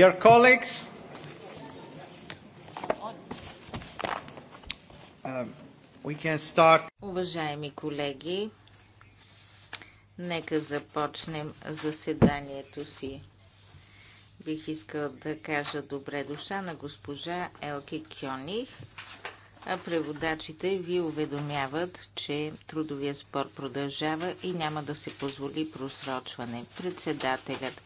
Your colleagues, um, we can start. Уважаеми колеги, нека започнем заседанието си. Бих искал да кажа добре душа на госпожа Елки Кьоних, а преводачите ви уведомяват, че трудовия спор продължава и няма да се позволи просрочване. Председателят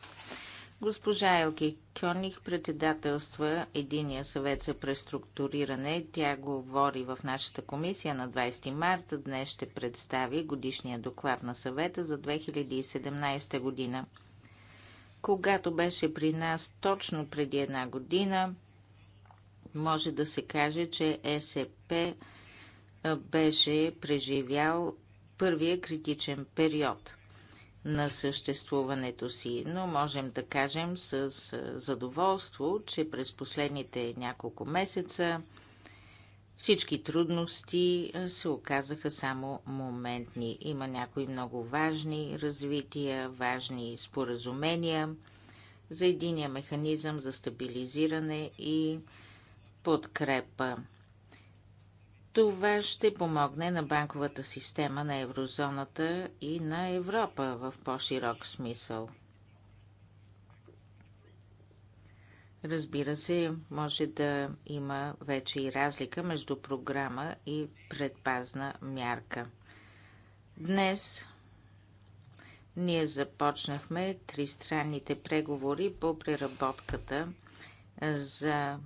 Госпожа Елки Кьоних председателства Единия съвет за преструктуриране. Тя говори в нашата комисия на 20 марта. Днес ще представи годишния доклад на съвета за 2017 година. Когато беше при нас точно преди една година, може да се каже, че СП беше преживял първия критичен период – на съществуването си, но можем да кажем с задоволство, че през последните няколко месеца всички трудности се оказаха само моментни. Има някои много важни развития, важни споразумения за единия механизъм за стабилизиране и подкрепа. Това ще помогне на банковата система на еврозоната и на Европа в по-широк смисъл. Разбира се, може да има вече и разлика между програма и предпазна мярка. Днес ние започнахме тристранните преговори по преработката за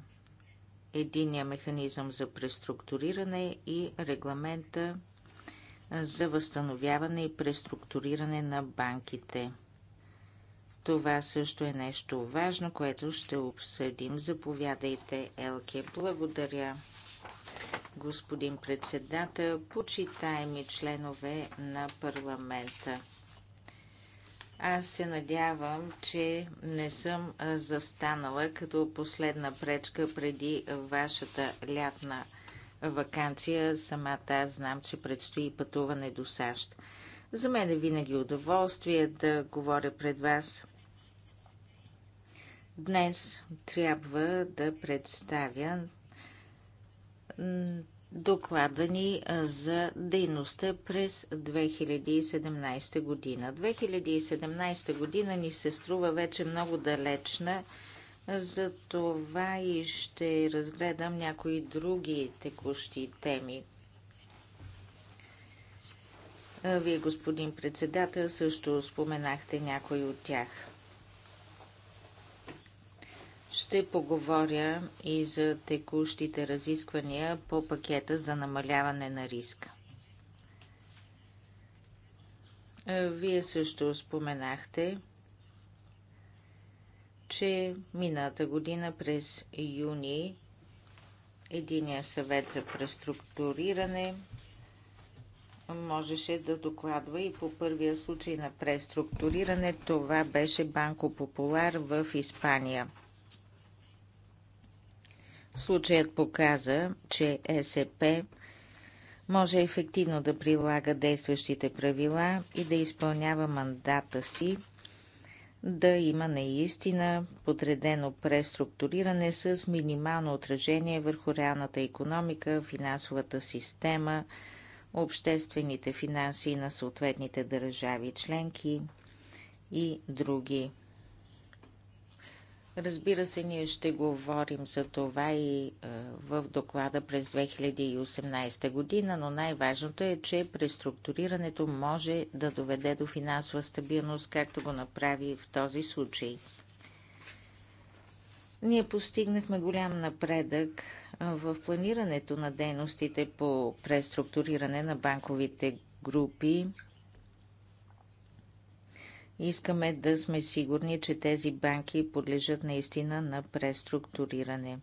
единия механизъм за преструктуриране и регламента за възстановяване и преструктуриране на банките. Това също е нещо важно, което ще обсъдим. Заповядайте, Елке. Благодаря, господин председател, почитаеми членове на парламента. Аз се надявам, че не съм застанала като последна пречка преди вашата лятна вакансия. Самата аз знам, че предстои пътуване до САЩ. За мен е винаги удоволствие да говоря пред вас. Днес трябва да представя доклада ни за дейността през 2017 година. 2017 година ни се струва вече много далечна, за това и ще разгледам някои други текущи теми. Вие, господин председател, също споменахте някои от тях. Ще поговоря и за текущите разисквания по пакета за намаляване на риска. Е, вие също споменахте, че мината година през юни Единия съвет за преструктуриране можеше да докладва и по първия случай на преструктуриране. Това беше Банко Популар в Испания – Случаят показа, че СП може ефективно да прилага действащите правила и да изпълнява мандата си да има наистина подредено преструктуриране с минимално отражение върху реалната економика, финансовата система, обществените финанси на съответните държави членки и други. Разбира се, ние ще говорим за това и е, в доклада през 2018 година, но най-важното е, че преструктурирането може да доведе до финансова стабилност, както го направи в този случай. Ние постигнахме голям напредък е, в планирането на дейностите по преструктуриране на банковите групи Искаме да сме сигурни, че тези банки подлежат наистина на преструктуриране.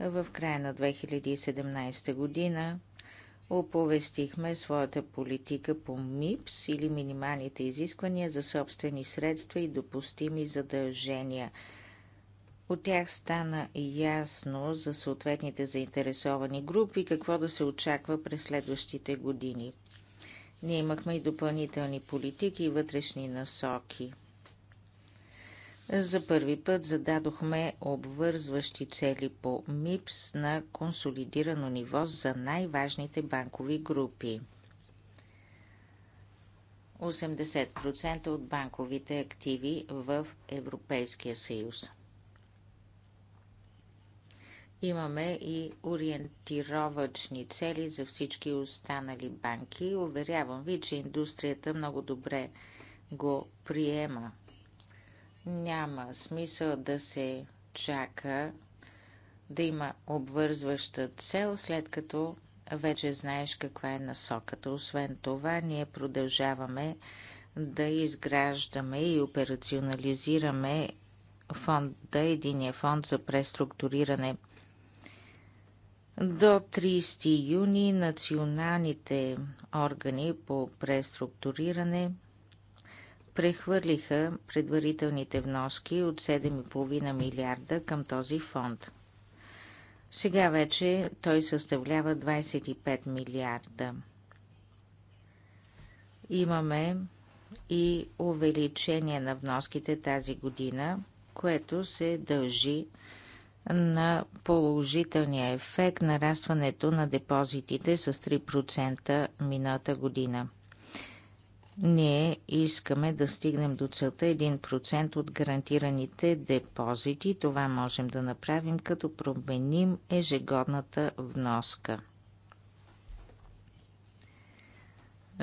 В края на 2017 година оповестихме своята политика по МИПС или минималните изисквания за собствени средства и допустими задължения. От тях стана ясно за съответните заинтересовани групи какво да се очаква през следващите години. Ние имахме и допълнителни политики и вътрешни насоки. За първи път зададохме обвързващи цели по МИПС на консолидирано ниво за най-важните банкови групи. 80% от банковите активи в Европейския съюз. Имаме и ориентировъчни цели за всички останали банки. Уверявам ви, че индустрията много добре го приема. Няма смисъл да се чака да има обвързваща цел, след като вече знаеш каква е насоката. Освен това, ние продължаваме да изграждаме и операционализираме фонда, единия фонд за преструктуриране – до 30 юни националните органи по преструктуриране прехвърлиха предварителните вноски от 7,5 милиарда към този фонд. Сега вече той съставлява 25 милиарда. Имаме и увеличение на вноските тази година, което се дължи на положителния ефект нарастването на депозитите с 3% мината година. Ние искаме да стигнем до целта 1% от гарантираните депозити. Това можем да направим като променим ежегодната вноска.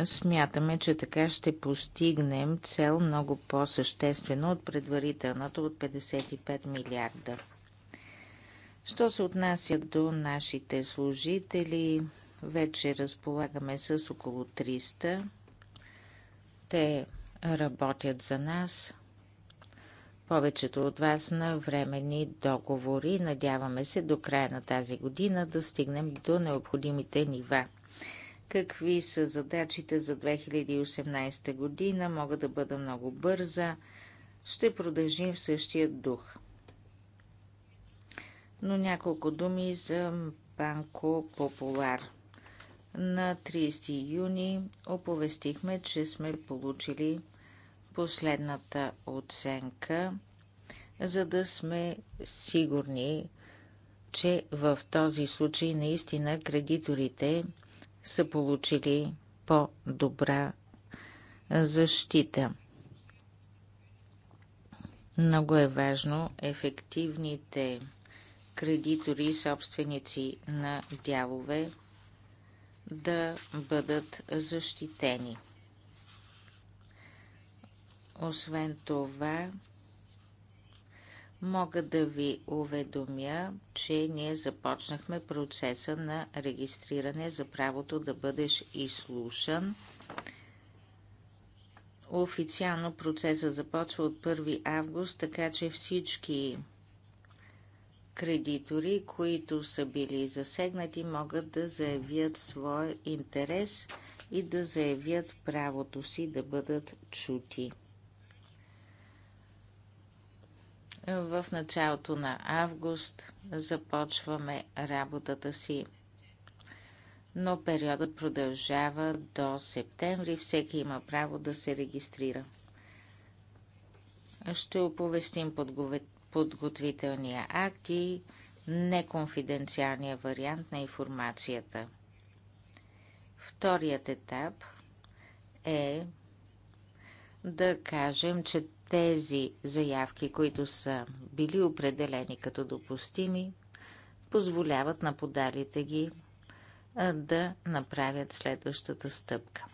Смятаме, че така ще постигнем цел много по-съществено от предварителната от 55 милиарда. Що се отнася до нашите служители, вече разполагаме с около 300. Те работят за нас. Повечето от вас на временни договори. Надяваме се до края на тази година да стигнем до необходимите нива. Какви са задачите за 2018 година? Мога да бъда много бърза. Ще продължим в същия дух но няколко думи за Банко Популар. На 30 юни оповестихме, че сме получили последната оценка, за да сме сигурни, че в този случай наистина кредиторите са получили по-добра защита. Много е важно ефективните кредитори и собственици на дялове да бъдат защитени. Освен това, мога да ви уведомя, че ние започнахме процеса на регистриране за правото да бъдеш изслушан. Официално процесът започва от 1 август, така че всички кредитори, които са били засегнати, могат да заявят своя интерес и да заявят правото си да бъдат чути. В началото на август започваме работата си, но периодът продължава до септември. Всеки има право да се регистрира. Ще оповестим подготвителния акт и неконфиденциалния вариант на информацията. Вторият етап е да кажем, че тези заявки, които са били определени като допустими, позволяват на подалите ги да направят следващата стъпка.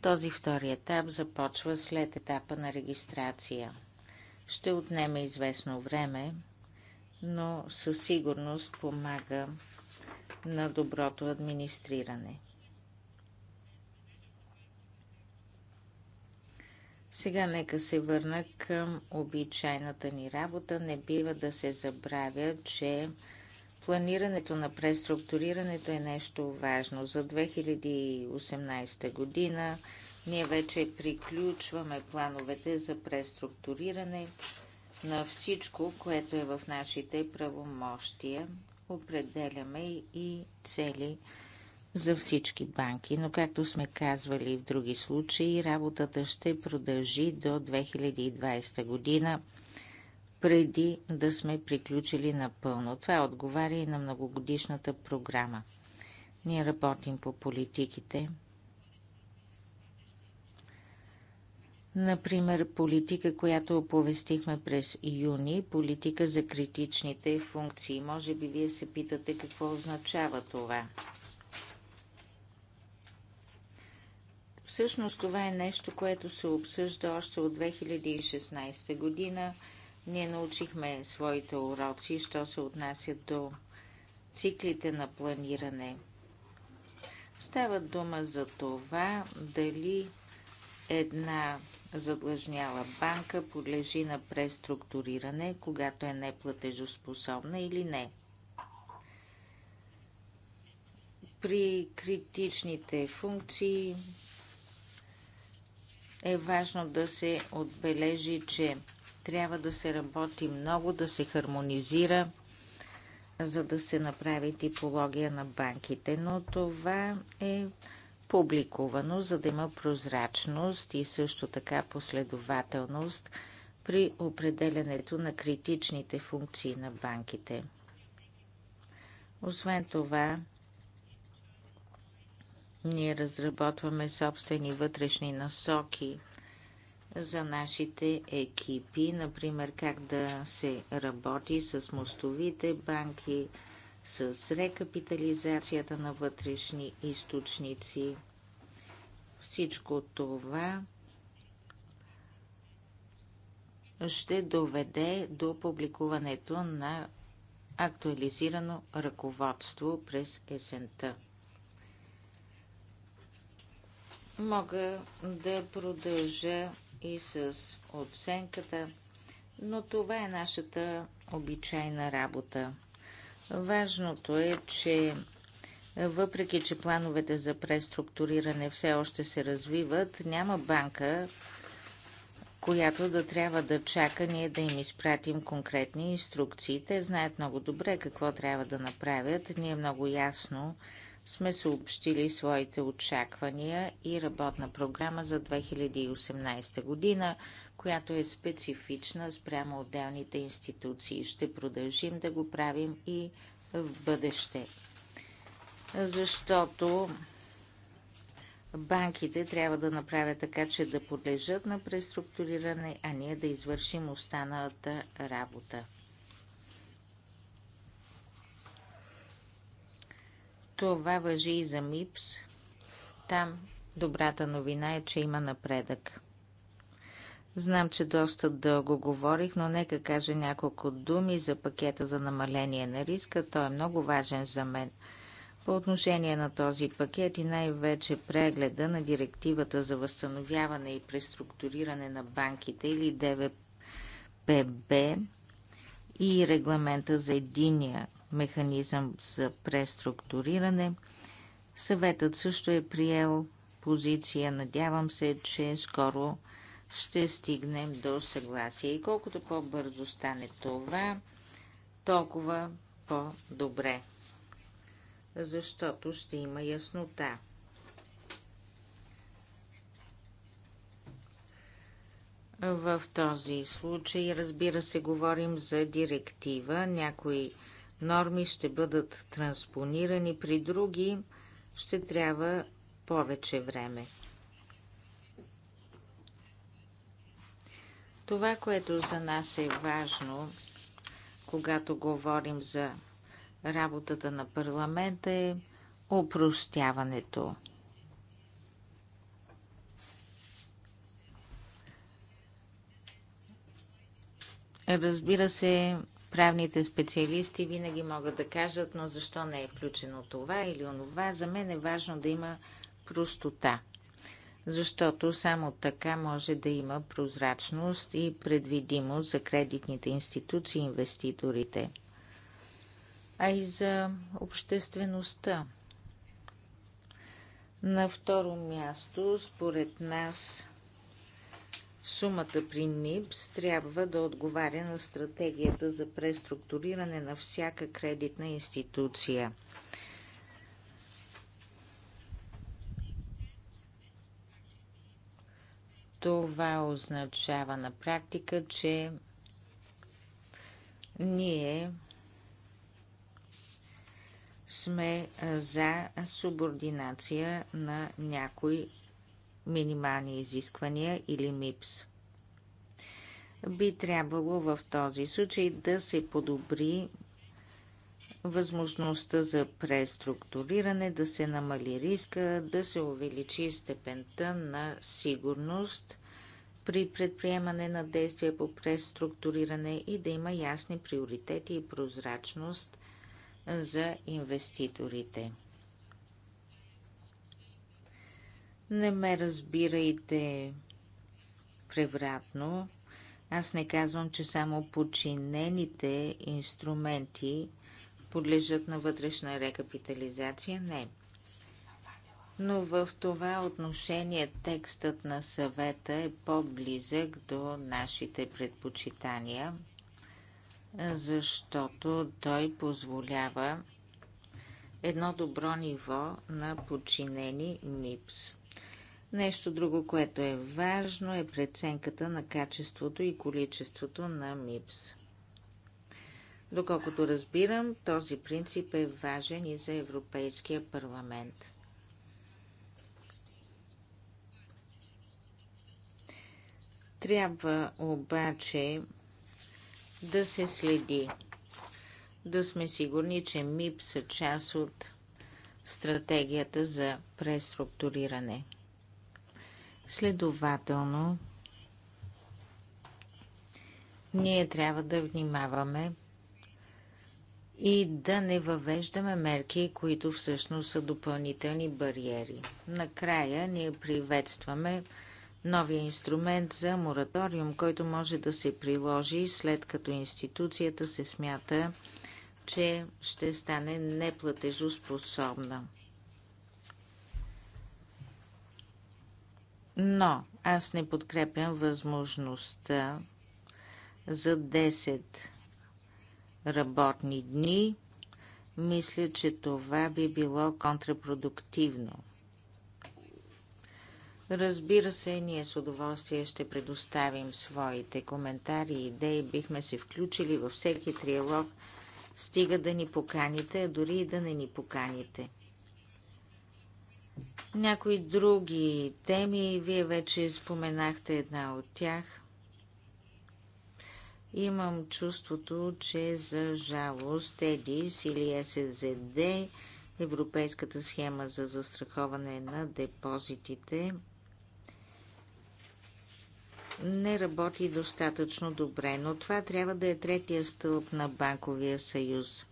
Този втори етап започва след етапа на регистрация – ще отнеме известно време, но със сигурност помага на доброто администриране. Сега нека се върна към обичайната ни работа. Не бива да се забравя, че планирането на преструктурирането е нещо важно. За 2018 година ние вече приключваме плановете за преструктуриране на всичко, което е в нашите правомощия. Определяме и цели за всички банки, но както сме казвали в други случаи, работата ще продължи до 2020 година, преди да сме приключили напълно. Това отговаря и на многогодишната програма. Ние работим по политиките, Например, политика, която оповестихме през юни, политика за критичните функции. Може би вие се питате какво означава това. Всъщност това е нещо, което се обсъжда още от 2016 година. Ние научихме своите уроци, що се отнася до циклите на планиране. Става дума за това дали една задлъжняла банка подлежи на преструктуриране, когато е неплатежоспособна или не. При критичните функции е важно да се отбележи, че трябва да се работи много, да се хармонизира, за да се направи типология на банките. Но това е публикувано, за да има прозрачност и също така последователност при определенето на критичните функции на банките. Освен това, ние разработваме собствени вътрешни насоки за нашите екипи, например как да се работи с мостовите банки, с рекапитализацията на вътрешни източници. Всичко това ще доведе до публикуването на актуализирано ръководство през есента. Мога да продължа и с оценката, но това е нашата обичайна работа. Важното е, че въпреки, че плановете за преструктуриране все още се развиват, няма банка, която да трябва да чака ние да им изпратим конкретни инструкции. Те знаят много добре какво трябва да направят. Ние много ясно сме съобщили своите очаквания и работна програма за 2018 година, която е специфична спрямо отделните институции. Ще продължим да го правим и в бъдеще. Защото банките трябва да направят така, че да подлежат на преструктуриране, а ние да извършим останалата работа. Това въжи и за МИПС. Там добрата новина е, че има напредък. Знам, че доста дълго говорих, но нека кажа няколко думи за пакета за намаление на риска. Той е много важен за мен. По отношение на този пакет и най-вече прегледа на директивата за възстановяване и преструктуриране на банките или ДВПБ и регламента за единия механизъм за преструктуриране. Съветът също е приел позиция. Надявам се, че скоро ще стигнем до съгласие. И колкото по-бързо стане това, толкова по-добре. Защото ще има яснота. В този случай, разбира се, говорим за директива. Някои норми ще бъдат транспонирани, при други ще трябва повече време. Това, което за нас е важно, когато говорим за работата на парламента, е упростяването. Разбира се, Правните специалисти винаги могат да кажат, но защо не е включено това или онова. За мен е важно да има простота, защото само така може да има прозрачност и предвидимост за кредитните институции и инвеститорите, а и за обществеността. На второ място, според нас, Сумата при НИПС трябва да отговаря на стратегията за преструктуриране на всяка кредитна институция. Това означава на практика, че ние сме за субординация на някои минимални изисквания или МИПС. Би трябвало в този случай да се подобри възможността за преструктуриране, да се намали риска, да се увеличи степента на сигурност при предприемане на действия по преструктуриране и да има ясни приоритети и прозрачност за инвеститорите. Не ме разбирайте превратно. Аз не казвам, че само подчинените инструменти подлежат на вътрешна рекапитализация. Не. Но в това отношение текстът на съвета е по-близък до нашите предпочитания, защото той позволява едно добро ниво на подчинени МИПС. Нещо друго, което е важно, е преценката на качеството и количеството на МИПС. Доколкото разбирам, този принцип е важен и за Европейския парламент. Трябва обаче да се следи, да сме сигурни, че МИП са е част от стратегията за преструктуриране – Следователно, ние трябва да внимаваме и да не въвеждаме мерки, които всъщност са допълнителни бариери. Накрая ние приветстваме новия инструмент за мораториум, който може да се приложи след като институцията се смята, че ще стане неплатежоспособна. Но аз не подкрепям възможността за 10 работни дни. Мисля, че това би било контрапродуктивно. Разбира се, ние с удоволствие ще предоставим своите коментари и идеи. Бихме се включили във всеки триалог, стига да ни поканите, а дори и да не ни поканите – някои други теми, вие вече споменахте една от тях. Имам чувството, че за жалост ЕДИС или СЗД, Европейската схема за застраховане на депозитите, не работи достатъчно добре, но това трябва да е третия стълб на Банковия съюз.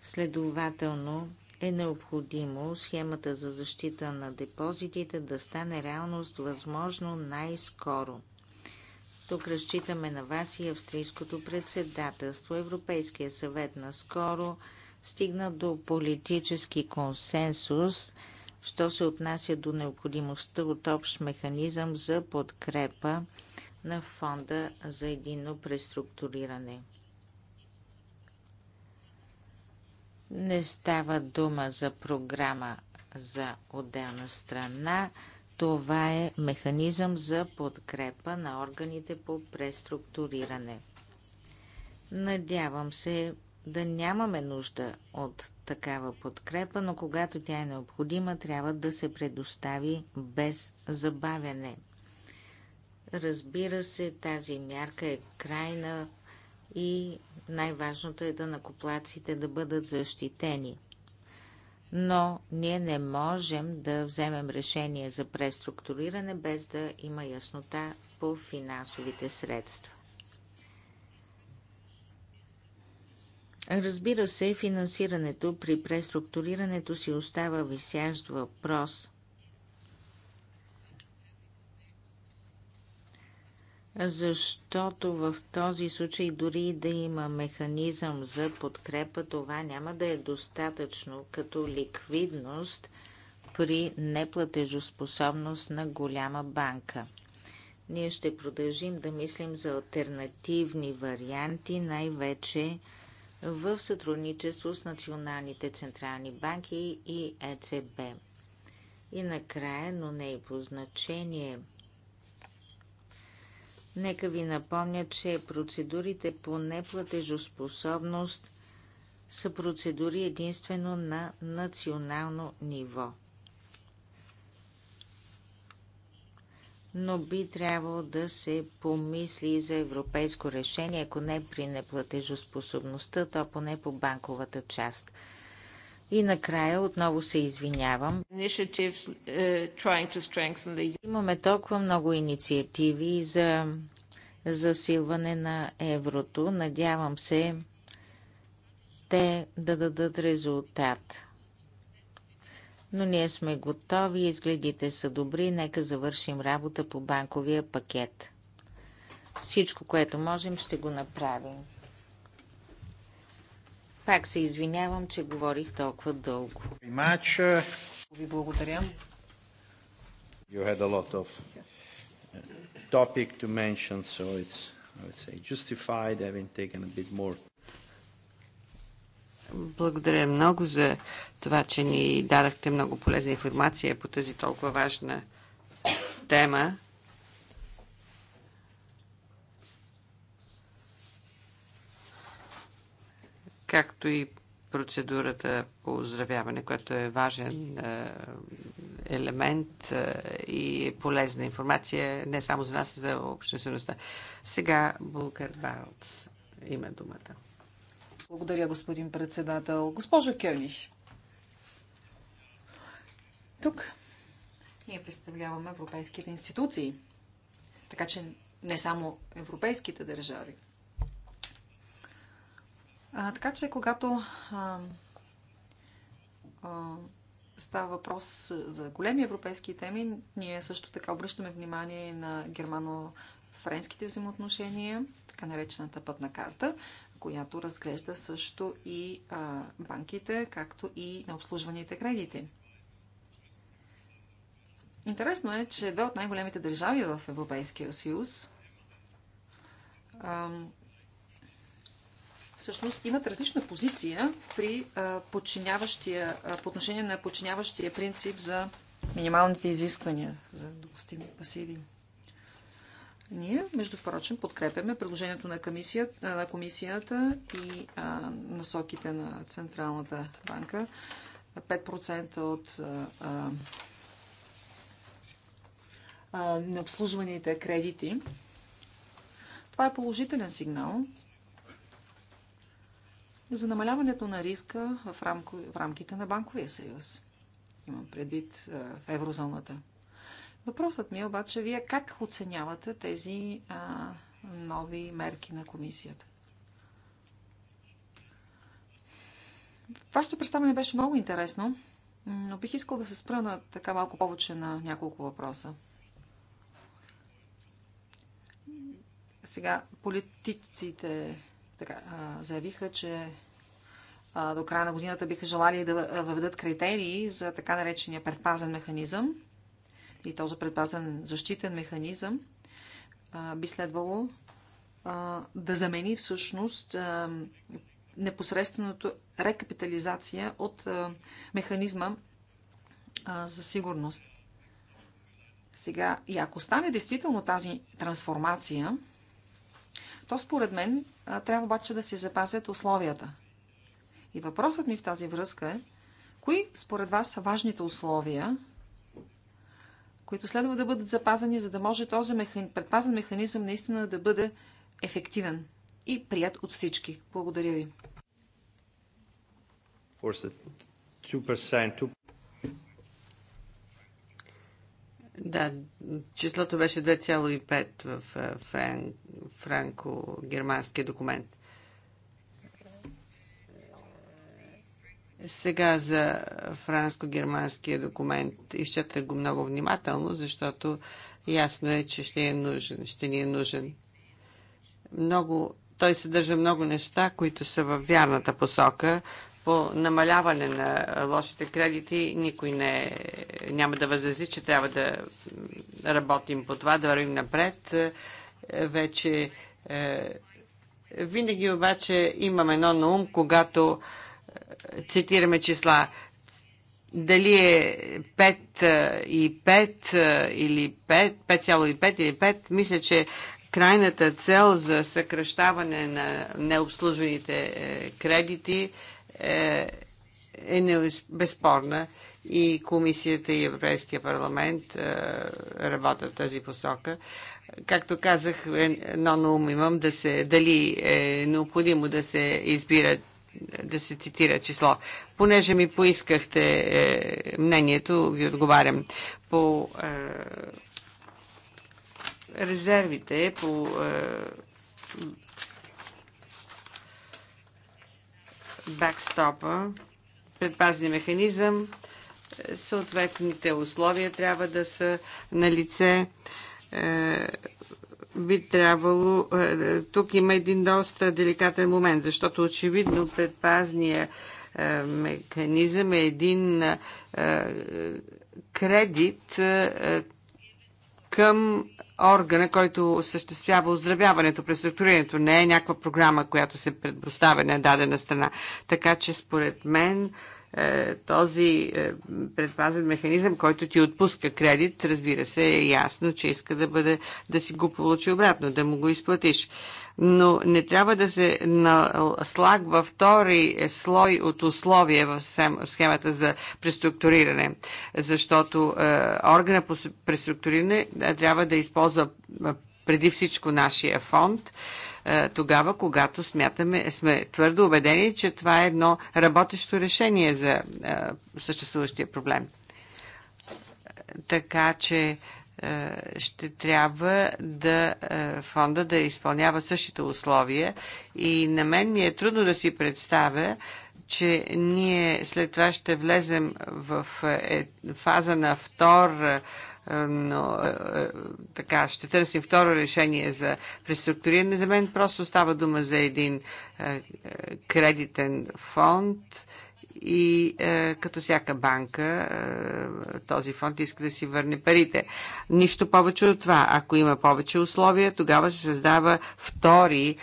Следователно, е необходимо схемата за защита на депозитите да стане реалност възможно най-скоро. Тук разчитаме на вас и австрийското председателство. Европейския съвет наскоро стигна до политически консенсус, що се отнася до необходимостта от общ механизъм за подкрепа на фонда за единно преструктуриране. Не става дума за програма за отделна страна. Това е механизъм за подкрепа на органите по преструктуриране. Надявам се да нямаме нужда от такава подкрепа, но когато тя е необходима, трябва да се предостави без забавяне. Разбира се, тази мярка е крайна и най-важното е да накоплаците да бъдат защитени. Но ние не можем да вземем решение за преструктуриране без да има яснота по финансовите средства. Разбира се, финансирането при преструктурирането си остава висящ въпрос. защото в този случай дори да има механизъм за подкрепа, това няма да е достатъчно като ликвидност при неплатежоспособност на голяма банка. Ние ще продължим да мислим за альтернативни варианти, най-вече в сътрудничество с националните централни банки и ЕЦБ. И накрая, но не и по значение – Нека ви напомня, че процедурите по неплатежоспособност са процедури единствено на национално ниво. Но би трябвало да се помисли и за европейско решение, ако не при неплатежоспособността, то поне по банковата част – и накрая отново се извинявам. Uh, Имаме толкова много инициативи за засилване на еврото. Надявам се те да дадат резултат. Но ние сме готови, изгледите са добри, нека завършим работа по банковия пакет. Всичко, което можем, ще го направим. Пак се извинявам, че говорих толкова дълго. Ви благодаря. You had a lot of uh, topic to mention, so it's, I would say, justified having taken a bit more. Благодаря много за това, че ни дадахте много полезна информация по тази толкова важна тема. както и процедурата по оздравяване, което е важен е, елемент е, и полезна информация не само за нас, а за обществеността. Сега Булгар Балц има думата. Благодаря, господин председател. Госпожо Кьониш, тук ние представляваме европейските институции, така че не само европейските държави. А, така че, когато а, а, става въпрос за големи европейски теми, ние също така обръщаме внимание на германо-френските взаимоотношения, така наречената пътна карта, която разглежда също и а, банките, както и на обслужваните кредити. Интересно е, че две от най-големите държави в Европейския съюз всъщност имат различна позиция при подчиняващия, по отношение на подчиняващия принцип за минималните изисквания за допустими пасиви. Ние, между прочим, подкрепяме предложението на комисията, на комисията и а, насоките на Централната банка. 5% от а, а, необслужваните кредити. Това е положителен сигнал, за намаляването на риска в, рамко, в рамките на Банковия съюз. Имам предвид в еврозоната. Въпросът ми е обаче, вие как оценявате тези а, нови мерки на комисията? Вашето представяне беше много интересно, но бих искал да се спра на така малко повече на няколко въпроса. Сега, политиците така, заявиха, че до края на годината биха желали да въведат критерии за така наречения предпазен механизъм и този предпазен защитен механизъм би следвало да замени всъщност непосредственото рекапитализация от механизма за сигурност. Сега, и ако стане действително тази трансформация, то според мен трябва обаче да си запазят условията. И въпросът ми в тази връзка е, кои според вас са важните условия, които следва да бъдат запазени, за да може този механи... предпазен механизъм наистина да бъде ефективен и прият от всички. Благодаря ви. 2%, 2%. Да, числото беше 2,5 в е, франко-германския документ. Сега за франско-германския документ изчетах го много внимателно, защото ясно е, че ще, е нужен, ще ни е нужен. Много, той съдържа много неща, които са в вярната посока, по намаляване на лошите кредити никой не, няма да възрази, че трябва да работим по това, да вървим напред. Вече е, винаги обаче имам едно на ум, когато е, цитираме числа. Дали е 5 е, и 5 или 5, 5,5 или 5, мисля, че крайната цел за съкръщаване на необслужваните кредити е е, е безспорна и Комисията и Европейския парламент е, работят в тази посока. Както казах, е, но на ум имам да се, дали е необходимо да се избира, да се цитира число. Понеже ми поискахте е, мнението, ви отговарям. По е, резервите, по е, бакстопа, предпазния механизъм, съответните условия трябва да са на лице. Е, би трябвало... Е, тук има един доста деликатен момент, защото очевидно предпазния е, механизъм е един кредит, към органа, който осъществява оздравяването, преструктурирането. Не е някаква програма, която се предоставя на дадена страна. Така че според мен е, този е, предпазен механизъм, който ти отпуска кредит, разбира се, е ясно, че иска да, бъде, да си го получи обратно, да му го изплатиш но не трябва да се наслагва втори слой от условия в схемата за преструктуриране, защото е, органа по преструктуриране е, трябва да използва е, преди всичко нашия фонд, тогава, когато смятаме, сме твърдо убедени, че това е едно работещо решение за съществуващия проблем. Така че е, ще трябва да е, фонда да изпълнява същите условия и на мен ми е трудно да си представя, че ние след това ще влезем в е, фаза на втор но така, ще търсим второ решение за преструктуриране. За мен просто става дума за един кредитен фонд, и е, като всяка банка е, този фонд иска да си върне парите. Нищо повече от това. Ако има повече условия, тогава се създава втори е,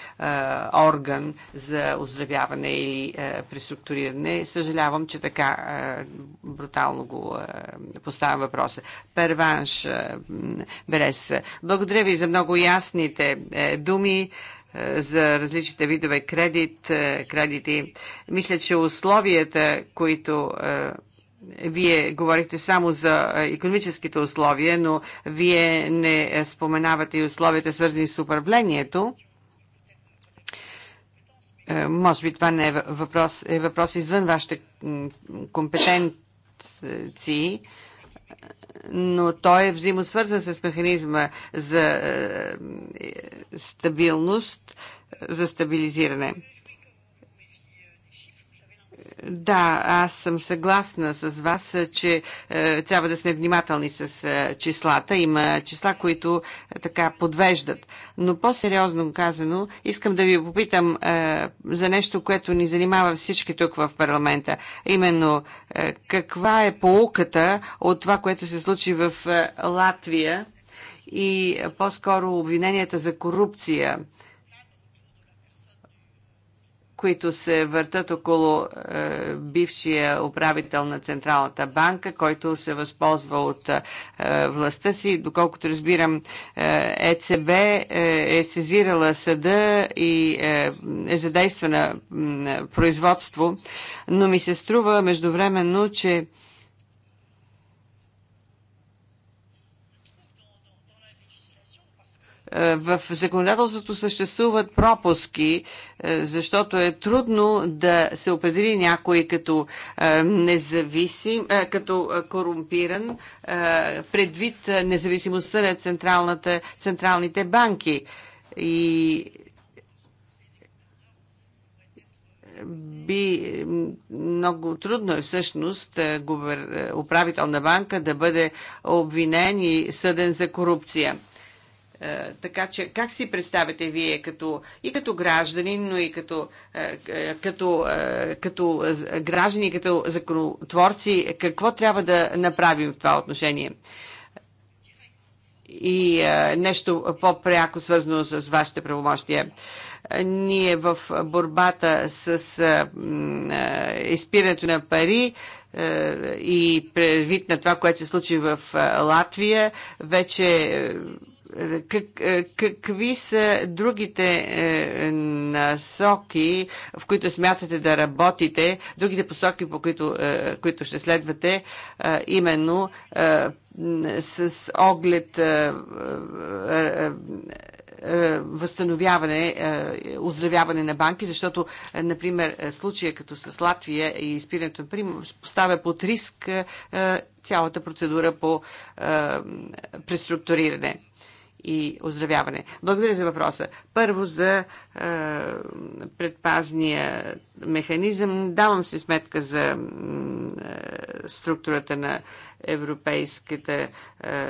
орган за оздравяване или е, преструктуриране. Съжалявам, че така е, брутално го е, поставям въпроса. Перванш е, Берес, благодаря ви за много ясните е, думи за различните видове кредит, е, кредити. Мисля, че условията, които е, вие говорихте само за економическите условия, но вие не споменавате и условията, свързани с управлението. Е, може би това не е въпрос, е въпрос извън вашите компетенции, но той е взаимосвързан с механизма за е, е, стабилност, за стабилизиране. Да, аз съм съгласна с вас, че е, трябва да сме внимателни с е, числата. Има числа, които е, така подвеждат. Но по-сериозно казано, искам да ви попитам е, за нещо, което ни занимава всички тук в парламента. Именно е, каква е поуката от това, което се случи в е, Латвия и е, по-скоро обвиненията за корупция. Е, които се въртат около е, бившия управител на Централната банка, който се възползва от е, властта си. Доколкото разбирам, е, ЕЦБ е, е сезирала съда и е, е задействана е, производство, но ми се струва междувременно, че Е, в законодателството съществуват пропуски, е, защото е трудно да се определи някой като е, независим, като корумпиран, предвид независимостта на централната, централните банки. И би много трудно е всъщност управител на банка да бъде обвинен и съден за корупция. Е, така че как си представяте вие като, и като граждани, но и като, е, е, като, като граждани, като законотворци, какво трябва да направим в това отношение? И нещо по-пряко свързано с вашите правомощия ние в борбата с изпирането на пари и предвид на това, което се случи в Латвия, вече как, е, какви са другите е, насоки, в които смятате да работите, другите посоки, по които, е, които ще следвате, именно с оглед възстановяване, оздравяване на банки, защото, например, случая като с Латвия и изпирането на прим, поставя под риск цялата процедура по преструктуриране и оздравяване. Благодаря за въпроса. Първо за е, предпазния механизъм. Давам си сметка за е, структурата на европейската е,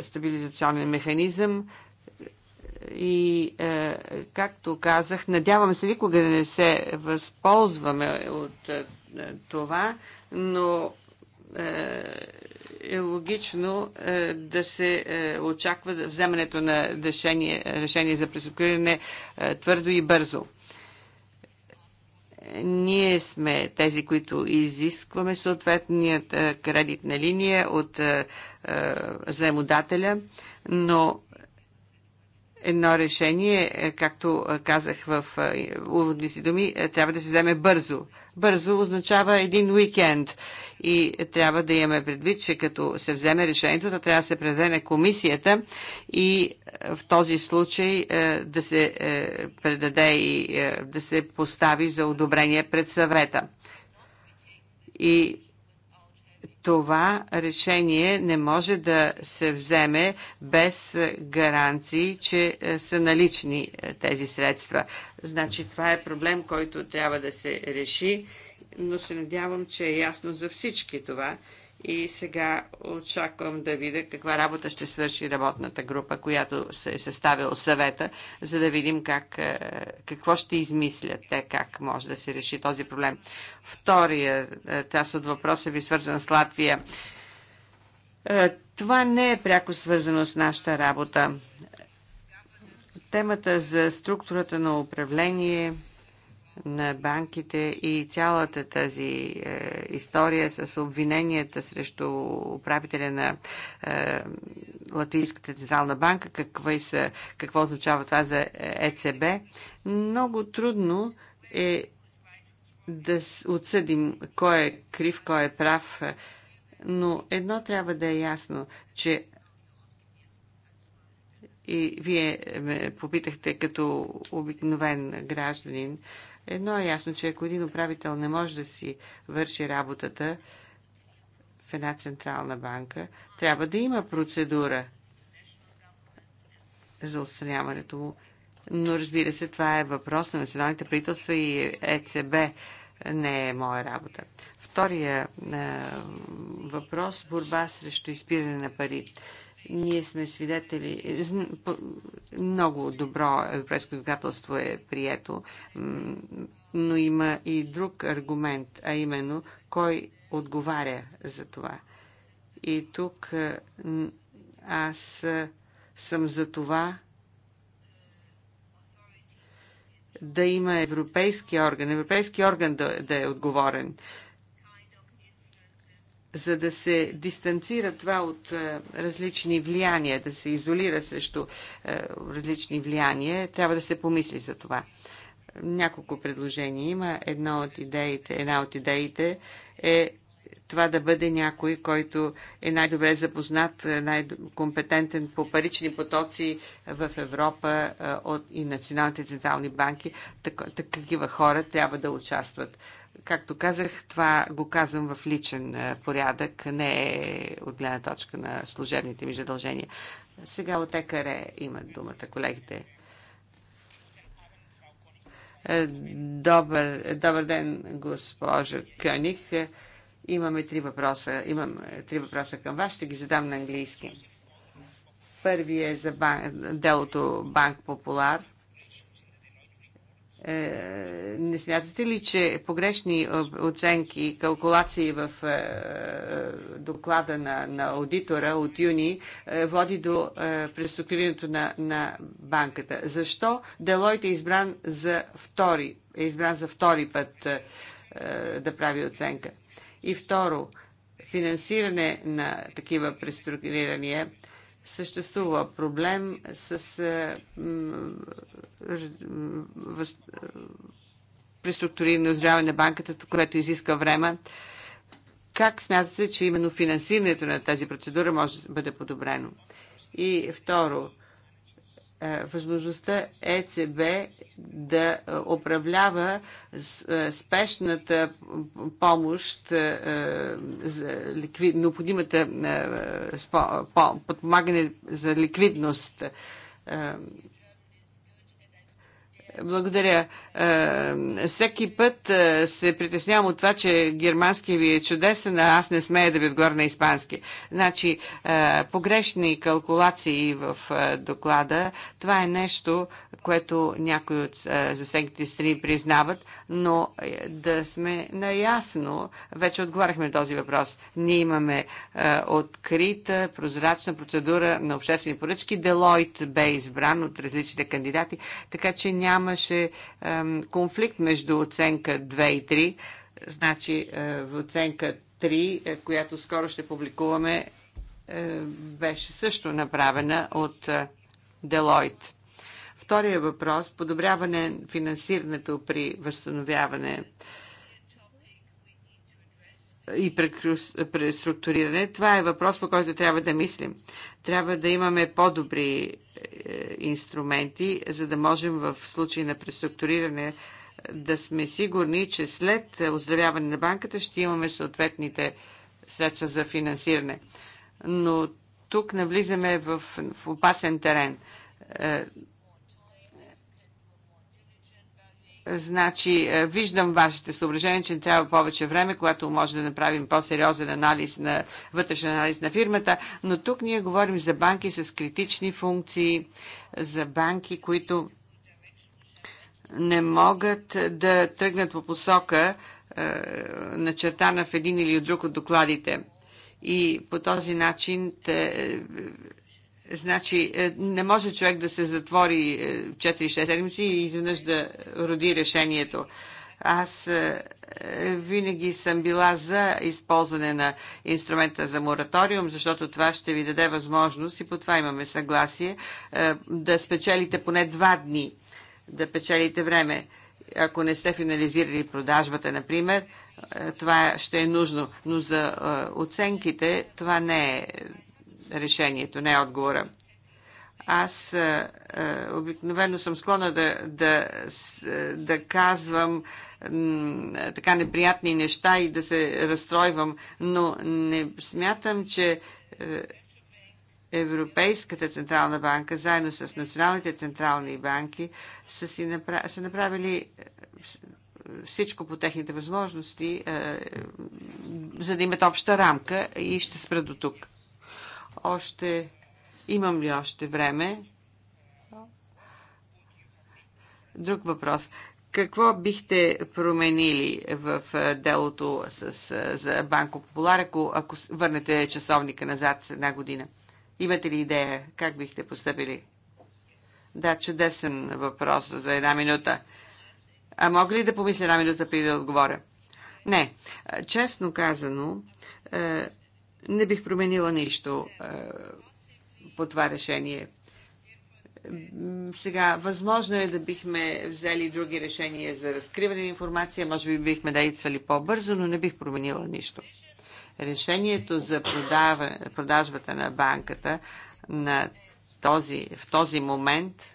стабилизационен механизъм и е, както казах, надявам се никога да не се възползваме от е, това, но е, е логично е, да се е, очаква вземането на решение, решение за преструктуриране е, твърдо и бързо. Ние сме тези, които изискваме съответният е, кредитна линия от е, е, заемодателя, но едно решение, е, както е, казах в е, уводни си думи, трябва да се вземе бързо. Бързо означава един уикенд и трябва да имаме предвид, че като се вземе решението, то трябва да се предаде на комисията и в този случай да се предаде и да се постави за одобрение пред съвета. И това решение не може да се вземе без гаранции, че е, са налични е, тези средства. Значи това е проблем, който трябва да се реши, но се надявам, че е ясно за всички това и сега очаквам да видя каква работа ще свърши работната група, която се е съставила съвета, за да видим как, е, какво ще измислят те, как може да се реши този проблем. Втория е, част от въпроса ви свързан с Латвия. Е, това не е пряко свързано с нашата работа. Темата за структурата на управление – на банките и цялата тази е, история с обвиненията срещу управителя на е, Латвийската централна банка, и са, какво означава това за ЕЦБ, много трудно е да отсъдим кой е крив, кой е прав, но едно трябва да е ясно, че и вие ме попитахте като обикновен гражданин, Едно е ясно, че ако един управител не може да си върши работата в една централна банка, трябва да има процедура за отстраняването му. Но разбира се, това е въпрос на националните правителства и ЕЦБ не е моя работа. Втория е, въпрос – борба срещу изпиране на пари. Ние сме свидетели. Много добро европейско законодателство е прието, но има и друг аргумент, а именно кой отговаря за това. И тук е, аз е, съм за това да има европейски орган, европейски орган да, да е отговорен за да се дистанцира това от е, различни влияния, да се изолира срещу е, различни влияния, трябва да се помисли за това. Няколко предложения има. Една от идеите, една от идеите е това да бъде някой, който е най-добре запознат, е, най-компетентен по парични потоци в Европа от и националните централни банки. Так, такива хора трябва да участват Както казах, това го казвам в личен порядък, не е от гледна точка на служебните ми задължения. Сега от ЕКР имат думата колегите. Добър, добър ден, госпожо Кюних. Имаме три въпроса. Имам три въпроса към вас. Ще ги задам на английски. Първият е за бан... делото Банк Популар – е, не смятате ли, че погрешни оценки и калкулации в е, доклада на, на аудитора от юни е, води до преструктурирането на, на банката? Защо Делойт е избран за втори, е избран за втори път да прави оценка? И второ, финансиране на такива преструктурирания – съществува проблем с а, е, е, преструктуриране оздравяне на банката, което изиска време. Как смятате, че именно финансирането на тази процедура може да бъде подобрено? И второ, е, възможността ЕЦБ да управлява е, спешната помощ, е, необходимата подпомагане за ликвидност благодаря. Е, всеки път е, се притеснявам от това, че германски ви е чудесен, а аз не смея да ви отговоря на испански. Значи, е, погрешни калкулации в доклада, това е нещо, което някои от е, засегнатите страни признават, но е, да сме наясно, вече отговаряхме на този въпрос. Ние имаме е, открита, прозрачна процедура на обществени поръчки. Делойт бе избран от различните кандидати, така че нямаше конфликт между оценка 2 и 3. Значи в оценка 3, която скоро ще публикуваме, беше също направена от Делойт. Втория въпрос – подобряване на финансирането при възстановяване и преструктуриране. Това е въпрос, по който трябва да мислим. Трябва да имаме по-добри е, инструменти, за да можем в случай на преструктуриране е, да сме сигурни, че след оздравяване на банката ще имаме съответните средства за финансиране. Но тук навлизаме в, в опасен терен. Е, Значи, е, виждам вашите съображения, че не трябва повече време, когато може да направим по-сериозен анализ на вътрешен анализ на фирмата, но тук ние говорим за банки с критични функции, за банки, които не могат да тръгнат по посока е, начертана в един или друг от докладите. И по този начин те, е, Значи, е, не може човек да се затвори 4-6 е, седмици и изведнъж да роди решението. Аз е, винаги съм била за използване на инструмента за мораториум, защото това ще ви даде възможност и по това имаме съгласие да спечелите поне два дни, да печелите време. Ако не сте финализирали продажбата, например, това ще е нужно. Но за оценките това не е решението, не е отговора. Аз е, е, обикновено съм склонна да, да, да казвам така неприятни неща и да се разстройвам, но не смятам, че Европейската централна банка, заедно с националните централни банки, са, си направ... са направили всичко по техните възможности, за да имат обща рамка и ще спра до тук още... Имам ли още време? Друг въпрос. Какво бихте променили в делото с, за Банко Популар, ако, ако върнете часовника назад с една година? Имате ли идея как бихте поступили? Да, чудесен въпрос за една минута. А мога ли да помисля една минута преди да отговоря? Не. Честно казано, не бих променила нищо е, по това решение. Сега, възможно е да бихме взели други решения за разкриване на информация, може би бихме действали по-бързо, но не бих променила нищо. Решението за продава, продажбата на банката на този, в този момент –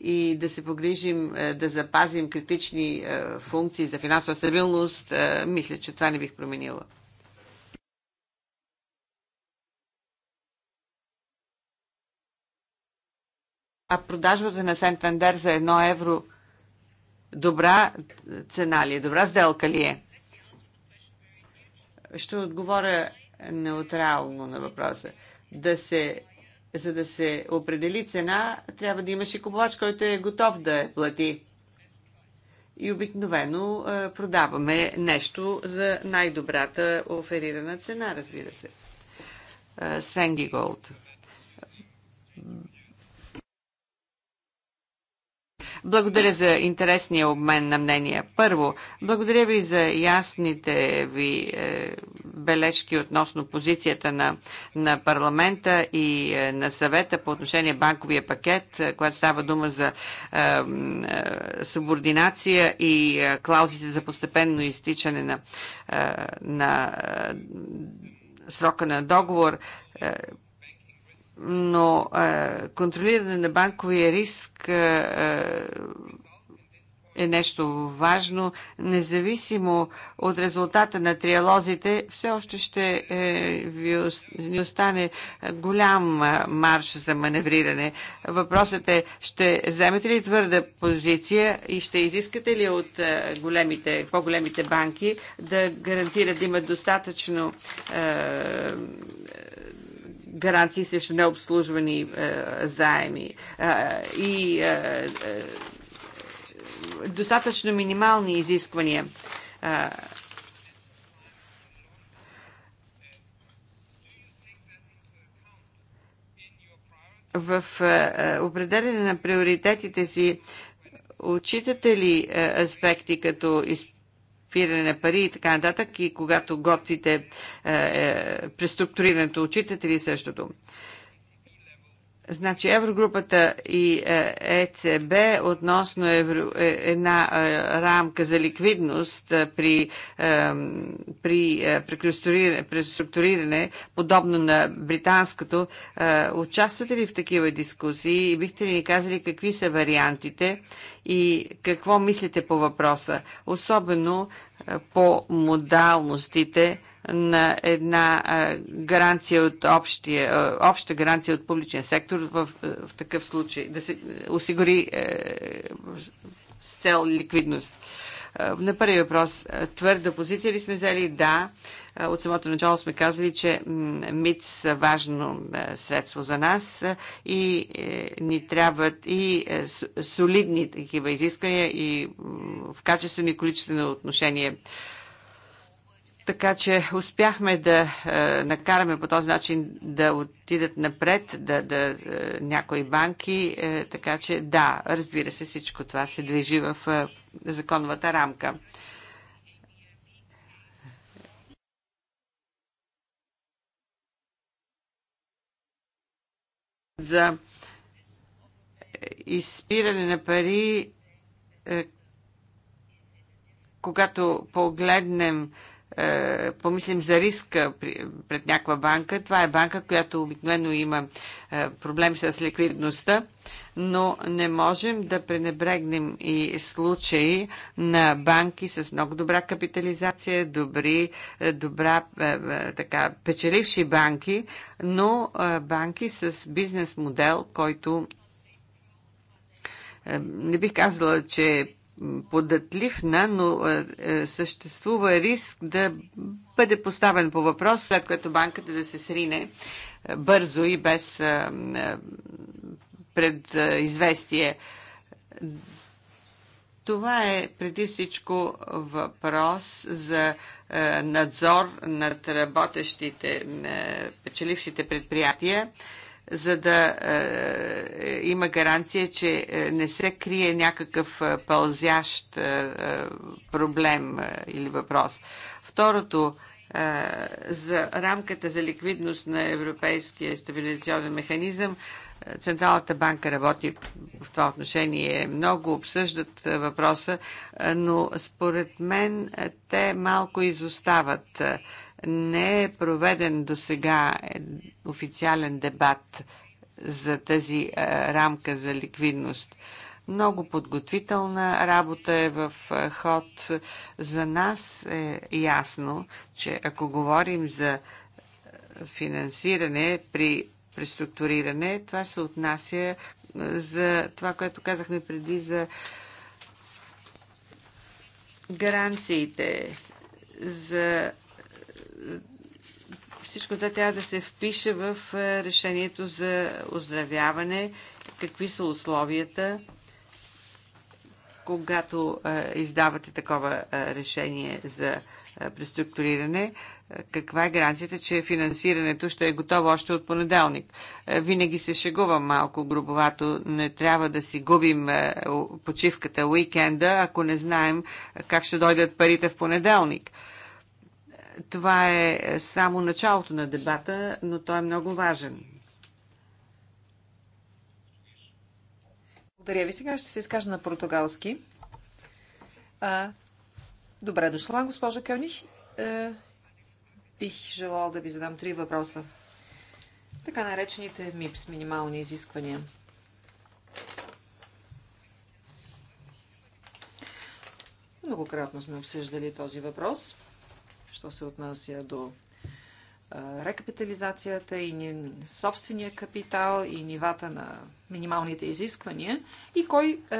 и да се погрижим е, да запазим критични е, функции за финансова стабилност, е, мисля, че това не бих променила. А продажбата на Сентандер за едно евро добра цена ли е? Добра сделка ли е? Ще отговоря неутрално на въпроса. Да се за да се определи цена, трябва да имаше купувач, който е готов да я плати. И обикновено е, продаваме нещо за най-добрата оферирана цена, разбира се. Свенги Голд. Благодаря за интересния обмен на мнения. Първо, благодаря ви за ясните ви е, бележки относно позицията на, на парламента и е, на съвета по отношение банковия пакет, която е, когато става дума за е, е, субординация и е, клаузите за постепенно изтичане на, е, на е, срока на договор. Е, но а, е, контролиране на банковия риск е, е, е нещо важно. Независимо от резултата на триалозите, все още ще е, ви, ни остане голям марш за маневриране. Въпросът е, ще вземете ли твърда позиция и ще изискате ли от големите, по-големите банки да гарантират да имат достатъчно е, гаранции срещу необслужвани е, заеми е, и е, е, достатъчно минимални изисквания. Е, в е, е определене на приоритетите си отчитате ли е, аспекти като изпълнение пиране на пари и така нататък. И когато готвите е, е преструктурирането, отчитате ли същото? Значи Еврогрупата и ЕЦБ е относно евро, е, една е, рамка за ликвидност при, при преструктуриране, подобно на британското, участвате ли в такива дискусии и бихте ли ни казали какви са вариантите и какво мислите по въпроса, особено по модалностите, на една гаранция от общия, обща гаранция от публичен сектор в, в такъв случай, да се осигури е, с цел ликвидност. На първи въпрос, твърда позиция ли сме взели? Да. От самото начало сме казвали, че МИД са важно средство за нас и е, ни трябват и е, солидни такива изисквания и в качествено и количествено отношение така че успяхме да е, накараме по този начин да отидат напред да, да, е, някои банки. Е, така че да, разбира се, всичко това се движи в е, законовата рамка. За изпиране на пари, е, когато погледнем е, е, помислим за риска пред някаква банка. Това е банка, която обикновено има е, проблем с ликвидността, но не можем да пренебрегнем и случаи на банки с много добра капитализация, добри, е, добра, така, печеливши банки, но банки с бизнес модел, който не бих казала, че податлив на, но е, е, съществува риск да бъде поставен по въпрос, след което банката да се срине е, бързо и без предизвестие. Това е преди всичко въпрос за надзор над работещите, печелившите предприятия за да е, е, има гаранция, че е, не се крие някакъв е, пълзящ е, проблем е, или въпрос. Второто, за рамката за ликвидност на Европейския стабилизационен механизъм, Централната банка работи в това отношение много, обсъждат въпроса, но според мен те малко изостават не е проведен до сега е официален дебат за тази е, рамка за ликвидност. Много подготвителна работа е в е, ход. За нас е ясно, че ако говорим за финансиране при преструктуриране, това се отнася за това, което казахме преди за гаранциите, за всичко това трябва да се впише в е, решението за оздравяване, какви са условията, когато е, издавате такова е, решение за преструктуриране, каква е гаранцията, че финансирането ще е готово още от понеделник. Винаги се шегувам малко грубовато. Не трябва да си губим почивката, уикенда, ако не знаем как ще дойдат парите в понеделник. Това е само началото на дебата, но той е много важен. Благодаря ви. Сега ще се изкажа на португалски. А, добре дошла, госпожо Кълних. бих желал да ви задам три въпроса. Така наречените МИПС, минимални изисквания. Многократно сме обсъждали този въпрос що се отнася до рекапитализацията и собствения капитал и нивата на минималните изисквания и кой е,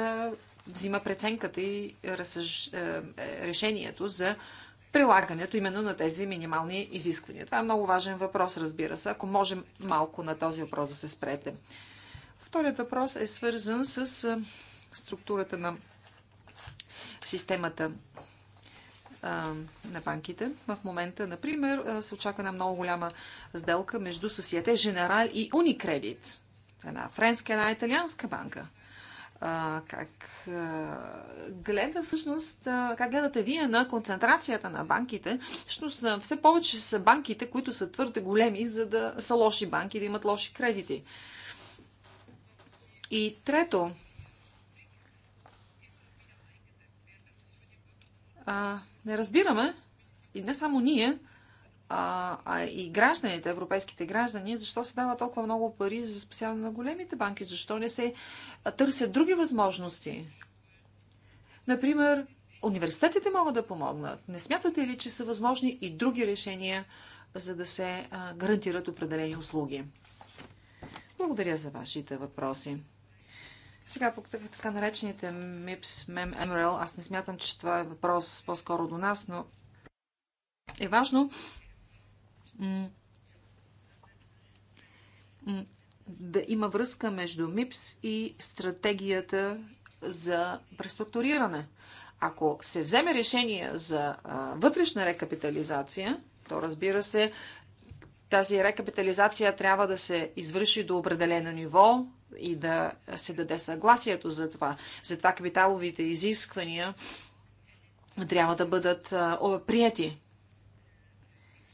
взима преценката и разсъж... е, решението за прилагането именно на тези минимални изисквания. Това е много важен въпрос, разбира се. Ако можем малко на този въпрос да се спрете. Вторият въпрос е свързан с структурата на системата на банките. В момента, например, се очаква една много голяма сделка между Societe General и Unicredit. Една френска, една италианска банка. А, как а, гледа всъщност, а, как гледате вие на концентрацията на банките? Всъщност все повече са банките, които са твърде големи, за да са лоши банки, да имат лоши кредити. И трето, не разбираме, и не само ние, а, а и гражданите, европейските граждани, защо се дава толкова много пари за спасяване на големите банки, защо не се търсят други възможности. Например, университетите могат да помогнат. Не смятате ли, че са възможни и други решения, за да се гарантират определени услуги? Благодаря за вашите въпроси. Сега по така наречените MIPS, MEM, MRL, аз не смятам, че това е въпрос по-скоро до нас, но е важно да има връзка между МИПС и стратегията за преструктуриране. Ако се вземе решение за а, вътрешна рекапитализация, то разбира се, тази рекапитализация трябва да се извърши до определено ниво, и да се даде съгласието за това. Затова капиталовите изисквания трябва да бъдат прияти.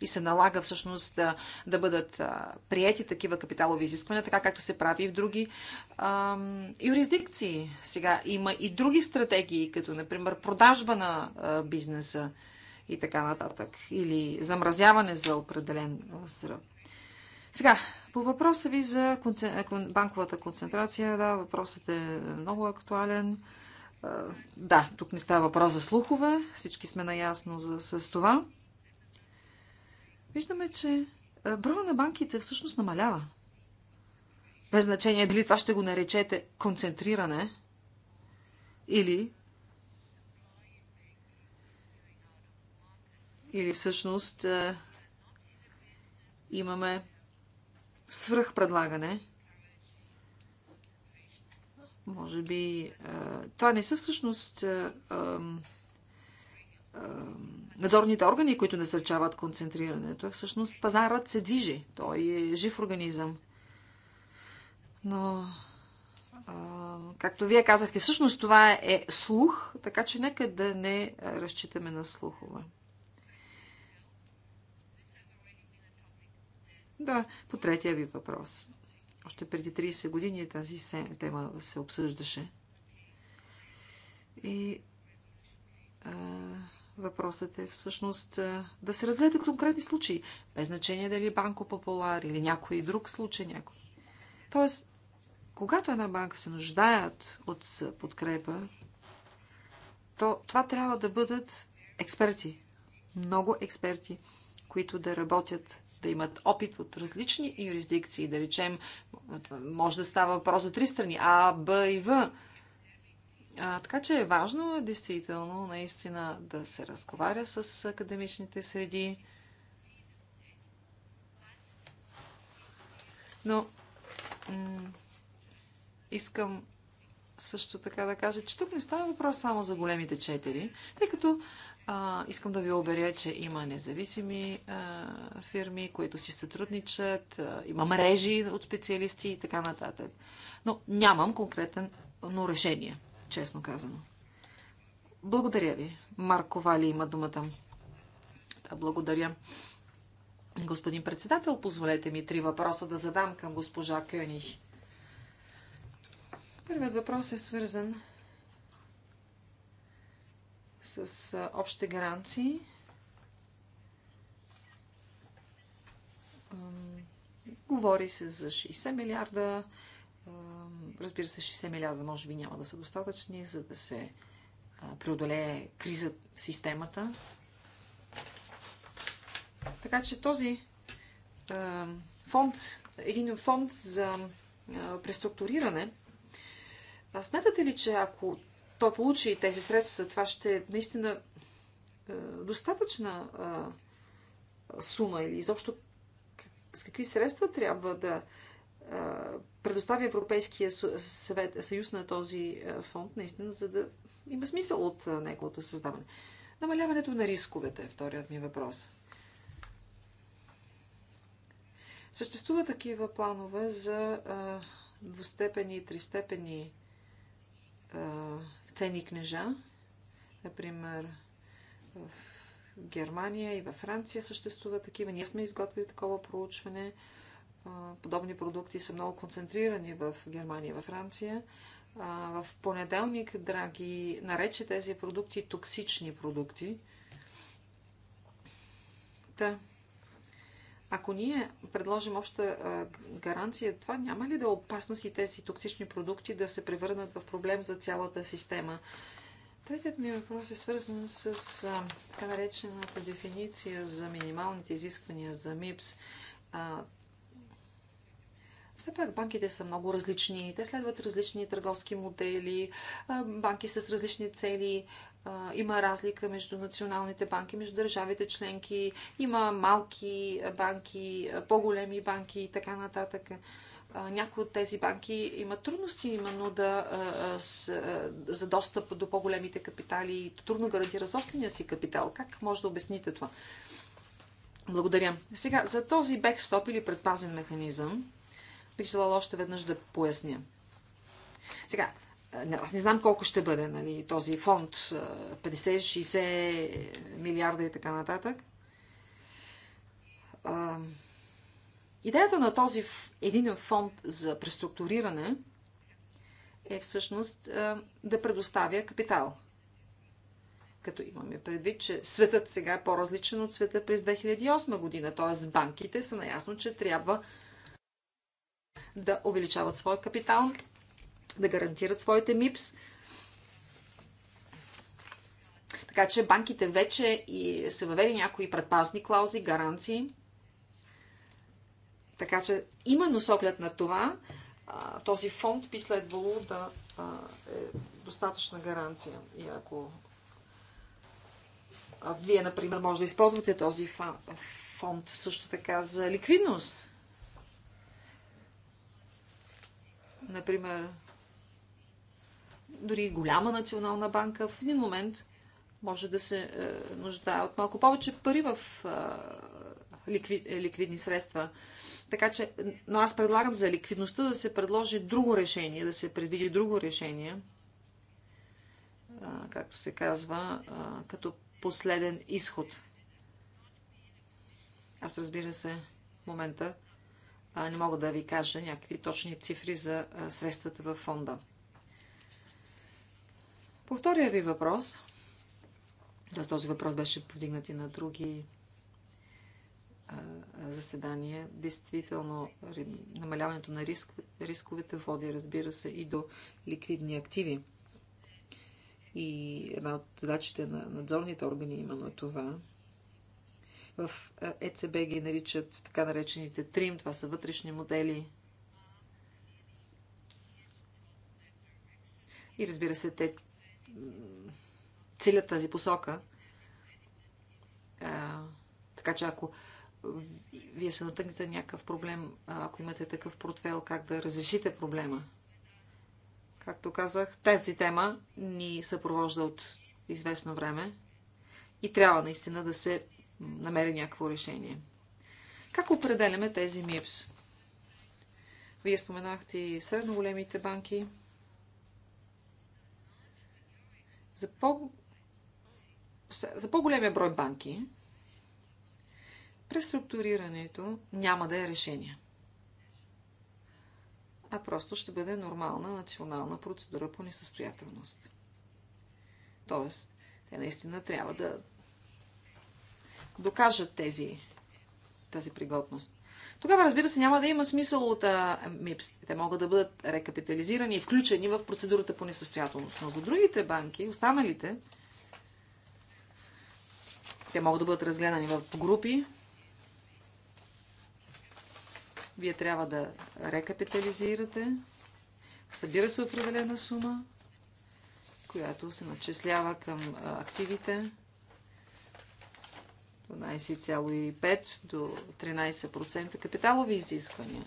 И се налага всъщност да, да бъдат а, прияти такива капиталови изисквания, така както се прави и в други а, юрисдикции. Сега има и други стратегии, като например продажба на а, бизнеса и така нататък, или замразяване за определен срок. Сега, по въпроса ви за е, банковата концентрация, да, въпросът е много актуален. Да, тук не става въпрос за слухове, всички сме наясно за, с това. Виждаме, че броя на банките всъщност намалява. Без значение дали това ще го наречете концентриране или или всъщност имаме свръхпредлагане. Може би. Това не са всъщност надзорните органи, които насърчават концентрирането. Всъщност пазарът се движи. Той е жив организъм. Но, както вие казахте, всъщност това е слух, така че нека да не разчитаме на слухове. Да, по третия ви въпрос. Още преди 30 години тази тема се обсъждаше. И а, въпросът е всъщност а, да се разгледат конкретни случаи. Без значение дали е Банко Популар или някой друг случай. Някой. Тоест, когато една банка се нуждаят от подкрепа, то това трябва да бъдат експерти. Много експерти, които да работят да имат опит от различни юрисдикции. Да речем, може да става въпрос за три страни А, Б и В. А, така че е важно, действително, наистина да се разговаря с академичните среди. Но искам също така да кажа, че тук не става въпрос само за големите четири, тъй като а, искам да ви уверя, че има независими а, фирми, които си сътрудничат, а, има мрежи от специалисти и така нататък. Но нямам конкретно решение, честно казано. Благодаря ви. Марко Вали има думата. Да, благодаря. Господин председател, позволете ми три въпроса да задам към госпожа Кюних. Първият въпрос е свързан с общите гаранции. Говори се за 60 милиарда. Разбира се, 60 милиарда може би няма да са достатъчни, за да се преодолее криза в системата. Така че този фонд, един фонд за преструктуриране, смятате ли, че ако той получи тези средства, това ще е наистина е, достатъчна е, сума или изобщо с какви средства трябва да е, предостави Европейския съвет, съюз на този фонд, наистина, за да има смисъл от неговото създаване. Намаляването на рисковете е вторият ми въпрос. Съществуват такива планове за двустепени и тристепени ценни книжа. Например, в Германия и във Франция съществуват такива. Ние сме изготвили такова проучване. Подобни продукти са много концентрирани в Германия и във Франция. В понеделник, драги, нарече тези продукти токсични продукти. Та, да ако ние предложим обща гаранция, това няма ли да е опасност и тези токсични продукти да се превърнат в проблем за цялата система? Третият ми въпрос е свързан с а, така наречената дефиниция за минималните изисквания за МИПС. А, все пак банките са много различни. Те следват различни търговски модели, банки с различни цели има разлика между националните банки, между държавите членки, има малки банки, по-големи банки и така нататък. някои от тези банки имат трудности именно да, за достъп до по-големите капитали и трудно гарантира собствения си капитал. Как може да обясните това? Благодаря. Сега, за този бекстоп или предпазен механизъм, бих желала още веднъж да поясня. Сега, аз не знам колко ще бъде нали, този фонд, 50-60 милиарда и така нататък. Идеята на този един фонд за преструктуриране е всъщност да предоставя капитал. Като имаме предвид, че светът сега е по-различен от света през 2008 година, т.е. банките са наясно, че трябва да увеличават своя капитал да гарантират своите МИПС. Така че банките вече и са въвели някои предпазни клаузи, гаранции. Така че именно с оглед на това, този фонд би следвало да е достатъчна гаранция. И ако вие, например, може да използвате този фонд също така за ликвидност. Например, дори голяма национална банка в един момент може да се е, нуждае от малко повече пари в е, ликви, е, ликвидни средства. Така че, но аз предлагам за ликвидността да се предложи друго решение, да се предвиди друго решение, е, както се казва, е, като последен изход. Аз разбира се, в момента е, не мога да ви кажа някакви точни цифри за е, средствата във фонда. По втория ви въпрос, т.е. този въпрос беше повдигнат и на други заседания. Действително, намаляването на риск, рисковете води, разбира се, и до ликвидни активи. И една от задачите на надзорните органи е именно е това. В ЕЦБ ги наричат така наречените ТРИМ, това са вътрешни модели. И разбира се, те целят тази посока. А, така че ако вие се натъкнете някакъв проблем, ако имате такъв портфел, как да разрешите проблема. Както казах, тази тема ни съпровожда от известно време и трябва наистина да се намери някакво решение. Как определяме тези МИПС? Вие споменахте и средно големите банки. За, по... за по-големия брой банки преструктурирането няма да е решение, а просто ще бъде нормална национална процедура по несъстоятелност. Тоест, те наистина трябва да докажат тези, тази пригодност. Тогава, разбира се, няма да има смисъл от а, МИПС. Те могат да бъдат рекапитализирани и включени в процедурата по несъстоятелност. Но за другите банки, останалите, те могат да бъдат разгледани в групи. Вие трябва да рекапитализирате. Събира се определена сума, която се начислява към активите 12,5 до 13% капиталови изисквания.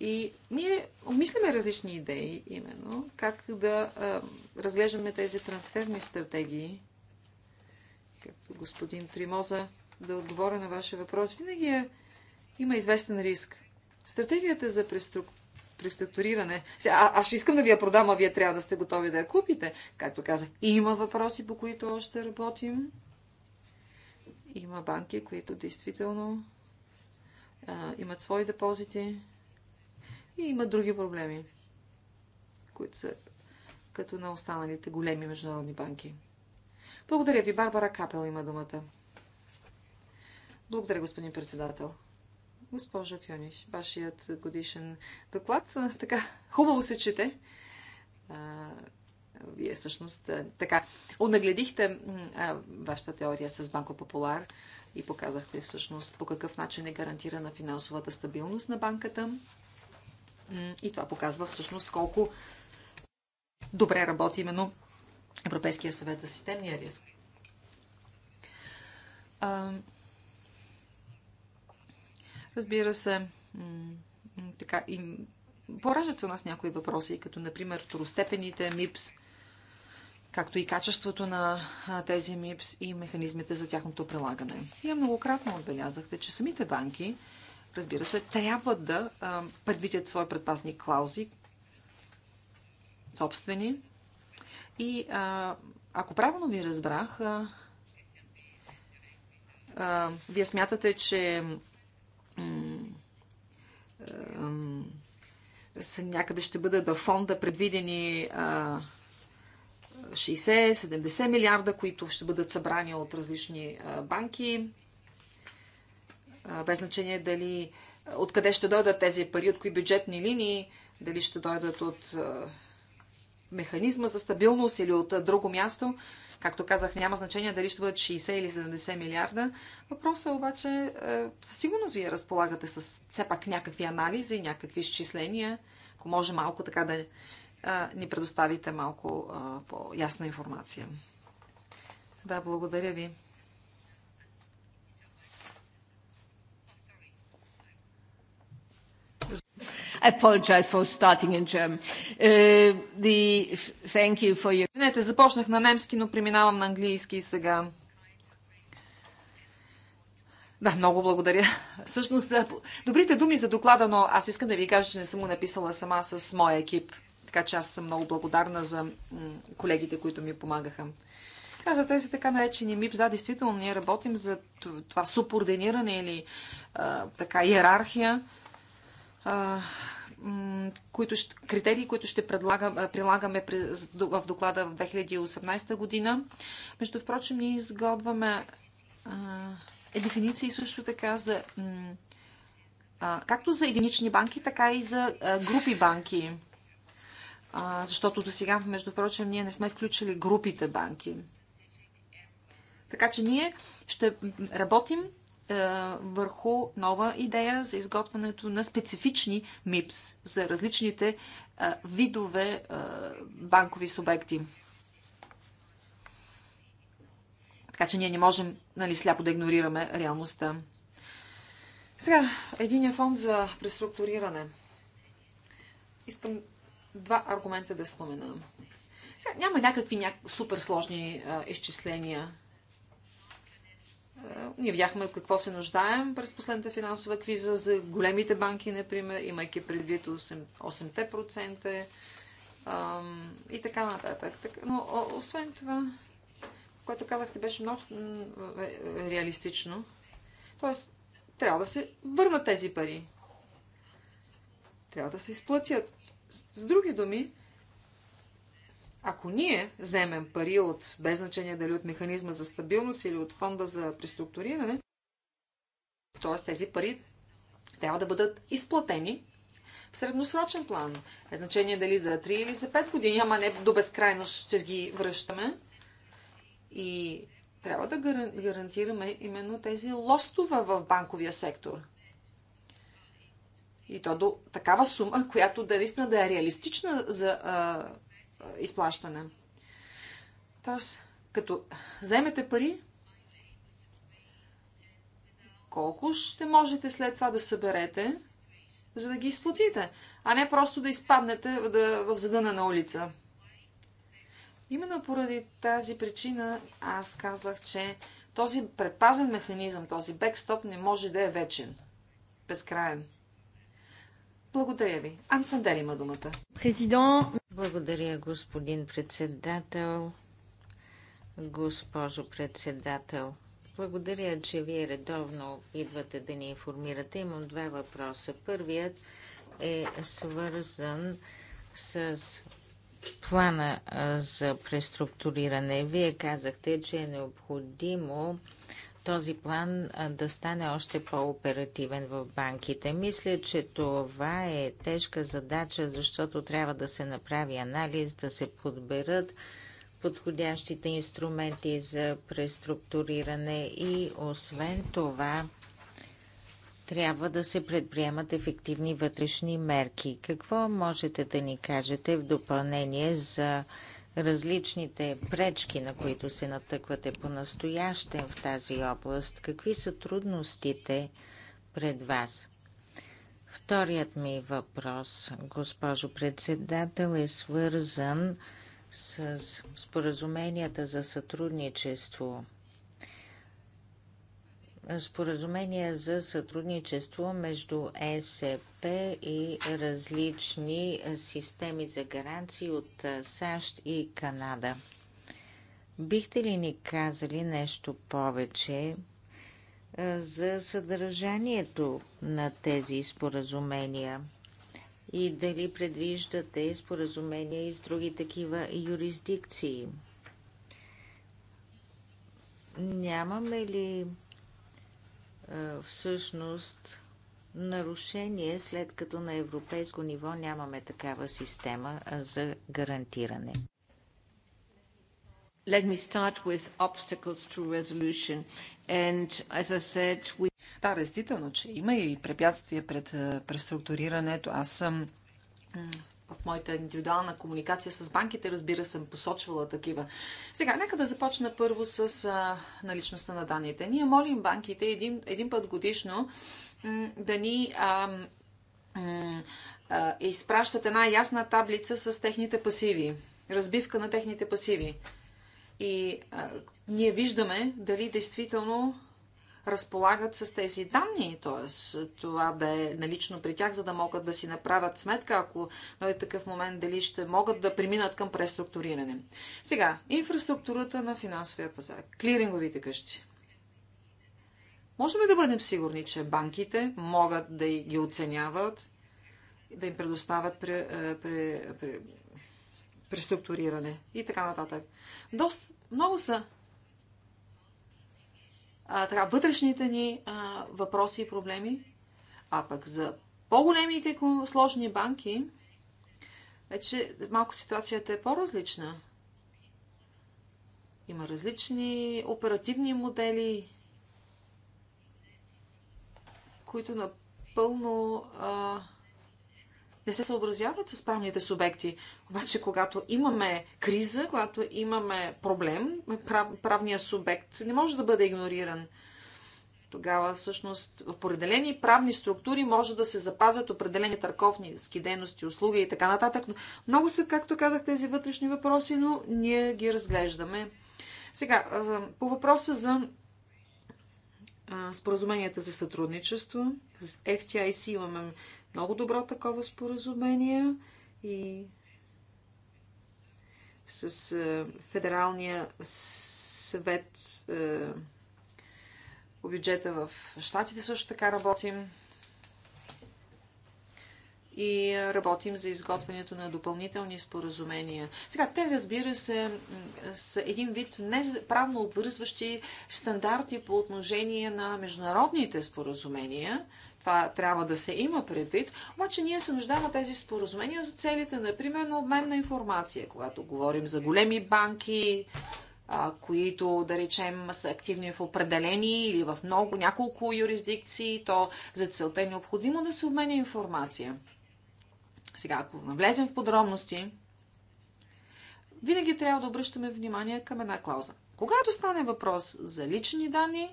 И ние мислиме различни идеи, именно, как да а, разглеждаме тези трансферни стратегии. Както господин Тримоза да отговоря на вашия въпрос, винаги е, има известен риск. Стратегията за преструк... преструктуриране. Сега, а, аз ще искам да ви я продам, а вие трябва да сте готови да я купите. Както казах, има въпроси, по които още работим. Има банки, които действително а, имат свои депозити и имат други проблеми, които са като на останалите големи международни банки. Благодаря ви. Барбара Капел има думата. Благодаря, господин председател. Госпожо Кьониш, вашият годишен доклад така хубаво се чете. Вие всъщност е, така онагледихте вашата теория с Банко Популар и показахте всъщност по какъв начин е гарантирана финансовата стабилност на банката. И това показва всъщност колко добре работи именно Европейския съвет за системния риск. Разбира се, така, и поражат се у нас някои въпроси, като например второстепените МИПС, както и качеството на тези МИПС и механизмите за тяхното прилагане. Вие многократно отбелязахте, че самите банки, разбира се, трябва да предвидят свои предпазни клаузи, собствени. И ако правилно ви разбрах, вие смятате, че някъде ще бъдат в фонда предвидени а, 60-70 милиарда, които ще бъдат събрани от различни банки. Без значение дали откъде ще дойдат тези пари, от кои бюджетни линии, дали ще дойдат от механизма за стабилност или от друго място. Както казах, няма значение дали ще бъдат 60 или 70 милиарда. Въпросът е обаче, със сигурност вие разполагате с все пак някакви анализи, някакви изчисления. Ако може малко така да ни предоставите малко по-ясна информация. Да, благодаря ви. I apologize for starting in German. Uh, the, thank you for your... започнах на немски, но преминавам на английски сега. Да, много благодаря. Всъщност, добрите думи за доклада, но аз искам да ви кажа, че не съм го написала сама с моя екип. Така че аз съм много благодарна за колегите, които ми помагаха. Така, за тези така наречени МИПС, да, действително, ние работим за това супординиране или а, така иерархия, а, които ще, критерии, които ще предлагам, прилагаме при, в доклада в 2018 година. Между впрочем, ние изгодваме е дефиниции също така за а, както за единични банки, така и за а, групи банки а, защото до сега, между прочим, ние не сме включили групите банки. Така че ние ще работим е, върху нова идея за изготвянето на специфични МИПС за различните е, видове е, банкови субекти. Така че ние не можем нали, сляпо да игнорираме реалността. Сега, единия фонд за преструктуриране. Искам два аргумента да споменам. Сега, няма някакви ня... супер сложни а, изчисления. А, ние видяхме какво се нуждаем през последната финансова криза за големите банки, например, имайки предвид 8, 8% и така нататък. Так, но о, освен това, което казахте, беше много реалистично. Тоест, трябва да се върнат тези пари. Трябва да се изплатят. С други думи, ако ние вземем пари от, без значение дали от механизма за стабилност или от фонда за преструктуриране, т.е. тези пари трябва да бъдат изплатени в средносрочен план. Без значение дали за 3 или за 5 години, ама не до безкрайност ще ги връщаме. И трябва да гарантираме именно тези лостове в банковия сектор. И то до такава сума, която да е наистина да е реалистична за а, изплащане. Тоест, като вземете пари, колко ще можете след това да съберете, за да ги изплатите, а не просто да изпаднете да, в задъна на улица. Именно поради тази причина аз казах, че този предпазен механизъм, този бекстоп не може да е вечен, безкраен. Благодаря ви. Сандели има думата. Президент. Благодаря, господин председател. Госпожо председател, благодаря, че вие редовно идвате да ни информирате. Имам два въпроса. Първият е свързан с плана за преструктуриране. Вие казахте, че е необходимо този план да стане още по-оперативен в банките. Мисля, че това е тежка задача, защото трябва да се направи анализ, да се подберат подходящите инструменти за преструктуриране и освен това трябва да се предприемат ефективни вътрешни мерки. Какво можете да ни кажете в допълнение за различните пречки, на които се натъквате по-настоящен в тази област? Какви са трудностите пред вас? Вторият ми въпрос, госпожо председател, е свързан с споразуменията за сътрудничество споразумения за сътрудничество между ЕСП и различни системи за гаранции от САЩ и Канада. Бихте ли ни казали нещо повече за съдържанието на тези споразумения? И дали предвиждате споразумения и с други такива юрисдикции? Нямаме ли е, всъщност нарушение, след като на европейско ниво нямаме такава система е, за гарантиране. Let me start with obstacles to resolution. And as I said, we... Да, действително, че има и препятствия пред е, преструктурирането. Аз съм в моята индивидуална комуникация с банките, разбира, съм посочвала такива. Сега, нека да започна първо с а, наличността на данните. Ние молим банките един, един път годишно да ни а, изпращат една ясна таблица с техните пасиви, разбивка на техните пасиви. И а, ние виждаме дали действително разполагат с тези данни, т.е. това да е налично при тях, за да могат да си направят сметка, ако дойде такъв момент, дали ще могат да преминат към преструктуриране. Сега, инфраструктурата на финансовия пазар, клиринговите къщи. Можем ли да бъдем сигурни, че банките могат да ги оценяват, да им предоставят при, е, при, при, преструктуриране и така нататък? Доста, много са а, така, вътрешните ни а, въпроси и проблеми. А пък за по-големите сложни банки, вече малко ситуацията е по-различна. Има различни оперативни модели, които напълно а, не се съобразяват с правните субекти. Обаче, когато имаме криза, когато имаме проблем, прав, правният субект не може да бъде игнориран. Тогава, всъщност, в определени правни структури може да се запазят определени ски дейности, услуги и така нататък. Но много са, както казах, тези вътрешни въпроси, но ние ги разглеждаме. Сега, по въпроса за споразуменията за сътрудничество. С FTIC имаме много добро такова споразумение и с е, Федералния съвет е, по бюджета в Штатите също така работим и работим за изготвянето на допълнителни споразумения. Сега, те, разбира се, са един вид неправно обвързващи стандарти по отношение на международните споразумения, това трябва да се има предвид, обаче ние се нуждаем от тези споразумения за целите, например, на обмен на информация, когато говорим за големи банки, а, които, да речем, са активни в определени или в много, няколко юрисдикции, то за целта е необходимо да се обменя информация. Сега, ако навлезем в подробности, винаги трябва да обръщаме внимание към една клауза. Когато стане въпрос за лични данни,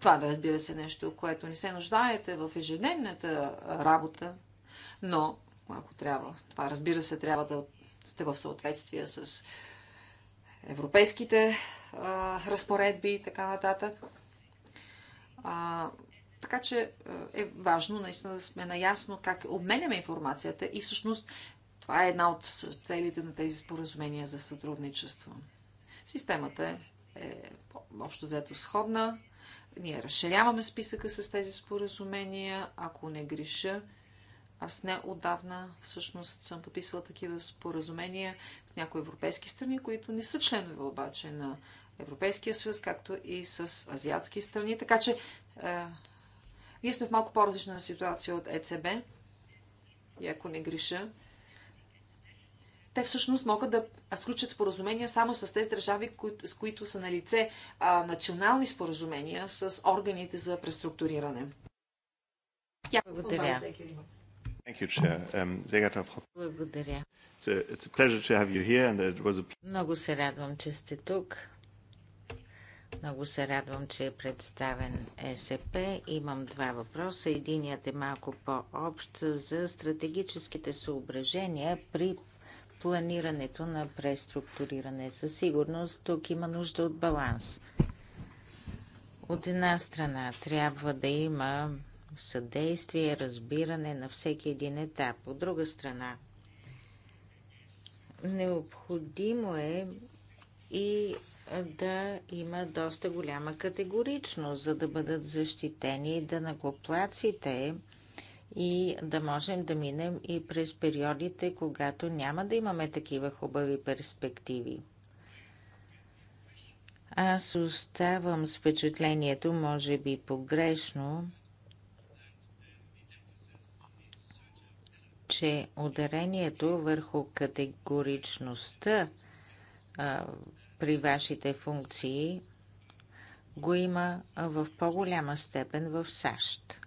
това да разбира се нещо, което не се нуждаете в ежедневната работа, но ако трябва, това разбира се, трябва да сте в съответствие с европейските а, разпоредби и така нататък. А, така че е важно наистина да сме наясно как обменяме информацията и всъщност това е една от целите на тези споразумения за сътрудничество. Системата е, е общо взето сходна. Ние разширяваме списъка с тези споразумения, ако не греша. Аз не отдавна всъщност съм подписала такива споразумения с някои европейски страни, които не са членове обаче на Европейския съюз, както и с азиатски страни. Така че е, ние сме в малко по-различна ситуация от ЕЦБ. И ако не греша, те всъщност могат да сключат споразумения само с тези държави, с които са на лице национални споразумения с органите за преструктуриране. Благодаря. Благодаря. Много се радвам, че сте тук. Много се радвам, че е представен е СП. Имам два въпроса. Единият е малко по-общ за стратегическите съображения при планирането на преструктуриране. Със сигурност тук има нужда от баланс. От една страна трябва да има съдействие, разбиране на всеки един етап. От друга страна, необходимо е и да има доста голяма категоричност, за да бъдат защитени да данакоплаците и да можем да минем и през периодите, когато няма да имаме такива хубави перспективи. Аз оставам с впечатлението, може би погрешно, че ударението върху категоричността а, при вашите функции го има в по-голяма степен в САЩ.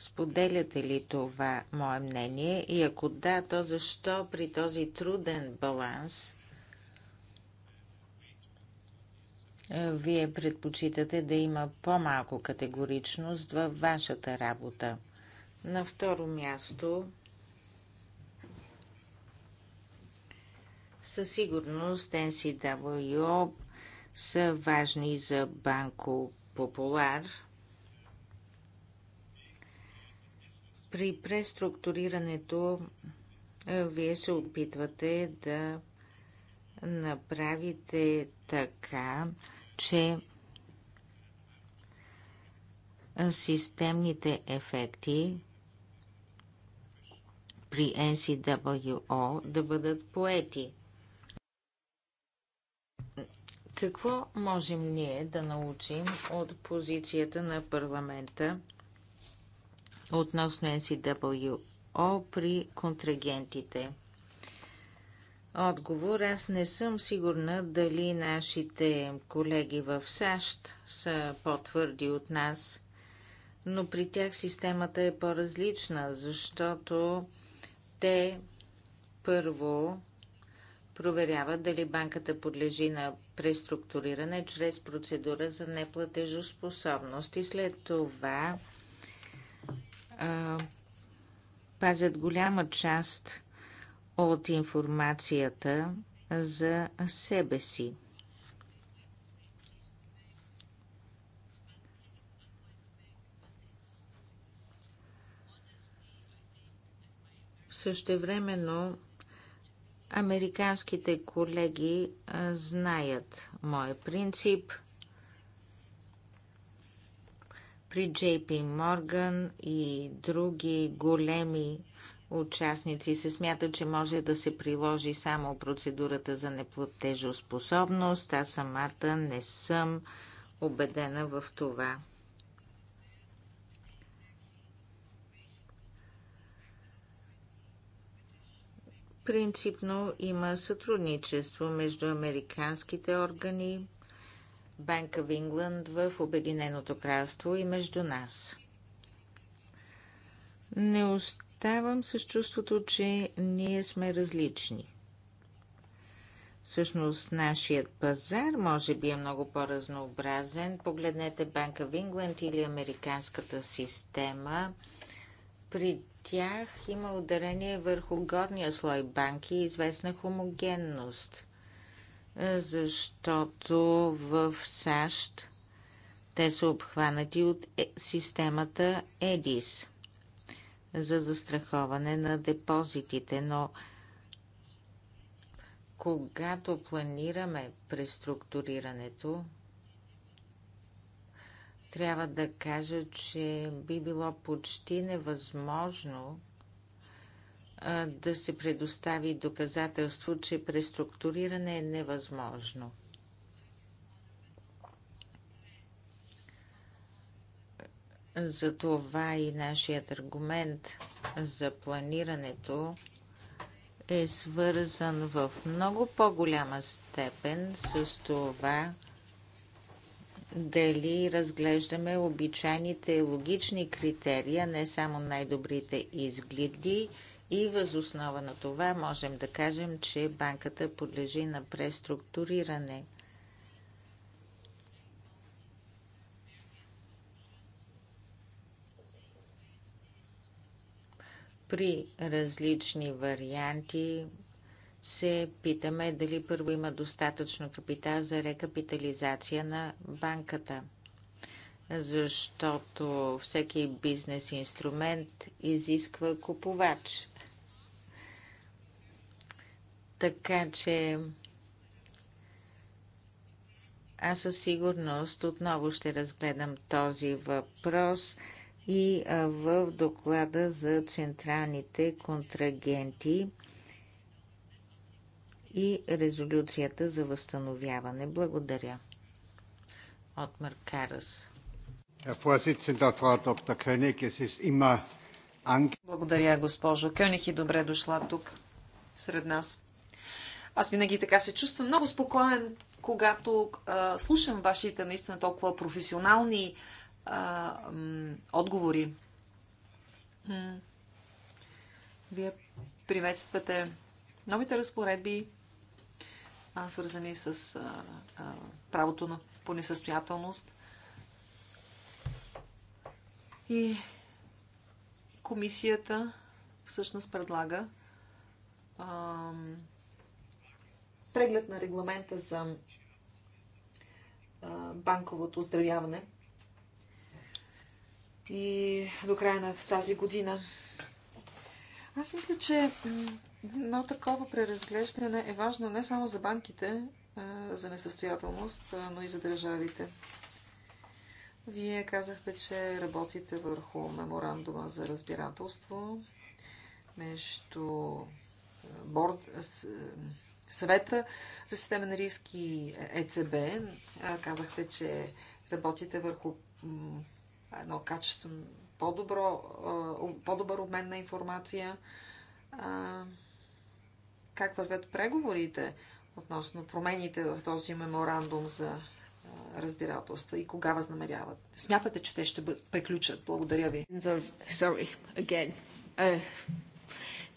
Споделяте ли това мое мнение и ако да, то защо при този труден баланс е, вие предпочитате да има по-малко категоричност във вашата работа? На второ място със сигурност NCWO са важни за Банко Популар – При преструктурирането вие се опитвате да направите така, че системните ефекти при NCWO да бъдат поети. Какво можем ние да научим от позицията на парламента относно NCWO при контрагентите. Отговор аз не съм сигурна дали нашите колеги в САЩ са по-твърди от нас, но при тях системата е по-различна, защото те първо проверяват дали банката подлежи на преструктуриране чрез процедура за неплатежоспособност и след това пазят голяма част от информацията за себе си. Същевременно американските колеги знаят моят принцип – при JP Morgan и други големи участници се смята, че може да се приложи само процедурата за неплатежоспособност. Аз самата не съм убедена в това. Принципно има сътрудничество между американските органи, Банка в Ингланд в Обединеното кралство и между нас. Не оставам с чувството, че ние сме различни. Всъщност нашият пазар може би е много по-разнообразен. Погледнете Банка в Ингланд или Американската система. При тях има ударение върху горния слой банки и известна хомогенност – защото в САЩ те са обхванати от е, системата ЕДИС за застраховане на депозитите, но когато планираме преструктурирането, трябва да кажа, че би било почти невъзможно да се предостави доказателство, че преструктуриране е невъзможно. Затова и нашият аргумент за планирането е свързан в много по-голяма степен с това, дали разглеждаме обичайните логични критерия, не само най-добрите изгледи, и възоснова на това можем да кажем, че банката подлежи на преструктуриране. При различни варианти се питаме дали първо има достатъчно капитал за рекапитализация на банката защото всеки бизнес инструмент изисква купувач. Така че аз със сигурност отново ще разгледам този въпрос и в доклада за централните контрагенти и резолюцията за възстановяване. Благодаря. Отмар Карас. Благодаря, госпожо Кьоних и добре дошла тук сред нас. Аз винаги така се чувствам много спокоен, когато а, слушам вашите наистина толкова професионални а, м, отговори. М- вие приветствате новите разпоредби, а, свързани с а, а, правото на по несъстоятелност. И комисията всъщност предлага а, преглед на регламента за банковото оздравяване. И до края на тази година. Аз мисля, че едно такова преразглеждане е важно не само за банките за несъстоятелност, но и за държавите. Вие казахте, че работите върху меморандума за разбирателство между борд, съвета за системен риск и ЕЦБ. Казахте, че работите върху едно качество по-добро, по-добър обмен на информация. Как вървят преговорите относно промените в този меморандум за разбирателства и кога възнамеряват? Смятате, че те ще приключат? Благодаря ви. Sorry, again. Uh,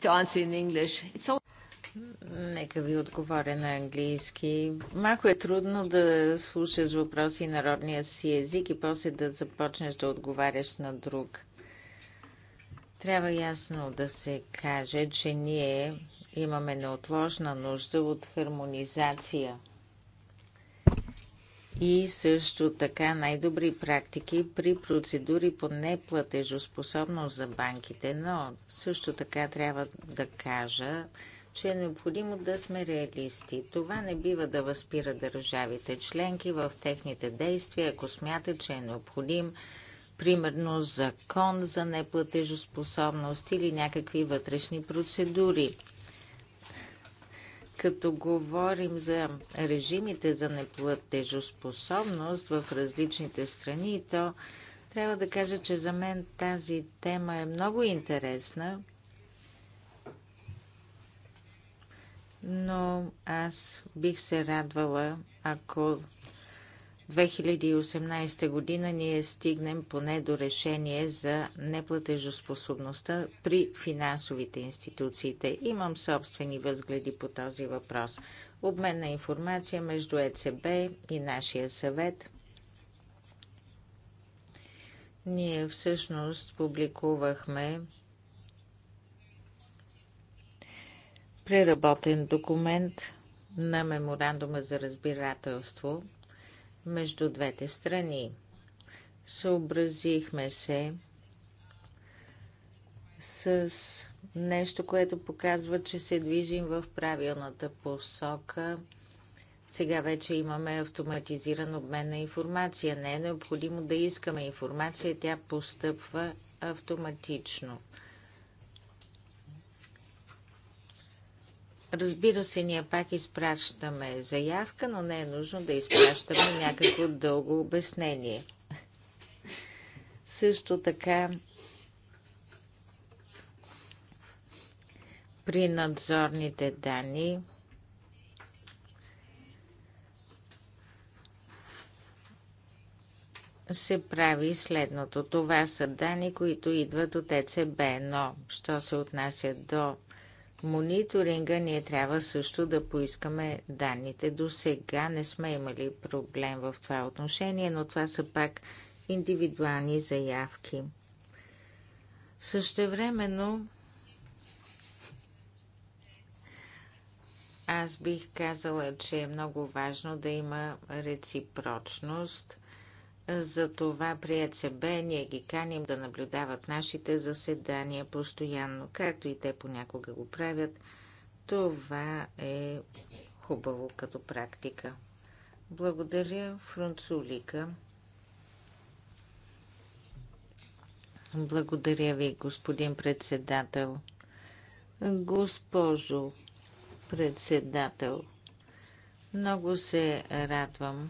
to answer in English. It's all... Нека ви отговоря на английски. Малко е трудно да слушаш въпроси на родния си език и после да започнеш да отговаряш на друг. Трябва ясно да се каже, че ние имаме неотложна нужда от хармонизация и също така най-добри практики при процедури по неплатежоспособност за банките, но също така трябва да кажа, че е необходимо да сме реалисти. Това не бива да възпира държавите членки в техните действия, ако смятат, че е необходим примерно закон за неплатежоспособност или някакви вътрешни процедури. Като говорим за режимите за неплатежоспособност в различните страни, то трябва да кажа, че за мен тази тема е много интересна – но аз бих се радвала, ако 2018 година ние стигнем поне до решение за неплатежоспособността при финансовите институциите. Имам собствени възгледи по този въпрос. Обмен на информация между ЕЦБ и нашия съвет. Ние всъщност публикувахме преработен документ на меморандума за разбирателство между двете страни. Съобразихме се с нещо, което показва, че се движим в правилната посока. Сега вече имаме автоматизиран обмен на информация. Не е необходимо да искаме информация, тя постъпва автоматично. Разбира се, ние пак изпращаме заявка, но не е нужно да изпращаме някакво дълго обяснение. Също така при надзорните данни се прави следното. Това са данни, които идват от ЕЦБ, но що се отнася до мониторинга ние трябва също да поискаме данните. До сега не сме имали проблем в това отношение, но това са пак индивидуални заявки. Същевременно аз бих казала, че е много важно да има реципрочност – за това при ЕЦБ ние ги каним да наблюдават нашите заседания постоянно, както и те понякога го правят. Това е хубаво като практика. Благодаря, Францулика. Благодаря ви, господин председател. Госпожо председател, много се радвам,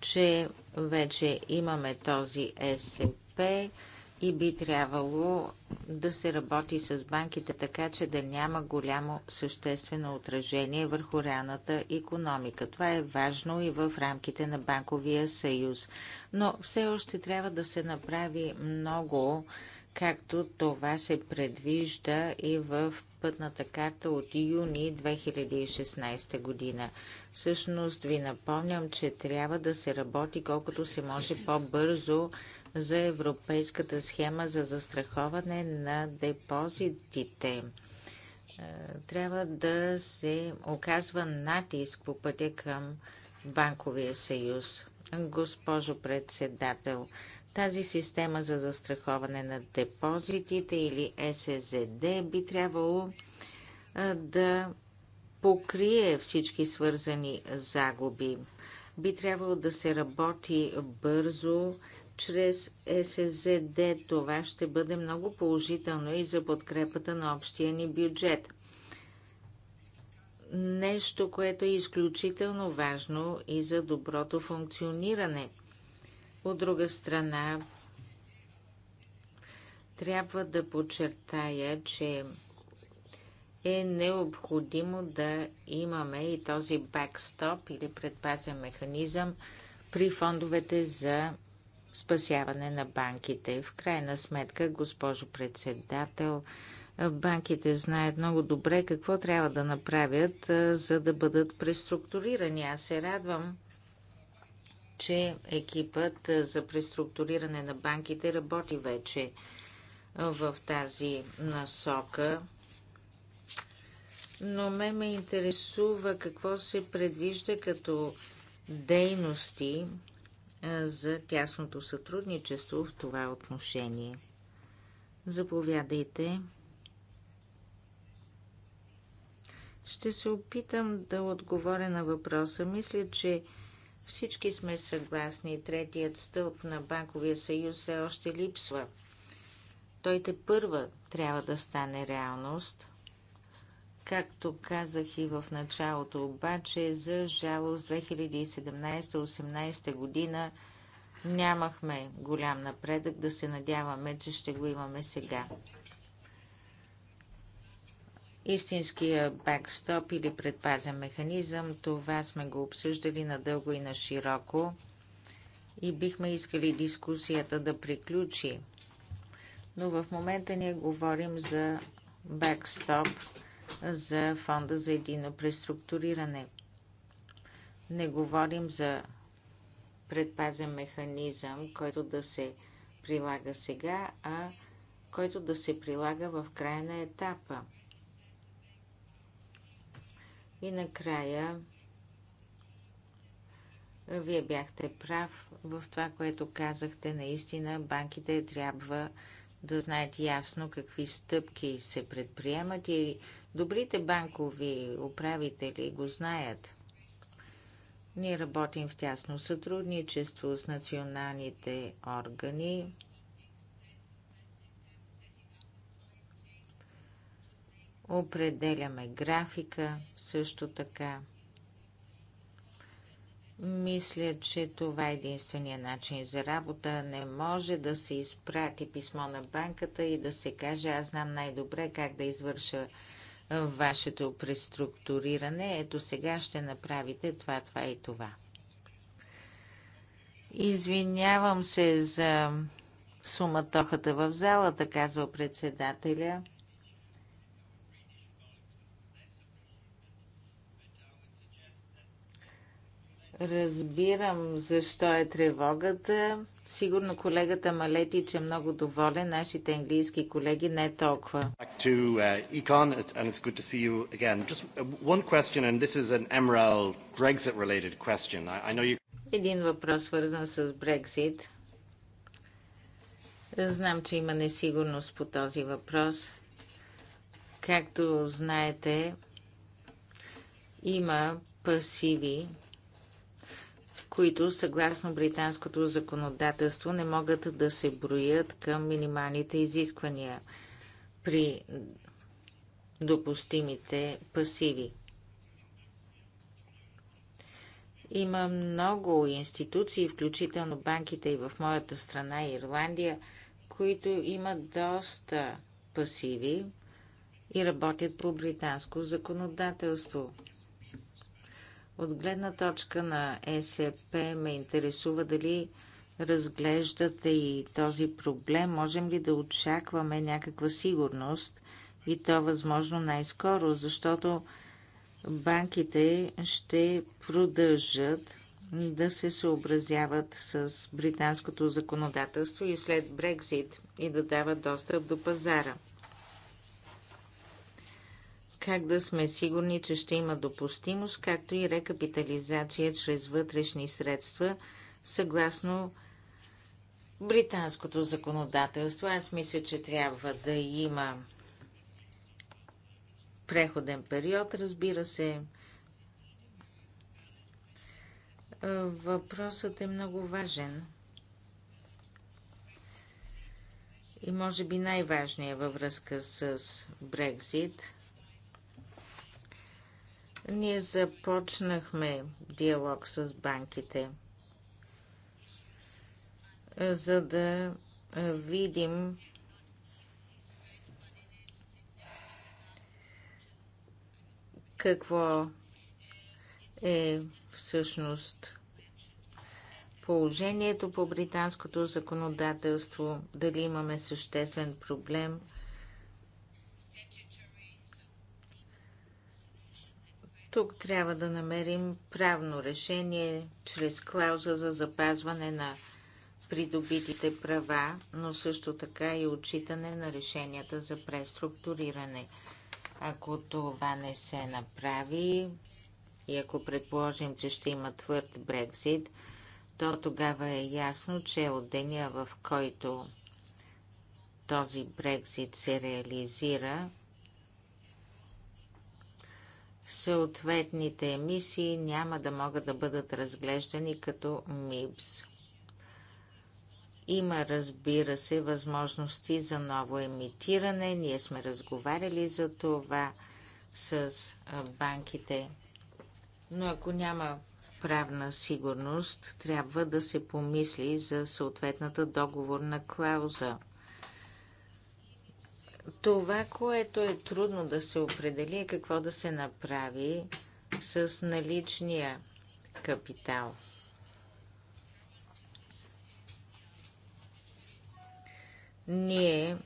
че вече имаме този СП и би трябвало да се работи с банките така, че да няма голямо съществено отражение върху реалната економика. Това е важно и в рамките на Банковия съюз. Но все още трябва да се направи много, както това се предвижда и в пътната карта от юни 2016 година. Всъщност ви напомням, че трябва да се работи колкото се може по-бързо за европейската схема за застраховане на депозитите. Е, трябва да се оказва натиск по пътя към Банковия съюз. Госпожо председател, тази система за застраховане на депозитите или СЗД би трябвало е, да покрие всички свързани загуби. Би трябвало да се работи бързо чрез ССЗД. Това ще бъде много положително и за подкрепата на общия ни бюджет. Нещо, което е изключително важно и за доброто функциониране. От друга страна, трябва да подчертая, че е необходимо да имаме и този бакстоп или предпазен механизъм при фондовете за спасяване на банките. В крайна сметка, госпожо председател, банките знаят много добре какво трябва да направят, за да бъдат преструктурирани. Аз се радвам, че екипът за преструктуриране на банките работи вече в тази насока но ме ме интересува какво се предвижда като дейности за тясното сътрудничество в това отношение. Заповядайте. Ще се опитам да отговоря на въпроса. Мисля, че всички сме съгласни. Третият стълб на Банковия съюз все още липсва. Той те първа трябва да стане реалност – Както казах и в началото, обаче, за жалост 2017-18 година нямахме голям напредък, да се надяваме, че ще го имаме сега. Истинския бакстоп или предпазен механизъм, това сме го обсъждали надълго и на широко и бихме искали дискусията да приключи. Но в момента ние говорим за бакстоп за фонда за едино преструктуриране. Не говорим за предпазен механизъм, който да се прилага сега, а който да се прилага в края на етапа. И накрая, вие бяхте прав в това, което казахте. Наистина, банките трябва да знаят ясно какви стъпки се предприемат и добрите банкови управители го знаят. Ние работим в тясно сътрудничество с националните органи. Определяме графика също така. Мисля, че това е единствения начин за работа. Не може да се изпрати писмо на банката и да се каже, аз знам най-добре как да извърша вашето преструктуриране. Ето сега ще направите това, това и това. Извинявам се за суматохата в залата, казва председателя. Разбирам защо е тревогата. Сигурно колегата Малетич е много доволен, нашите английски колеги не е толкова. Един въпрос свързан с Брекзит. Знам, че има несигурност по този въпрос. Както знаете, има пасиви, които съгласно британското законодателство не могат да се броят към минималните изисквания при допустимите пасиви. Има много институции, включително банките и в моята страна Ирландия, които имат доста пасиви и работят по британско законодателство. От гледна точка на ЕСП ме интересува дали разглеждате и този проблем. Можем ли да очакваме някаква сигурност и то възможно най-скоро, защото банките ще продължат да се съобразяват с британското законодателство и след Брекзит и да дават достъп до пазара как да сме сигурни, че ще има допустимост, както и рекапитализация чрез вътрешни средства, съгласно британското законодателство. Аз мисля, че трябва да има преходен период, разбира се. Въпросът е много важен. И може би най-важният във връзка с Брекзит – ние започнахме диалог с банките, за да видим какво е всъщност положението по британското законодателство, дали имаме съществен проблем Тук трябва да намерим правно решение чрез клауза за запазване на придобитите права, но също така и отчитане на решенията за преструктуриране. Ако това не се направи и ако предположим, че ще има твърд Брекзит, то тогава е ясно, че от деня в който този Брекзит се реализира, съответните емисии няма да могат да бъдат разглеждани като МИПС. Има, разбира се, възможности за ново емитиране. Ние сме разговаряли за това с банките. Но ако няма правна сигурност, трябва да се помисли за съответната договорна клауза. Това, което е трудно да се определи е какво да се направи с наличния капитал. Ние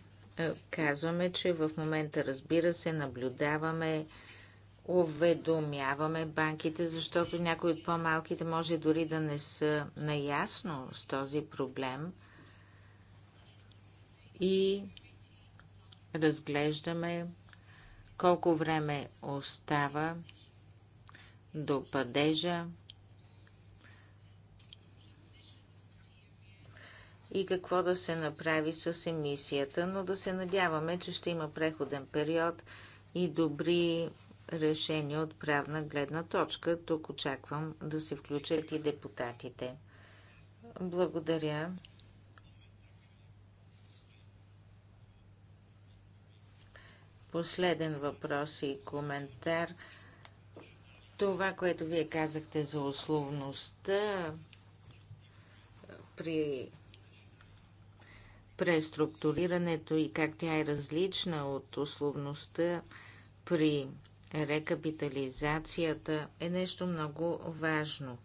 казваме, че в момента, разбира се, наблюдаваме, уведомяваме банките, защото някои от по-малките може дори да не са наясно с този проблем. И разглеждаме колко време остава до падежа и какво да се направи с емисията, но да се надяваме, че ще има преходен период и добри решения от правна гледна точка. Тук очаквам да се включат и депутатите. Благодаря. Последен въпрос и коментар. Това, което вие казахте за условността при преструктурирането и как тя е различна от условността при рекапитализацията е нещо много важно.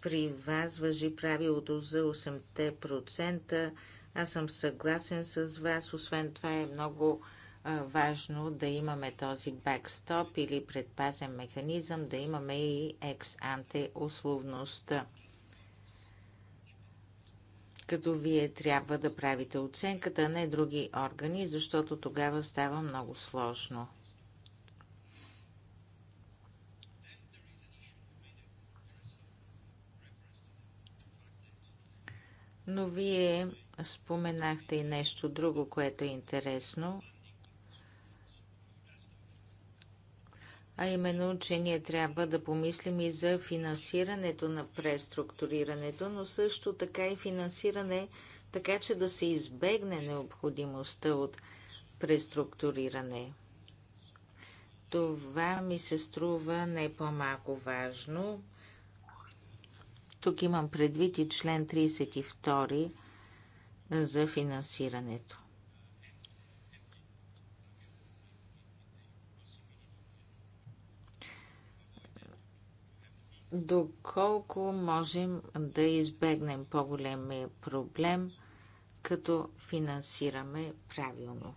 При вас въжи правилото за 8% аз съм съгласен с вас. Освен това е много важно да имаме този бекстоп или предпазен механизъм, да имаме и екс-анте условността. Като вие трябва да правите оценката, а не други органи, защото тогава става много сложно. Но вие Споменахте и нещо друго, което е интересно, а именно, че ние трябва да помислим и за финансирането на преструктурирането, но също така и финансиране, така че да се избегне необходимостта от преструктуриране. Това ми се струва не по-малко важно. Тук имам предвид и член 32 за финансирането. Доколко можем да избегнем по-големия проблем, като финансираме правилно.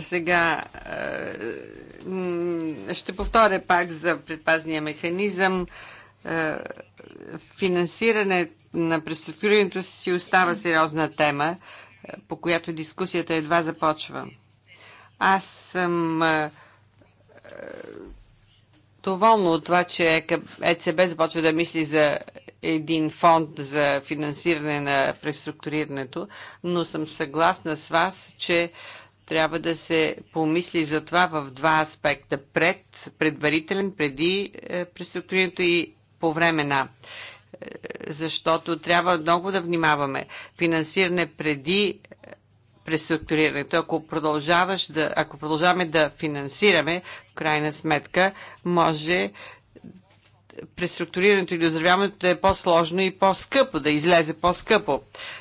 Сега е, ще повторя пак за предпазния механизъм финансиране на преструктурирането си остава сериозна тема, по която дискусията едва започва. Аз съм доволна от това, че ЕЦБ започва да мисли за един фонд за финансиране на преструктурирането, но съм съгласна с вас, че трябва да се помисли за това в два аспекта. Пред, предварителен, преди е, преструктурирането и по време на е, защото трябва много да внимаваме. Финансиране преди е, преструктурирането. Ако, продължаваш да, ако продължаваме да финансираме, в крайна сметка, може преструктурирането или оздравяването да е по-сложно и по-скъпо, да излезе по-скъпо.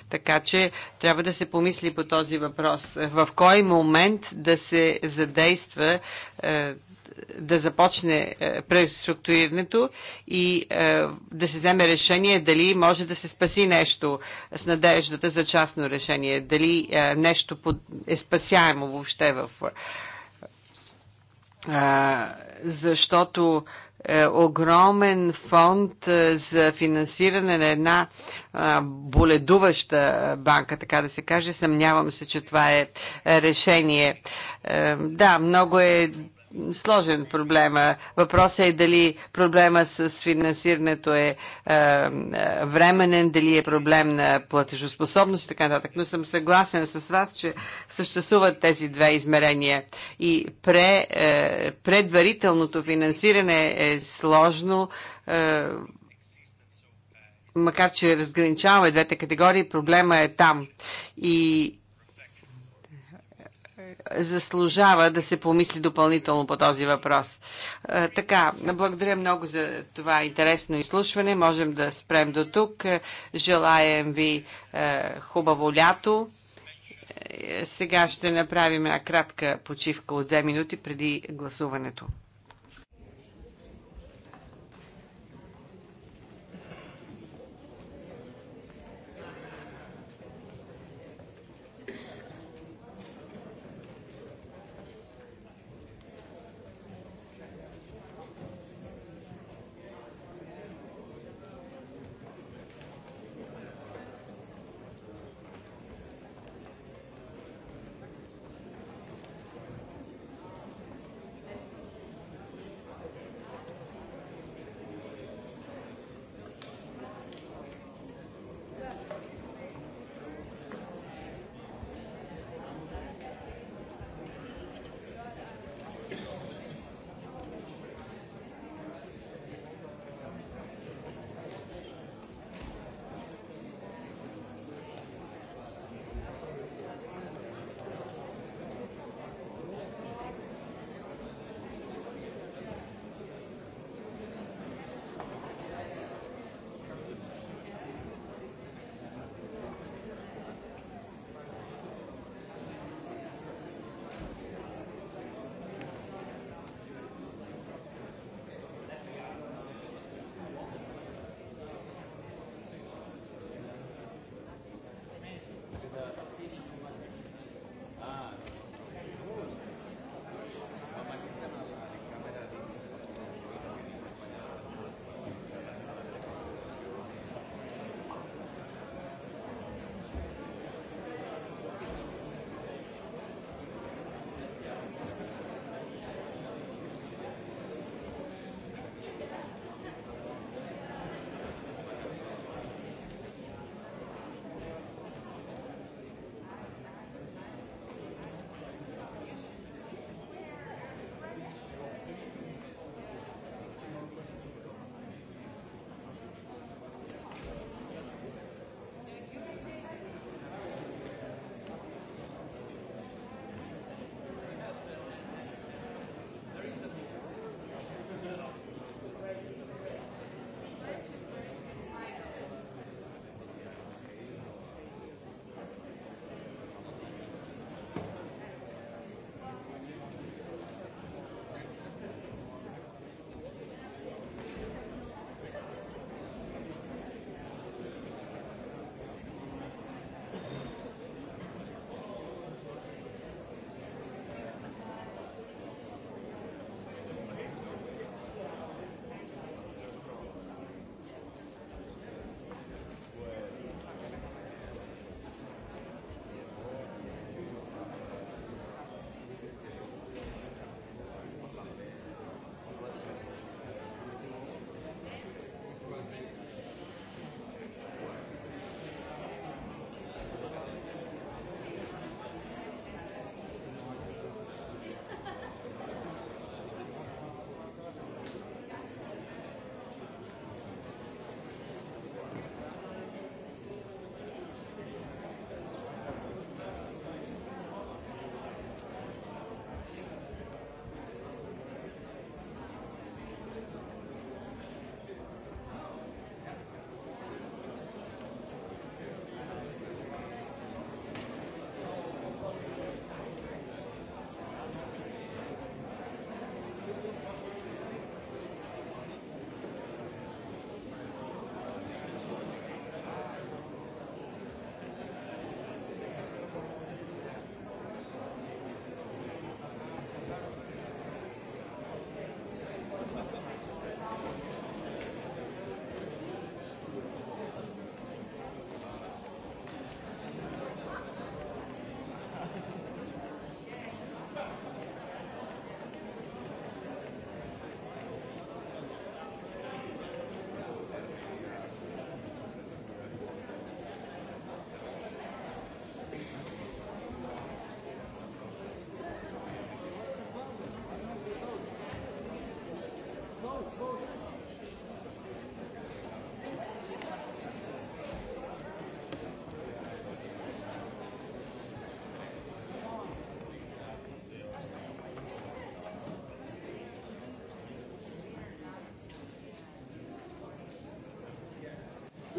Така че трябва да се помисли по този въпрос. В кой момент да се задейства е, да започне е, преструктурирането и е, да се вземе решение дали може да се спаси нещо с надеждата за частно решение, дали е, нещо е спасяемо въобще в. Защото огромен фонд за финансиране на една боледуваща банка, така да се каже. Съмнявам се, че това е решение. Да, много е сложен проблема. Въпросът е дали проблема с финансирането е, е, временен, дали е проблем на платежоспособност и така нататък. Но съм съгласен с вас, че съществуват тези две измерения. И пре, е, предварителното финансиране е сложно. Е, макар че разграничаваме двете категории, проблема е там. И заслужава да се помисли допълнително по този въпрос. Е, така, благодаря много за това интересно изслушване. Можем да спрем до тук. Желаем ви е, хубаво лято. Е, сега ще направим една кратка почивка от 2 минути преди гласуването.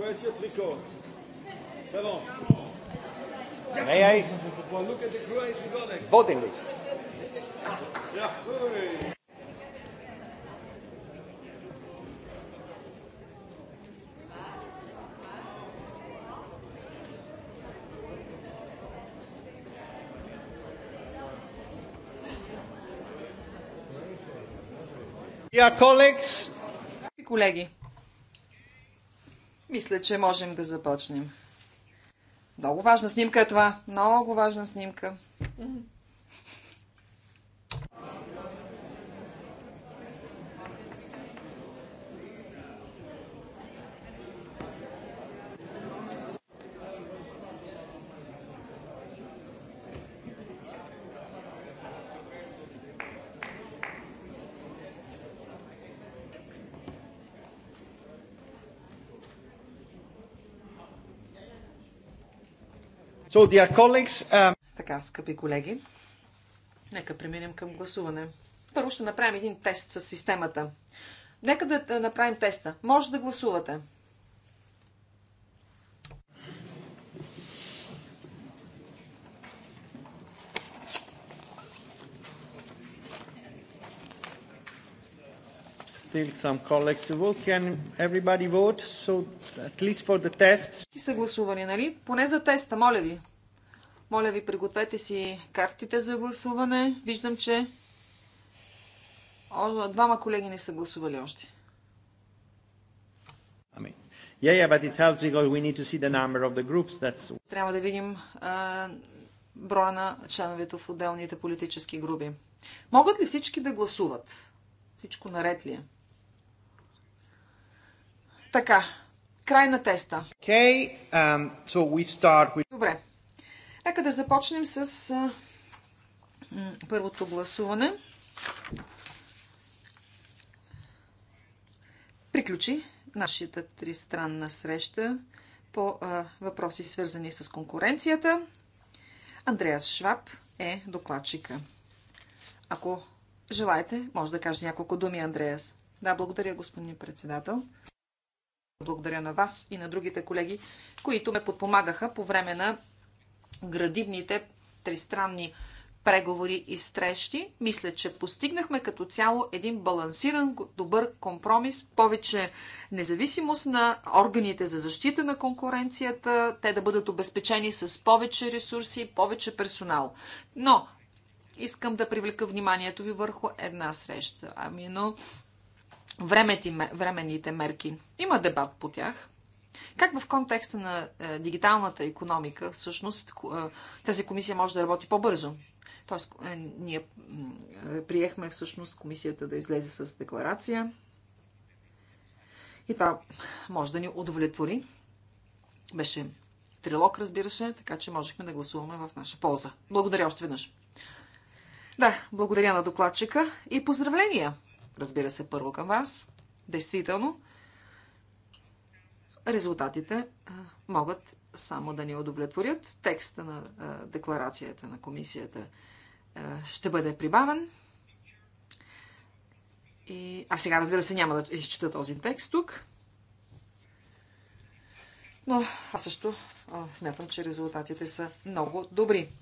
Nee, I? Look at the Croatian Voting Yeah. Колеги. Мисля, че можем да започнем. Много важна снимка е това. Много важна снимка. So, um... Така, скъпи колеги, нека преминем към гласуване. Първо ще направим един тест с системата. Нека да направим теста. Може да гласувате. some colleagues to vote. Can everybody vote? So at least for the test. И са гласувани, нали? Поне за теста, моля ви. Моля ви, пригответе си картите за гласуване. Виждам, че двама колеги не са гласували още. Yeah, yeah, but it helps because we need to see the number of the groups. That's... Трябва да видим броя на членовете в отделните политически групи. Могат ли всички да гласуват? Всичко наред ли е? Така, край на теста. Okay, um, so we start with... Добре. Нека да започнем с uh, първото гласуване. Приключи нашата тристранна среща по uh, въпроси, свързани с конкуренцията. Андреас Шваб е докладчика. Ако желаете, може да кажете няколко думи, Андреас. Да, благодаря, господин председател. Благодаря на вас и на другите колеги, които ме подпомагаха по време на градивните тристранни преговори и стрещи. Мисля, че постигнахме като цяло един балансиран, добър компромис, повече независимост на органите за защита на конкуренцията, те да бъдат обезпечени с повече ресурси, повече персонал. Но искам да привлека вниманието ви върху една среща, ами но времените мерки. Има дебат по тях. Как в контекста на е, дигиталната економика, всъщност, е, тази комисия може да работи по-бързо? Тоест, е, ние приехме всъщност комисията да излезе с декларация. И това може да ни удовлетвори. Беше трилог, разбира се, така че можехме да гласуваме в наша полза. Благодаря още веднъж. Да, благодаря на докладчика и поздравления! разбира се, първо към вас. Действително, резултатите могат само да ни удовлетворят. Текста на декларацията на комисията ще бъде прибавен. И... А сега, разбира се, няма да изчита този текст тук. Но аз също а, смятам, че резултатите са много добри.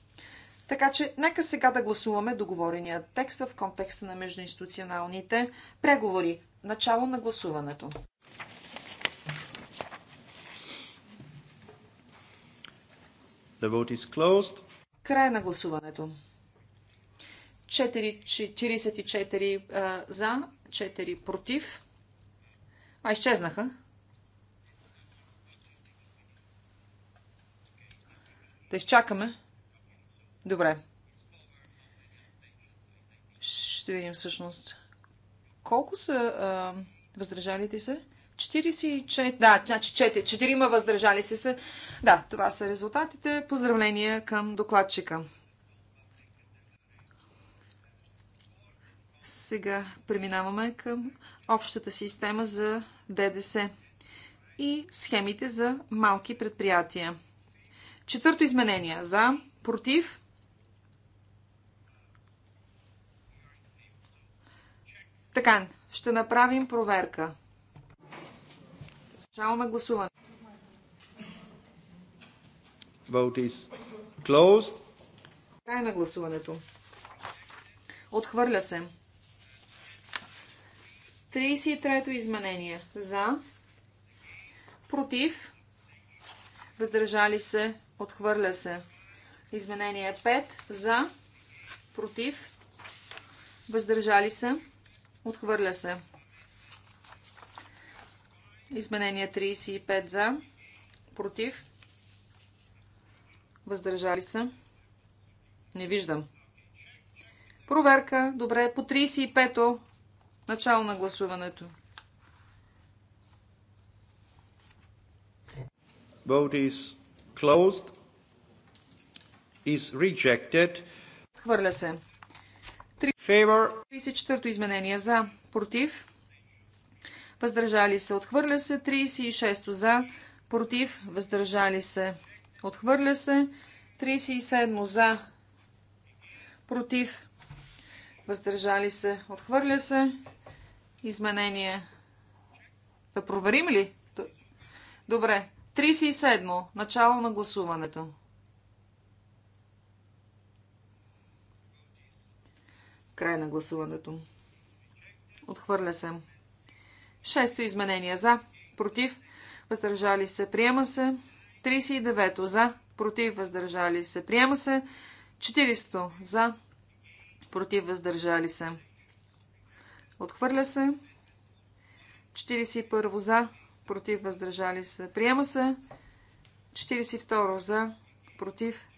Така че, нека сега да гласуваме договорения текст в контекста на междуинституционалните преговори. Начало на гласуването. The vote is closed. Край на гласуването. 44 за, 4 против. А, изчезнаха. Да изчакаме. Добре. Ще видим всъщност. Колко са а, въздържалите се? 44. Да, значи 4, 4 въздържали се са. Да, това са резултатите. Поздравления към докладчика. Сега преминаваме към общата система за ДДС и схемите за малки предприятия. Четвърто изменение. За, против, Така, ще направим проверка. Началваме гласуване. Vote is closed. Край на гласуването. Отхвърля се. 33-то изменение. За. Против. Въздържали се. Отхвърля се. Изменение 5. За. Против. Въздържали се. Отхвърля се. Изменение 35 за. Против. Въздържали се. Не виждам. Проверка. Добре. По 35-то. Начало на гласуването. Vote is closed. Is rejected. Хвърля се. Favor. 34-то изменение за, против, въздържали се, отхвърля се. 36-то за, против, въздържали се, отхвърля се. 37-то за, против, въздържали се, отхвърля се. Изменение. Да проверим ли? Добре. 37 то Начало на гласуването. Край на гласуването. Отхвърля се. Шесто изменение за, против, въздържали се, приема се. 39 за, против, въздържали се, приема се. 40 за, против, въздържали се. Отхвърля се. 41 за, против, въздържали се, приема се. 42 за, против,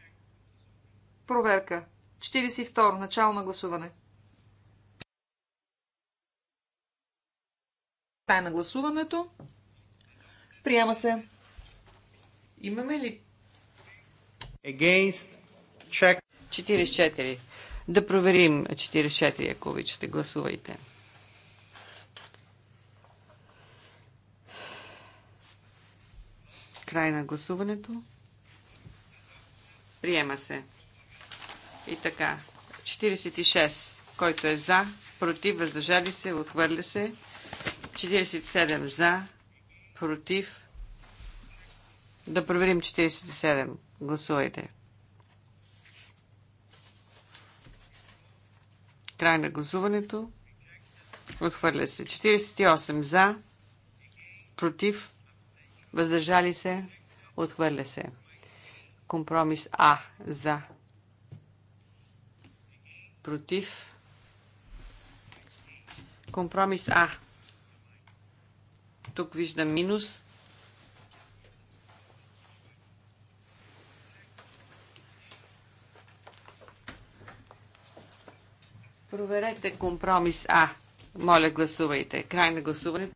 проверка. 42 начало на гласуване. Край на гласуването. Приема се. Имаме ли? Against. Check. 44. Да проверим 44, ако обичате. Гласувайте. Край на гласуването. Приема се. И така. 46. Който е за, против, въздържали се, отхвърля се. 47 за, против. Да проверим 47. Гласувайте. Край на гласуването. Отхвърля се. 48 за, против, въздържали се, отхвърля се. Компромис А за, против. Компромис А. Тук виждам минус. Проверете компромис А. Моля, гласувайте. Край на гласуването.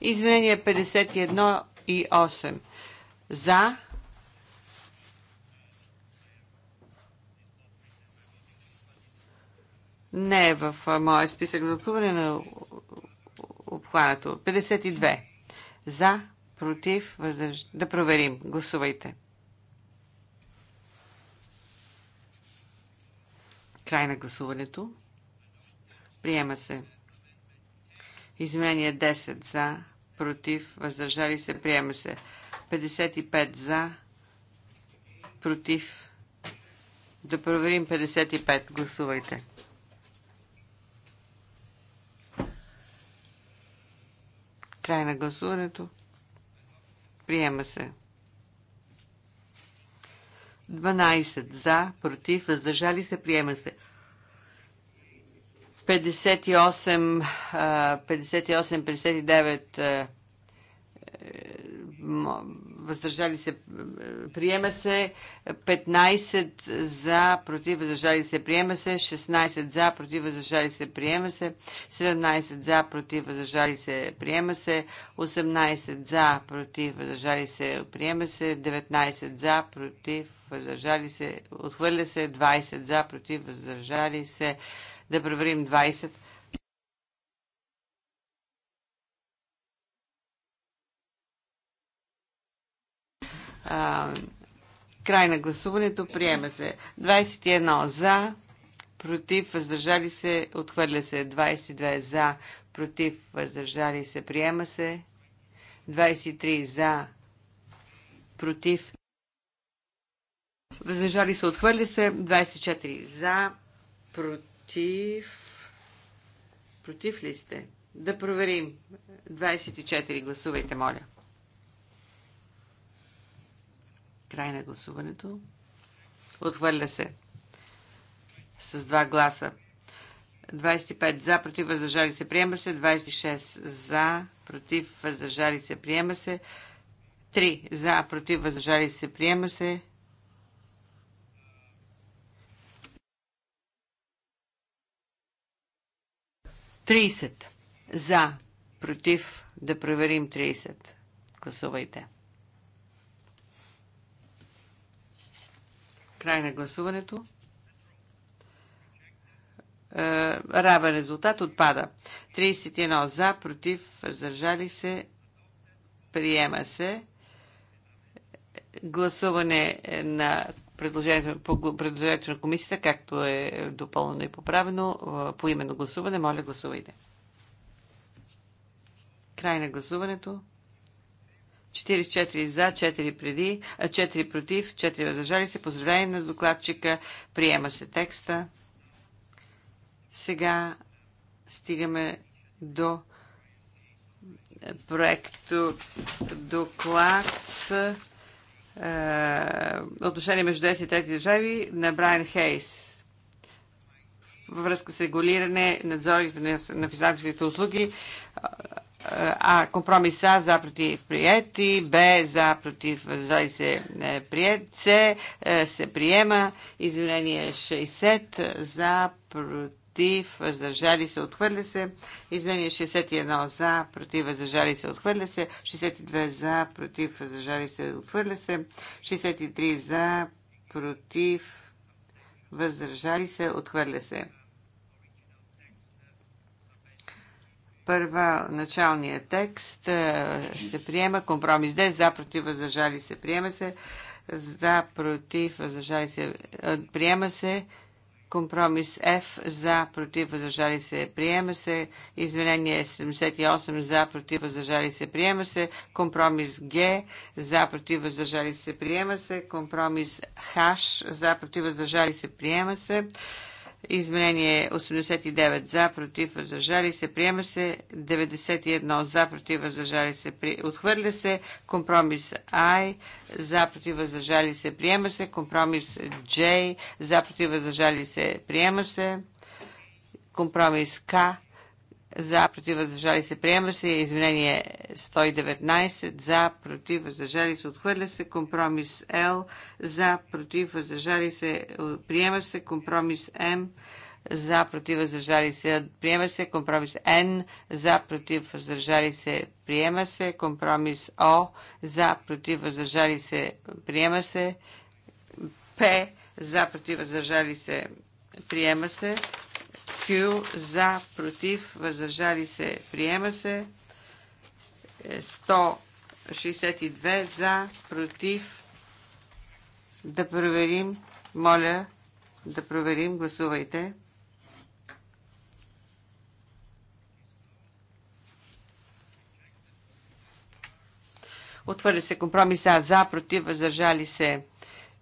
Изменение 51 и 8. За, не е в моя списък за отхвърляне на обхванато. 52. За, против, въздърж... Да проверим. Гласувайте. Край на гласуването. Приема се. Изменение 10 за, против, въздържали се, приема се. 55 за, против. Да проверим 55. Гласувайте. Край на гласуването. Приема се. 12 за, против, въздържали се, приема се. 58, 58 59 въздържали се, приема се, 15 за, против, въздържали се, приема се, 16 за, против, въздържали се, приема се, 17 за, против, въздържали се, приема се, 18 за, против, въздържали се, приема се, 19 за, против, въздържали се, отхвърля се, 20 за, против, въздържали се, да проверим 20. А, край на гласуването. Приема се. 21 за, против, въздържали се, отхвърля се. 22 за, против, въздържали се, приема се. 23 за, против, въздържали се, отхвърля се. 24 за, против, против ли сте? Да проверим. 24 гласувайте, моля. Край на гласуването. Отхвърля се. С два гласа. 25 за, против, въздържали се, приема се. 26 за, против, въздържали се, приема се. 3 за, против, въздържали се, приема се. Тридесет. За. Против. Да проверим 30. Гласувайте. Край на гласуването. Е, равен резултат отпада. 31 за, против, въздържали се, приема се. Гласуване на предложението, по предложението на комисията, както е допълнено и поправено, е, по именно гласуване. Моля, гласувайте. Край на гласуването. 44 за, 4, преди, 4 против, 4 въздържали се. Поздравление на докладчика. Приема се текста. Сега стигаме до проекто доклад е, отношение между 10 и 3 държави на Брайан Хейс във връзка с регулиране, надзори на финансовите услуги. А. Компромис А. За против приети. Б. За против въздържали се е, приет. С. Е, се приема. Изменение 60. За против против, въздържали се, отхвърля се. Изменение 61 за, против, въздържали се, отхвърля се. 62 за, против, въздържали се, отхвърля се. 63 за, против, въздържали се, отхвърля се. Първа началния текст е, се приема компромис Д, за, против, въздържали се, приема се, за, против, въздържали се, е, приема се, компромис Ф, за, против, въздържали се, приема се, изменение 78, за, против, въздържали се, приема се, компромис Г, за, против, въздържали се, приема се, компромис Х, за, против, въздържали се, приема се, Изменение 89 за, против, въздържали се, приема се. 91 за, против, въздържали се, при... отхвърля се. Компромис I за, против, въздържали се, приема се. Компромис J за, против, въздържали се, приема се. Компромис К за, против, въздържали се, приема се. Изменение 119, за, против, въздържали се, отхвърля се. Компромис Л, за, против, въздържали се, приема се. Компромис М, за, против, въздържали се, приема се. Компромис Н, за, против, въздържали се, приема се. Компромис О, за, против, въздържали се, приема се. П, за, против, въздържали се, приема се. Q за, против, въздържали се, приема се. 162 е, за, против. Да проверим. Моля да проверим. Гласувайте. Отвърля се компромиса за, против, въздържали се,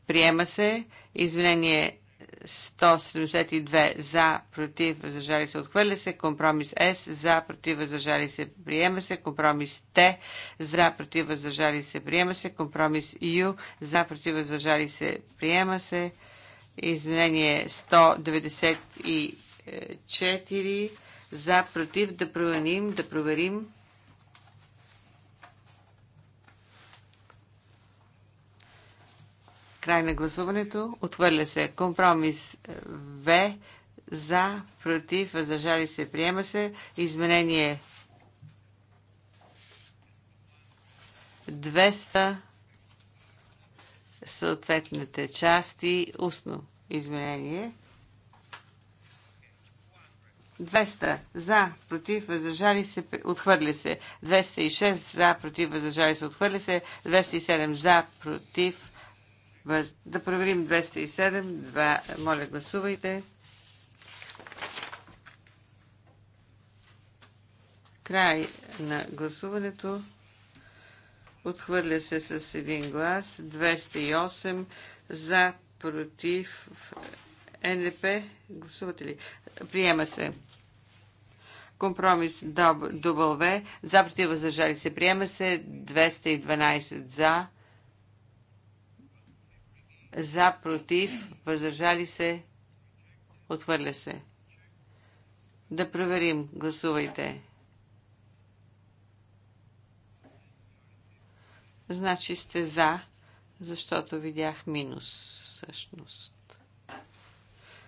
приема се. Извинение 172 за, против, въздържали се, отхвърля се. Компромис С за, против, въздържали се, приема се. Компромис Т за, против, въздържали се, приема се. Компромис Ю за, против, въздържали се, приема се. Изменение 194 за, против, да проверим, да проверим. Край на гласуването. Отвърля се. Компромис е, В. За, против, въздържали се, приема се. Изменение 200 съответните части. Устно изменение. 200 за, против, въздържали се, отхвърли се. 206 за, против, въздържали се, отхвърли се. 207 за, против, да проверим 207. Моля, гласувайте. Край на гласуването. Отхвърля се с един глас. 208 за, против, НДП. Гласувате ли? Приема се. Компромис W. За, против, въздържали се. Приема се. 212 за за, против, въздържали се, отвърля се. Да проверим. Гласувайте. Значи сте за, защото видях минус всъщност.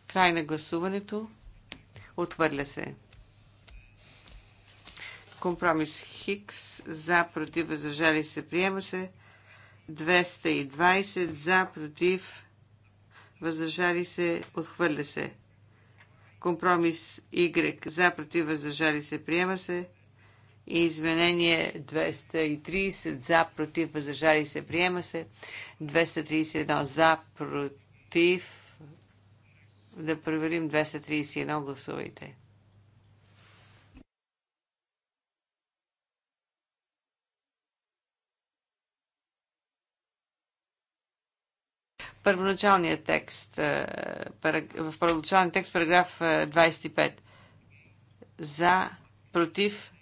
Край на гласуването. Отвърля се. Компромис Хикс за, против, въздържали се, приема се. 220 за, против, въздържали се, отхвърля се. Компромис Y за, против, въздържали се, приема се. И изменение 230 за, против, въздържали се, приема се. 231 за, против. Да проверим 231. Гласувайте. първоначалния текст, е, в първоначалния текст, параграф 25. Е, за, против,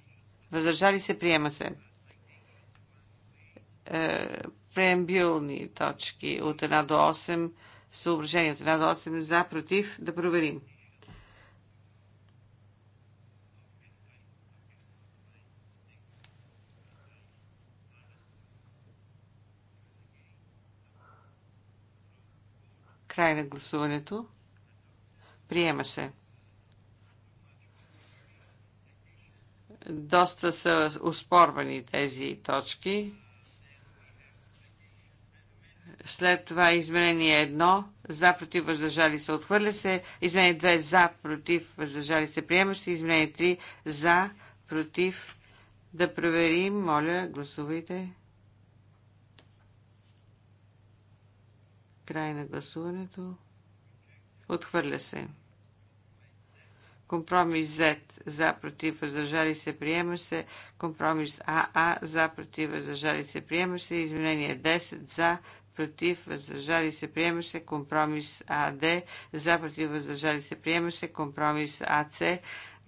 въздържали се, приема се. Е, преамбилни точки от 1 до 8, съображение от 1 до 8, за, против, да проверим. Край на гласуването. Приема се. Доста са успорвани тези точки. След това изменение едно за против въздържали се отхвърля се. Изменение 2 за против въздържали се приема се. Изменение 3 за против да проверим. Моля, гласувайте. Край на гласуването. Отхвърля се. Компромис Z за против въздържали се приема се. Компромис АА за против въздържали се приема се. Изменение 10 за против въздържали се приема се. Компромис АД за против въздържали се приема се. Компромис АЦ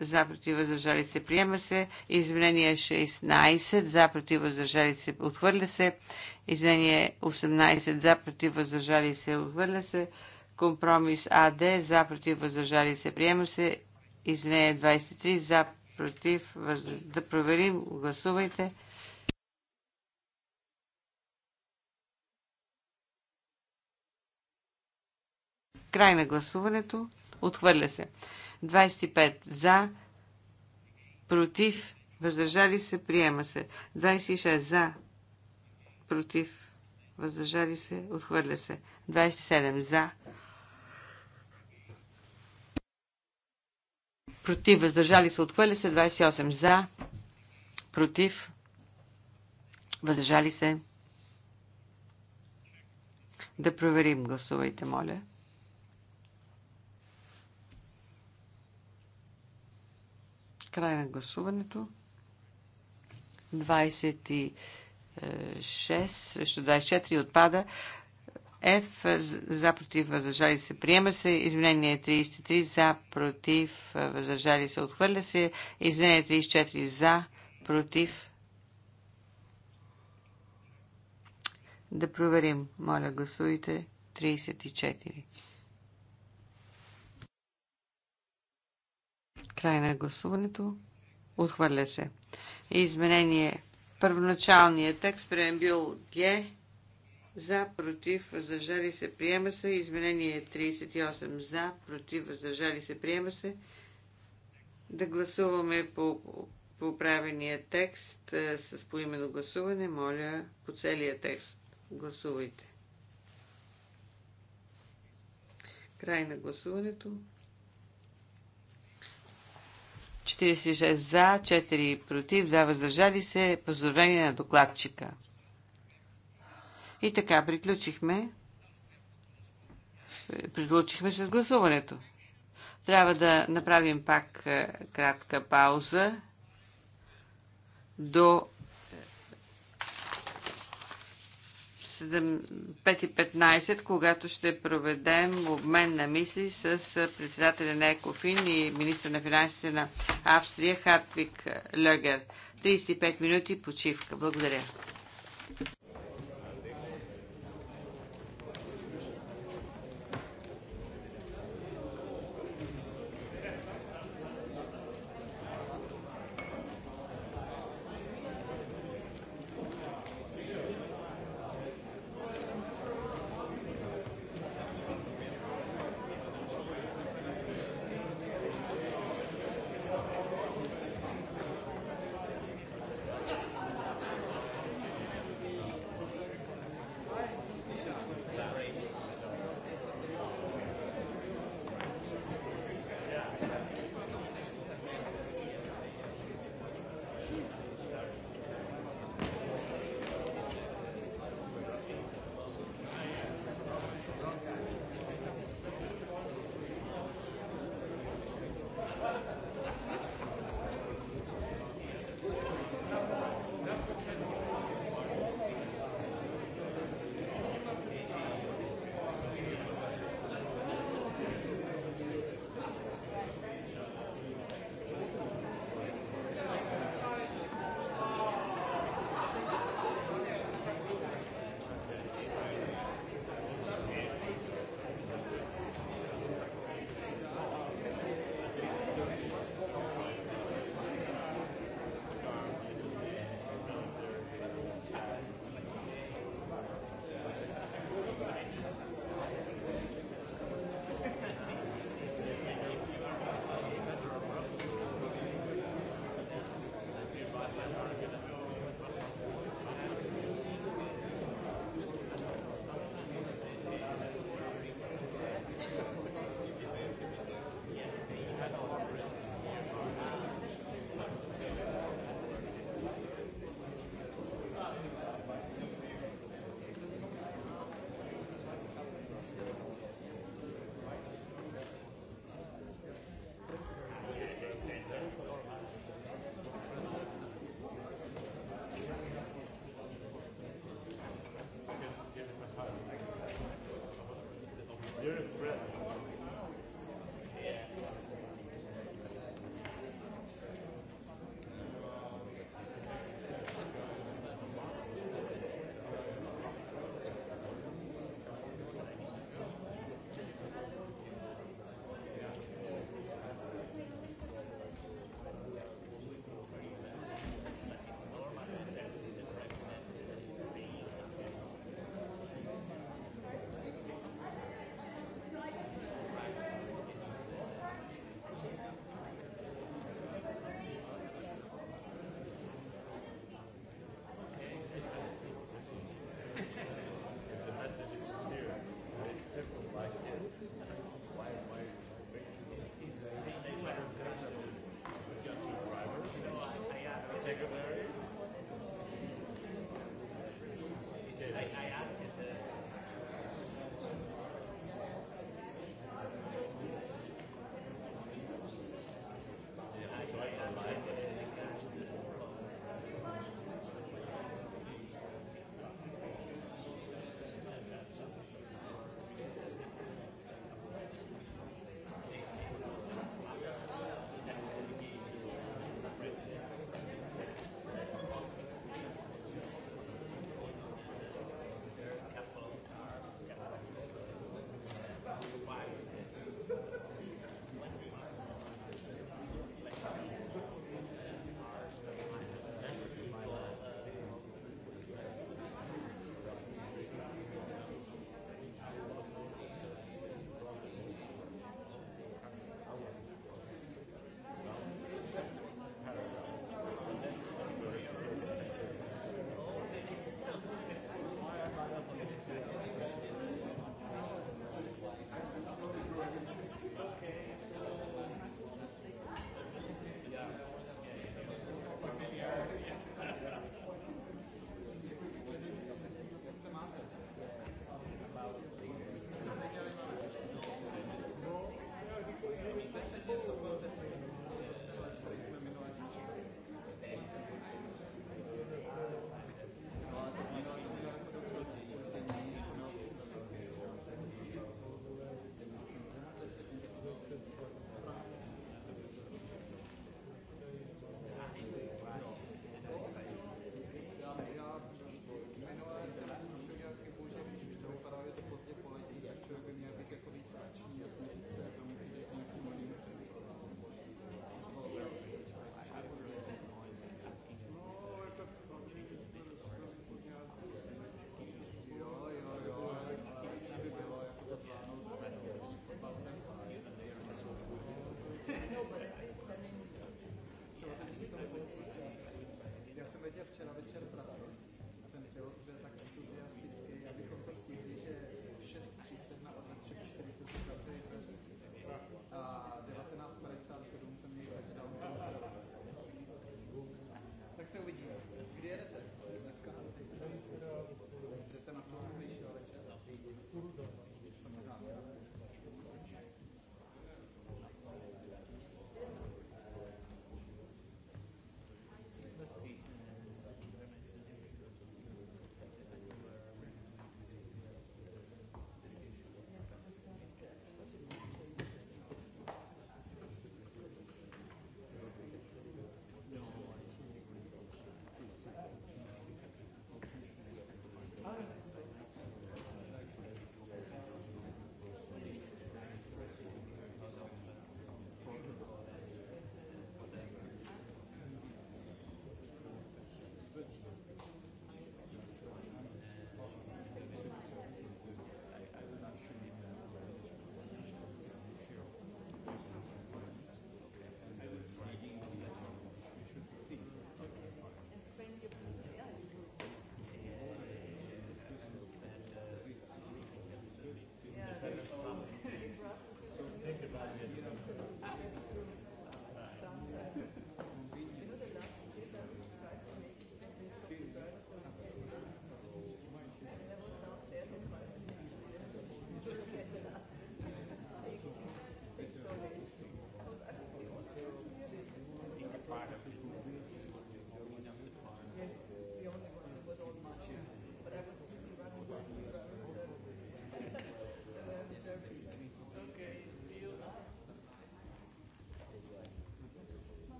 за против въздържали се, приема се. Изменение 16 за против въздържали се, отхвърля се. Изменение 18 за против въздържали се, отхвърля се. Компромис АД за против въздържали се, приема се. Изменение 23 за против въздържали Да проверим, гласувайте. Край на гласуването. Отхвърля се. 25 за, против, въздържали се, приема се. 26 за, против, въздържали се, отхвърля се. 27 за, против, въздържали се, отхвърля се. 28 за, против, въздържали се. Да проверим, гласувайте, моля. Край на гласуването. 26 срещу 24 отпада. F за против въздържали се приема се. Изменение 33 за против въздържали се отхвърля се. Изменение 34 за против. Да проверим. Моля, гласуйте. 34. Край на гласуването. Отхвърля се. Изменение. Първоначалният текст, бил Г. За, против, въздържали се, приема се. Изменение 38. За, против, въздържали се, приема се. Да гласуваме по поправения текст е, с поименно гласуване. Моля, по целия текст гласувайте. Край на гласуването. 46 за, 4 против, 2 въздържали се. Поздравление на докладчика. И така, приключихме. Приключихме с гласуването. Трябва да направим пак е, кратка пауза до 5.15, когато ще проведем обмен на мисли с председателя на Екофин и министър на финансите на Австрия Хартвик Легер. 35 минути почивка. Благодаря.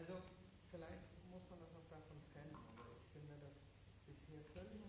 Also vielleicht muss man das auch davon trennen. Also ich finde, das ist hier völlig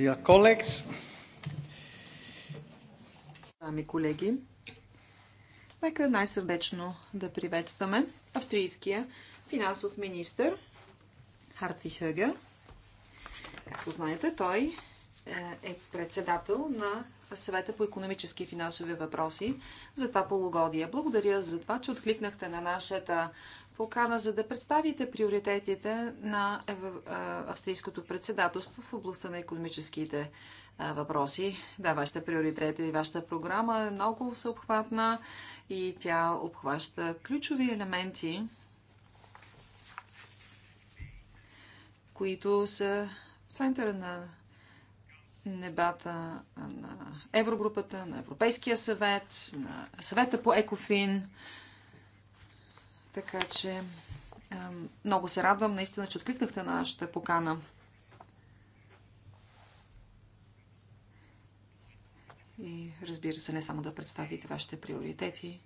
Dear colleagues. Дами колеги, нека най-сърдечно да приветстваме австрийския финансов министр Хартви Хъгер. Както знаете, той е, е председател на съвета по економически и финансови въпроси за това полугодие. Благодаря за това, че откликнахте на нашата покана, за да представите приоритетите на австрийското председателство в областта на економическите въпроси. Да, вашите приоритети и вашата програма е много съобхватна и тя обхваща ключови елементи, които са в центъра на небата на Еврогрупата, на Европейския съвет, на съвета по Екофин, така че много се радвам наистина, че откликнахте на нашата покана. И разбира се, не само да представите вашите приоритети,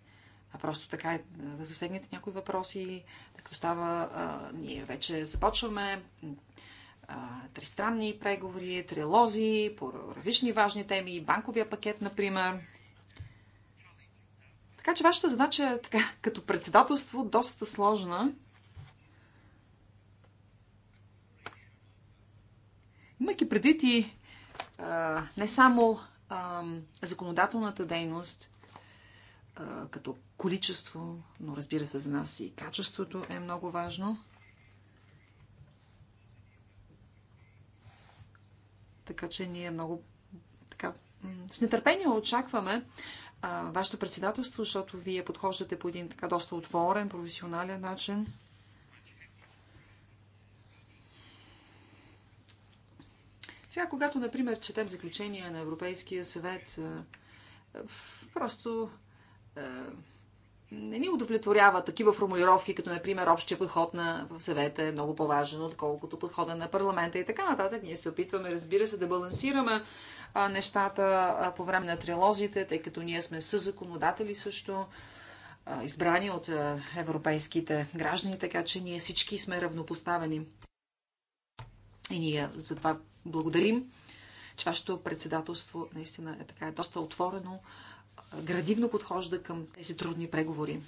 а просто така е да засегнете някои въпроси, Както става, а, ние вече започваме а, тристранни преговори, трилози по различни важни теми, банковия пакет, например. Така че вашата задача е така, като председателство, доста сложна. Имайки предвид и а, не само а, законодателната дейност а, като количество, но разбира се за нас и качеството е много важно. Така че ние много така, с нетърпение очакваме вашето председателство, защото вие подхождате по един така доста отворен, професионален начин. Сега, когато, например, четем заключение на Европейския съвет, просто не ни удовлетворява такива формулировки, като например общия подход на съвета е много по-важен, отколкото подхода на парламента и така нататък. Ние се опитваме, разбира се, да балансираме а, нещата а, по време на трилозите, тъй като ние сме законодатели също, а, избрани от европейските граждани, така че ние всички сме равнопоставени. И ние за това благодарим, че вашето председателство наистина е така е доста отворено градивно подхожда към тези трудни преговори.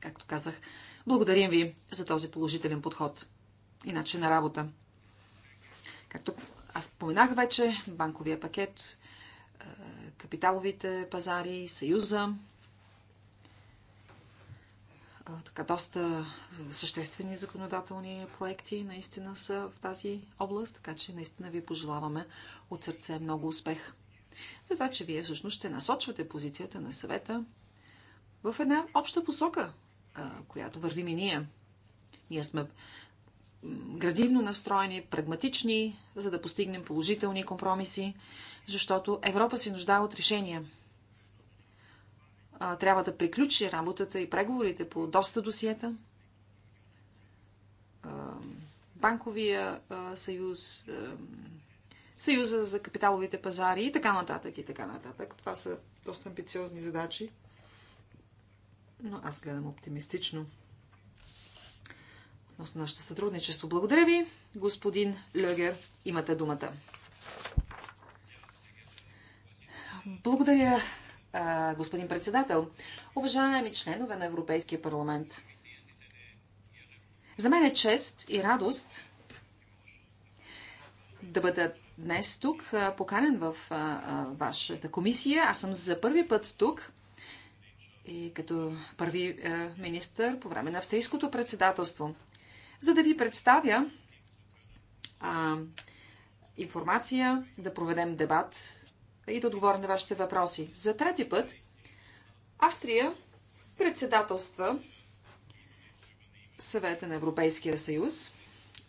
Както казах, благодарим ви за този положителен подход и начин на работа. Както аз споменах вече, банковия пакет, е, капиталовите пазари, съюза, така, доста съществени законодателни проекти наистина са в тази област, така че наистина ви пожелаваме от сърце много успех. За това, че вие всъщност ще насочвате позицията на съвета в една обща посока, която вървим и ние. Ние сме градивно настроени, прагматични, за да постигнем положителни компромиси, защото Европа се нуждае от решения а, трябва да приключи работата и преговорите по доста досиета. А, банковия а, съюз, а, съюза за капиталовите пазари и така нататък и така нататък. Това са доста амбициозни задачи. Но аз гледам оптимистично относно нашето сътрудничество. Благодаря ви, господин Лъгер. Имате думата. Благодаря, господин председател. Уважаеми членове на Европейския парламент, за мен е чест и радост да бъда днес тук, поканен в вашата комисия. Аз съм за първи път тук и като първи министр министър по време на австрийското председателство, за да ви представя информация, да проведем дебат и да отговоря на вашите въпроси. За трети път Австрия председателства съвета на Европейския съюз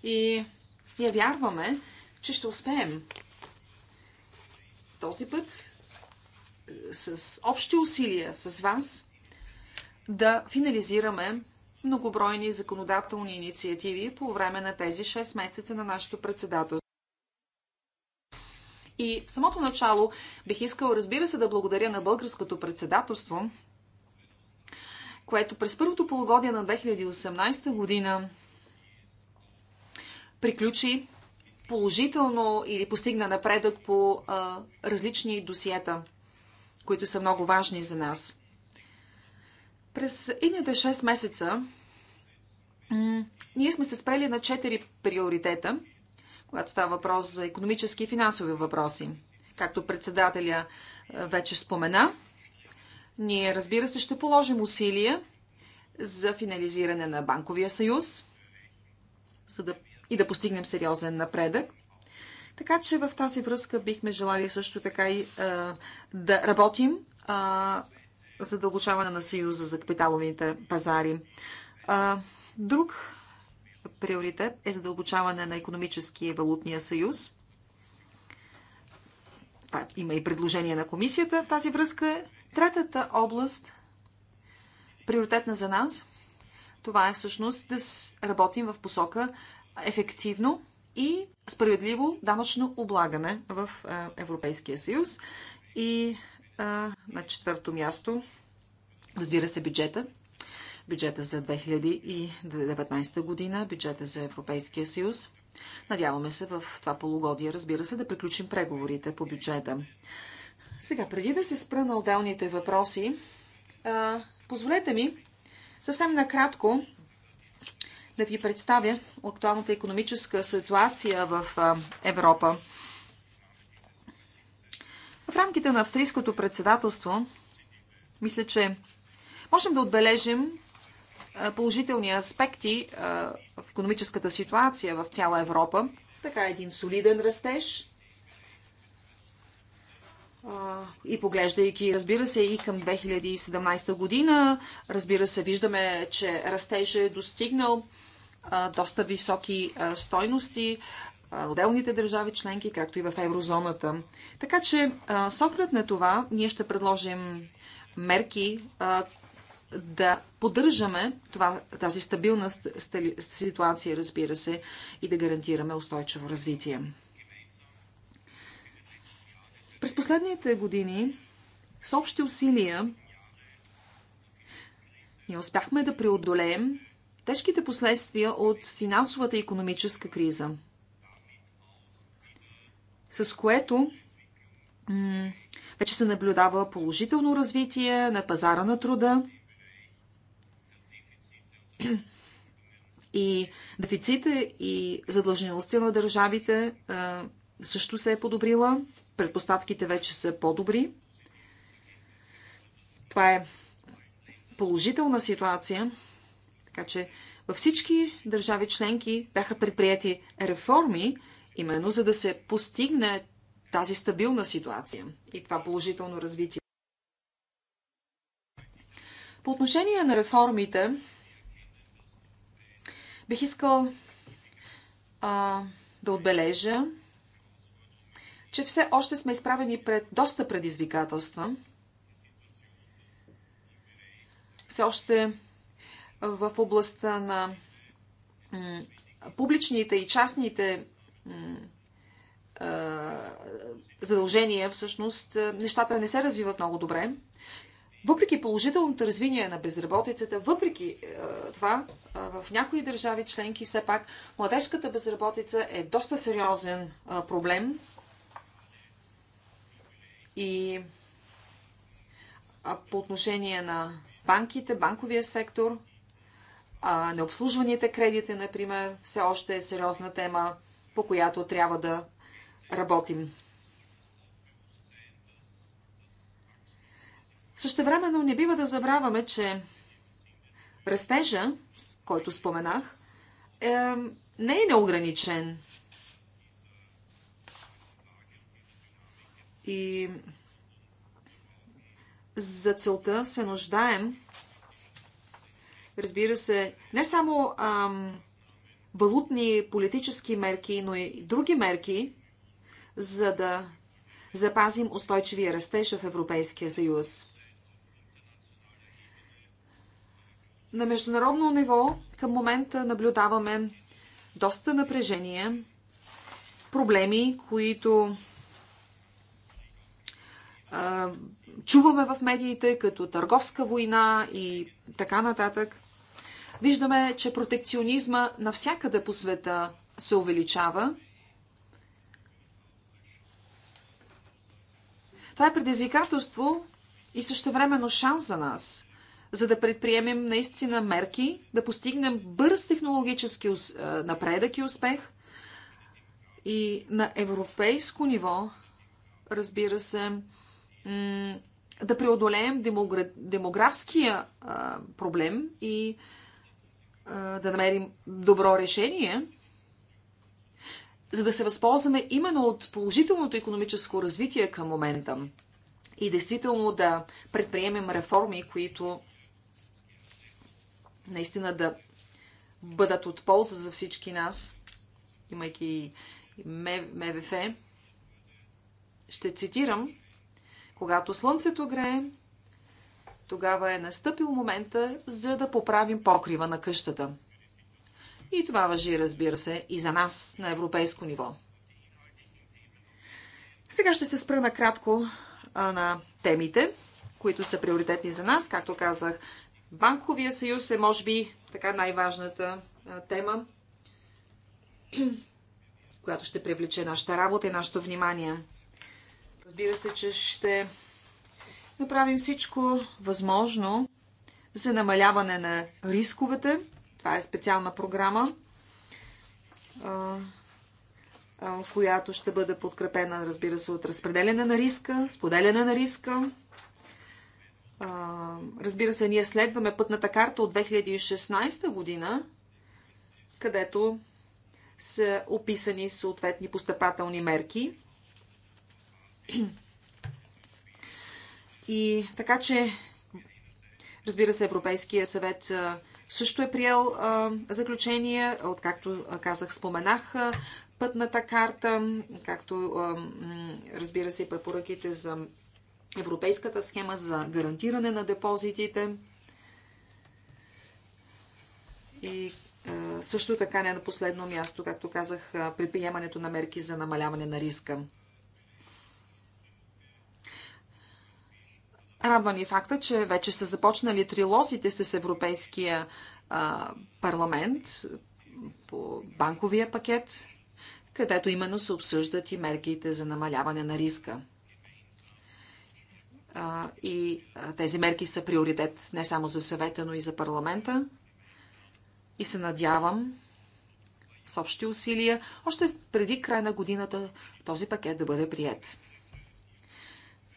и ние вярваме, че ще успеем този път е, с общи усилия с вас да финализираме многобройни законодателни инициативи по време на тези 6 месеца на нашето председателство. И в самото начало бих искал, разбира се, да благодаря на българското председателство, което през първото полугодие на 2018 година приключи положително или постигна напредък по а, различни досиета, които са много важни за нас. През едните 6 месеца ние сме се спрели на 4 приоритета – когато става въпрос за економически и финансови въпроси. Както председателя е, вече спомена, ние разбира се ще положим усилия за финализиране на банковия съюз за да, и да постигнем сериозен напредък. Така че в тази връзка бихме желали също така и а, е, да работим а, е, за дълбочаване на съюза за капиталовите пазари. А, друг приоритет е задълбочаване на економическия и валутния съюз. Това има и предложение на комисията в тази връзка. Третата област, приоритетна за нас, това е всъщност да работим в посока ефективно и справедливо данъчно облагане в е, Европейския съюз. И е, на четвърто място, разбира се, бюджета бюджета за 2019 година, бюджета за Европейския съюз. Надяваме се в това полугодие, разбира се, да приключим преговорите по бюджета. Сега, преди да се спра на отделните въпроси, позволете ми съвсем накратко да ви представя актуалната економическа ситуация в Европа. В рамките на австрийското председателство, мисля, че можем да отбележим положителни аспекти в економическата ситуация в цяла Европа. Така е един солиден растеж и поглеждайки, разбира се, и към 2017 година, разбира се, виждаме, че растеж е достигнал доста високи стойности отделните държави членки, както и в еврозоната. Така че, с оглед на това, ние ще предложим мерки, да поддържаме това, тази стабилна ситуация, разбира се, и да гарантираме устойчиво развитие. През последните години с общи усилия ние успяхме да преодолеем тежките последствия от финансовата и економическа криза, с което вече се наблюдава положително развитие на пазара на труда и дефиците и задължеността на държавите също се е подобрила. Предпоставките вече са по-добри. Това е положителна ситуация. Така че във всички държави членки бяха предприяти реформи, именно за да се постигне тази стабилна ситуация и това положително развитие. По отношение на реформите, Бих искал а, да отбележа, че все още сме изправени пред доста предизвикателства. Все още в областта на публичните и частните задължения, всъщност, нещата не се развиват много добре. Въпреки положителното развитие на безработицата, въпреки е, това, е, в някои държави членки все пак младежката безработица е доста сериозен е, проблем. И по отношение на банките, банковия сектор, необслужваните кредити, например, все още е сериозна тема, по която трябва да работим. Същевременно не бива да забравяме, че растежа, който споменах, е, не е неограничен. И за целта се нуждаем, разбира се, не само ам, валутни политически мерки, но и други мерки, за да запазим устойчивия растеж в Европейския съюз. На международно ниво към момента наблюдаваме доста напрежение, проблеми, които а, чуваме в медиите, като търговска война и така нататък. Виждаме, че протекционизма навсякъде по света се увеличава. Това е предизвикателство и същевременно шанс за нас за да предприемем наистина мерки, да постигнем бърз технологически е, напредък и успех. И на европейско ниво, разбира се, да преодолеем демографския е, проблем и е, да намерим добро решение, за да се възползваме именно от положителното економическо развитие към момента и действително да предприемем реформи, които наистина да бъдат от полза за всички нас, имайки МВФ, ще цитирам, когато слънцето грее, тогава е настъпил момента, за да поправим покрива на къщата. И това въжи, разбира се, и за нас на европейско ниво. Сега ще се спра накратко на темите, които са приоритетни за нас. Както казах, Банковия съюз е, може би, така най-важната тема, която ще привлече нашата работа и нашето внимание. Разбира се, че ще направим всичко възможно за намаляване на рисковете. Това е специална програма, която ще бъде подкрепена, разбира се, от разпределяне на риска, споделяне на риска разбира се, ние следваме пътната карта от 2016 година, където са описани съответни постъпателни мерки. И така че, разбира се, Европейския съвет също е приел заключение, откакто казах, споменах пътната карта, както разбира се, препоръките за Европейската схема за гарантиране на депозитите и е, също така не на последно място, както казах, е, при приемането на мерки за намаляване на риска. Радва ни факта, че вече са започнали трилозите с Европейския е, парламент по банковия пакет, където именно се обсъждат и мерките за намаляване на риска и тези мерки са приоритет не само за съвета, но и за парламента. И се надявам с общи усилия, още преди край на годината този пакет да бъде прият.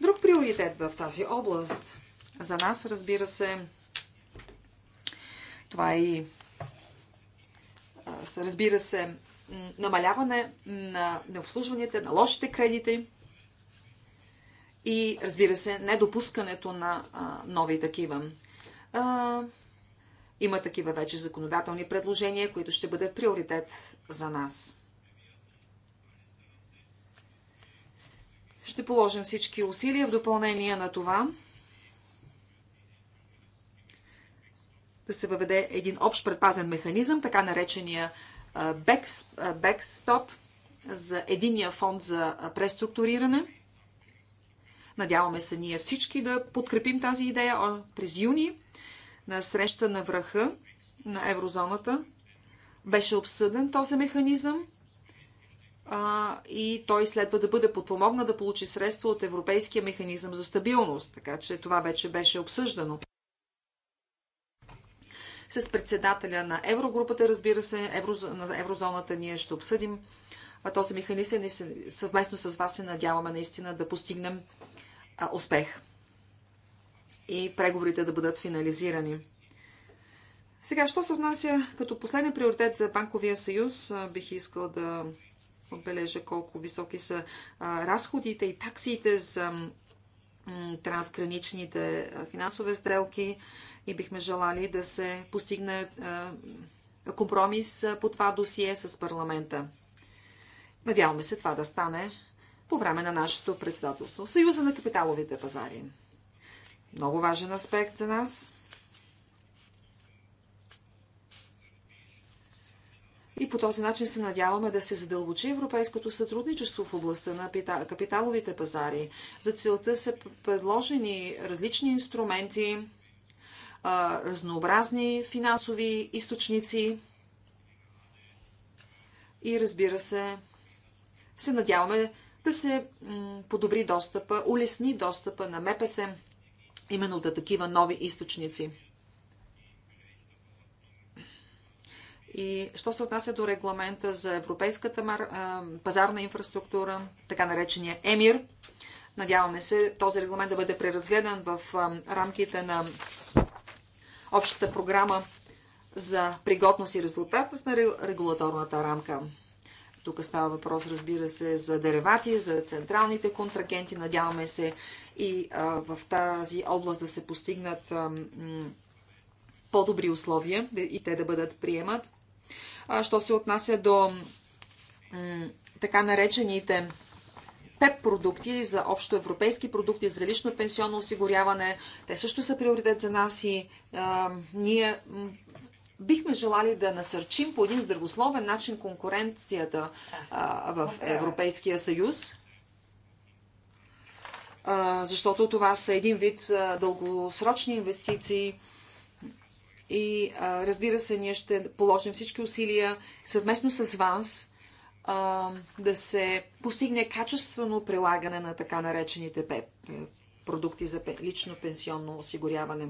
Друг приоритет в тази област за нас, разбира се, това е и разбира се намаляване на необслужванията, на лошите кредити – и, разбира се, недопускането на а, нови такива. А, има такива вече законодателни предложения, които ще бъдат приоритет за нас. Ще положим всички усилия в допълнение на това да се въведе един общ предпазен механизъм, така наречения бекстоп за единия фонд за преструктуриране – Надяваме се ние всички да подкрепим тази идея през юни на среща на връха на еврозоната. Беше обсъден този механизъм а, и той следва да бъде подпомогна да получи средства от Европейския механизъм за стабилност, така че това вече беше обсъждано. С председателя на Еврогрупата, разбира се, евро, на еврозоната ние ще обсъдим а този механизъм и съвместно с вас се надяваме наистина да постигнем а, успех и преговорите да бъдат финализирани. Сега, що се отнася като последен приоритет за Банковия съюз, бих искал да отбележа колко високи са разходите и таксите за трансграничните финансове стрелки и бихме желали да се постигне компромис по това досие с парламента. Надяваме се това да стане по време на нашето председателство. Съюза на капиталовите пазари. Много важен аспект за нас. И по този начин се надяваме да се задълбочи европейското сътрудничество в областта на капиталовите пазари. За целта са предложени различни инструменти, разнообразни финансови източници и разбира се, се надяваме да се подобри достъпа, улесни достъпа на МПС именно до такива нови източници. И що се отнася до регламента за европейската мар... пазарна инфраструктура, така наречения ЕМИР, надяваме се този регламент да бъде преразгледан в рамките на общата програма за пригодност и резултатност на регулаторната рамка. Тук става въпрос, разбира се, за деревати, за централните контрагенти. Надяваме се и а, в тази област да се постигнат по-добри условия и те да бъдат приемат. А, що се отнася до така наречените ПЕП продукти, за общо европейски продукти, за лично пенсионно осигуряване. Те също са приоритет за нас и а, ние бихме желали да насърчим по един здравословен начин конкуренцията а, в Европейския съюз, а, защото това са един вид а, дългосрочни инвестиции и разбира се, ние ще положим всички усилия съвместно с ВАНС да се постигне качествено прилагане на така наречените ПЕП, продукти за лично пенсионно осигуряване.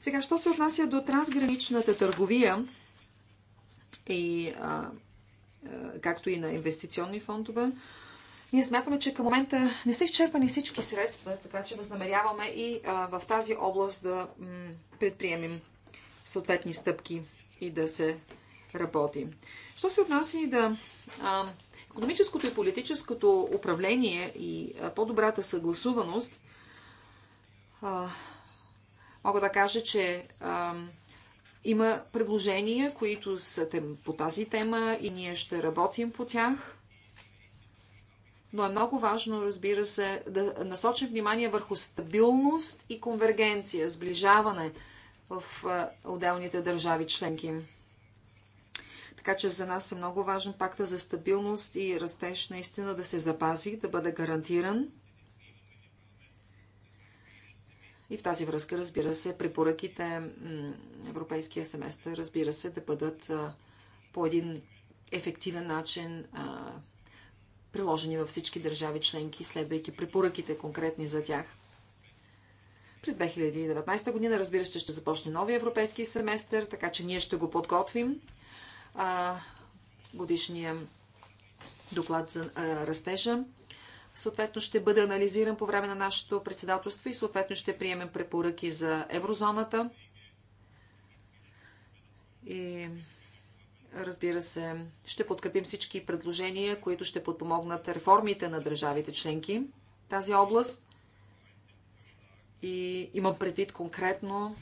Сега, що се отнася до трансграничната търговия и а, а, както и на инвестиционни фондове, ние смятаме, че към момента не са изчерпани всички средства, така че възнамеряваме и а, в тази област да предприемем съответни стъпки и да се работи. Що се отнася и да а, економическото и политическото управление и по-добрата съгласуваност, а, Мога да кажа, че а, има предложения, които са по тази тема и ние ще работим по тях. Но е много важно, разбира се, да насочим внимание върху стабилност и конвергенция, сближаване в отделните държави членки. Така че за нас е много важен пакта за стабилност и растеж наистина да се запази, да бъде гарантиран. И в тази връзка, разбира се, препоръките Европейския семестър, разбира се, да бъдат по един ефективен начин приложени във всички държави членки, следвайки препоръките конкретни за тях. През 2019 година, разбира се, ще започне нови европейски семестър, така че ние ще го подготвим. Годишния доклад за растежа съответно ще бъде анализиран по време на нашето председателство и съответно ще приемем препоръки за еврозоната. И разбира се, ще подкрепим всички предложения, които ще подпомогнат реформите на държавите членки тази област. И имам предвид конкретно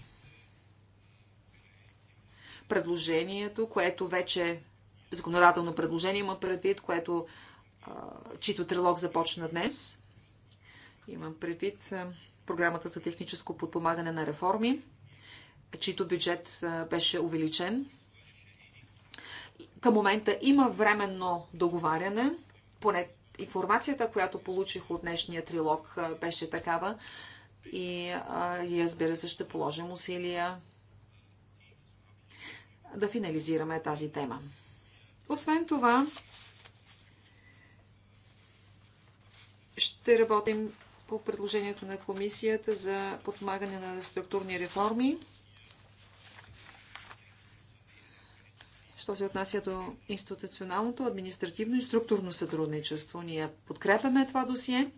предложението, което вече законодателно предложение има предвид, което чийто трилог започна днес. Имам предвид програмата за техническо подпомагане на реформи, чийто бюджет беше увеличен. Към момента има временно договаряне, поне информацията, която получих от днешния трилог, беше такава. И, и разбира се, ще положим усилия да финализираме тази тема. Освен това, Ще работим по предложението на комисията за подмагане на структурни реформи. Що се отнася до институционалното, административно и структурно сътрудничество, ние подкрепяме това досие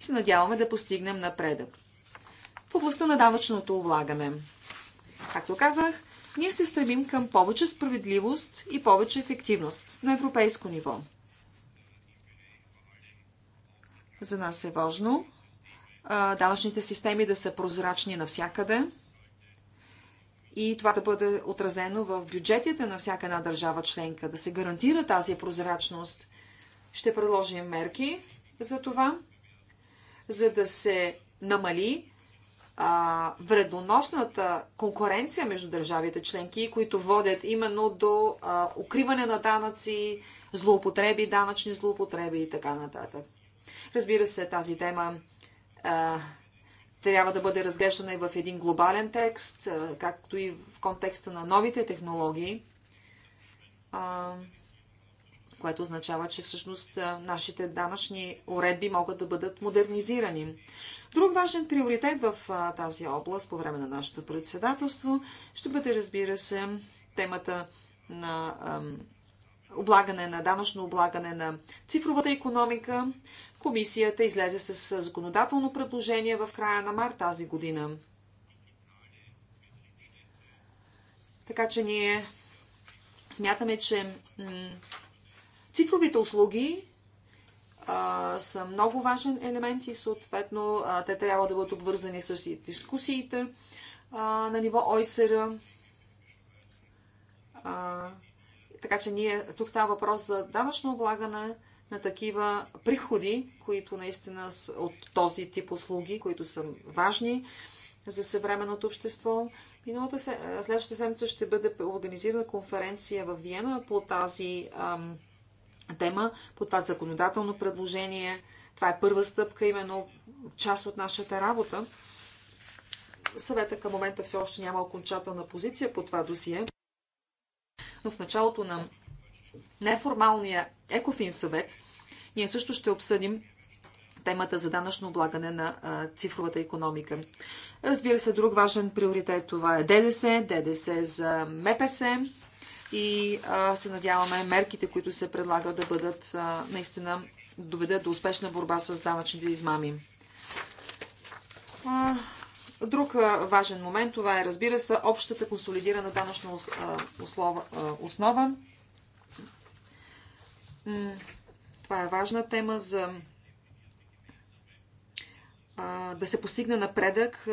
и се надяваме да постигнем напредък. В областта на данъчното облагане. Както казах, ние се стремим към повече справедливост и повече ефективност на европейско ниво. За нас е важно данъчните системи да са прозрачни навсякъде и това да бъде отразено в бюджетите на всяка една държава членка, да се гарантира тази прозрачност. Ще предложим мерки за това, за да се намали вредоносната конкуренция между държавите членки, които водят именно до укриване на данъци, злоупотреби, данъчни злоупотреби и така нататък. Разбира се, тази тема а, трябва да бъде разглеждана и в един глобален текст, а, както и в контекста на новите технологии, а, което означава, че всъщност нашите данъчни уредби могат да бъдат модернизирани. Друг важен приоритет в а, тази област по време на нашето председателство ще бъде, разбира се, темата на а, облагане, на данъчно облагане на цифровата економика. Комисията излезе с законодателно предложение в края на март тази година. Така че ние смятаме, че цифровите услуги а, са много важен елемент и съответно а, те трябва да бъдат обвързани с дискусиите а, на ниво ОИСР. Така че ние, тук става въпрос за данъчно облагане, на такива приходи, които наистина са от този тип услуги, които са важни за съвременното общество. Миналата следващата седмица ще бъде организирана конференция в Виена по тази ам, тема, по това законодателно предложение. Това е първа стъпка, именно част от нашата работа. Съвета към момента все още няма окончателна позиция по това досие, но в началото на неформалния Екофин съвет ние също ще обсъдим темата за данъчно облагане на цифровата економика. Разбира се, друг важен приоритет това е ДДС, ДДС за МПС и а, се надяваме мерките, които се предлагат да бъдат а, наистина доведат до успешна борба с данъчните измами. А, друг важен момент това е, разбира се, общата консолидирана данъчна основа. основа това е важна тема за да се постигне напредък.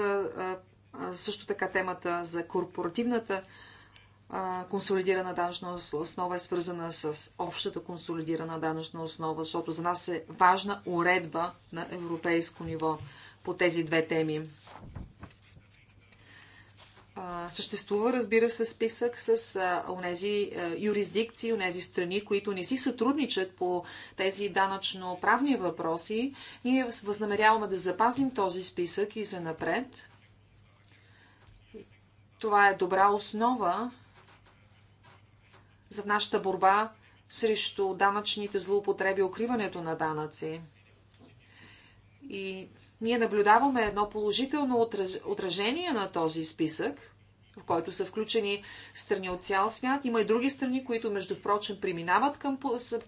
също така темата за корпоративната консолидирана данъчна основа е свързана с общата консолидирана данъчна основа, защото за нас е важна уредба на европейско ниво по тези две теми съществува, разбира се, списък с онези юрисдикции, унези страни, които не си сътрудничат по тези данъчно-правни въпроси. Ние възнамеряваме да запазим този списък и за напред. Това е добра основа за нашата борба срещу данъчните злоупотреби, укриването на данъци. И ние наблюдаваме едно положително отражение на този списък, в който са включени страни от цял свят. Има и други страни, които, между впрочем, преминават към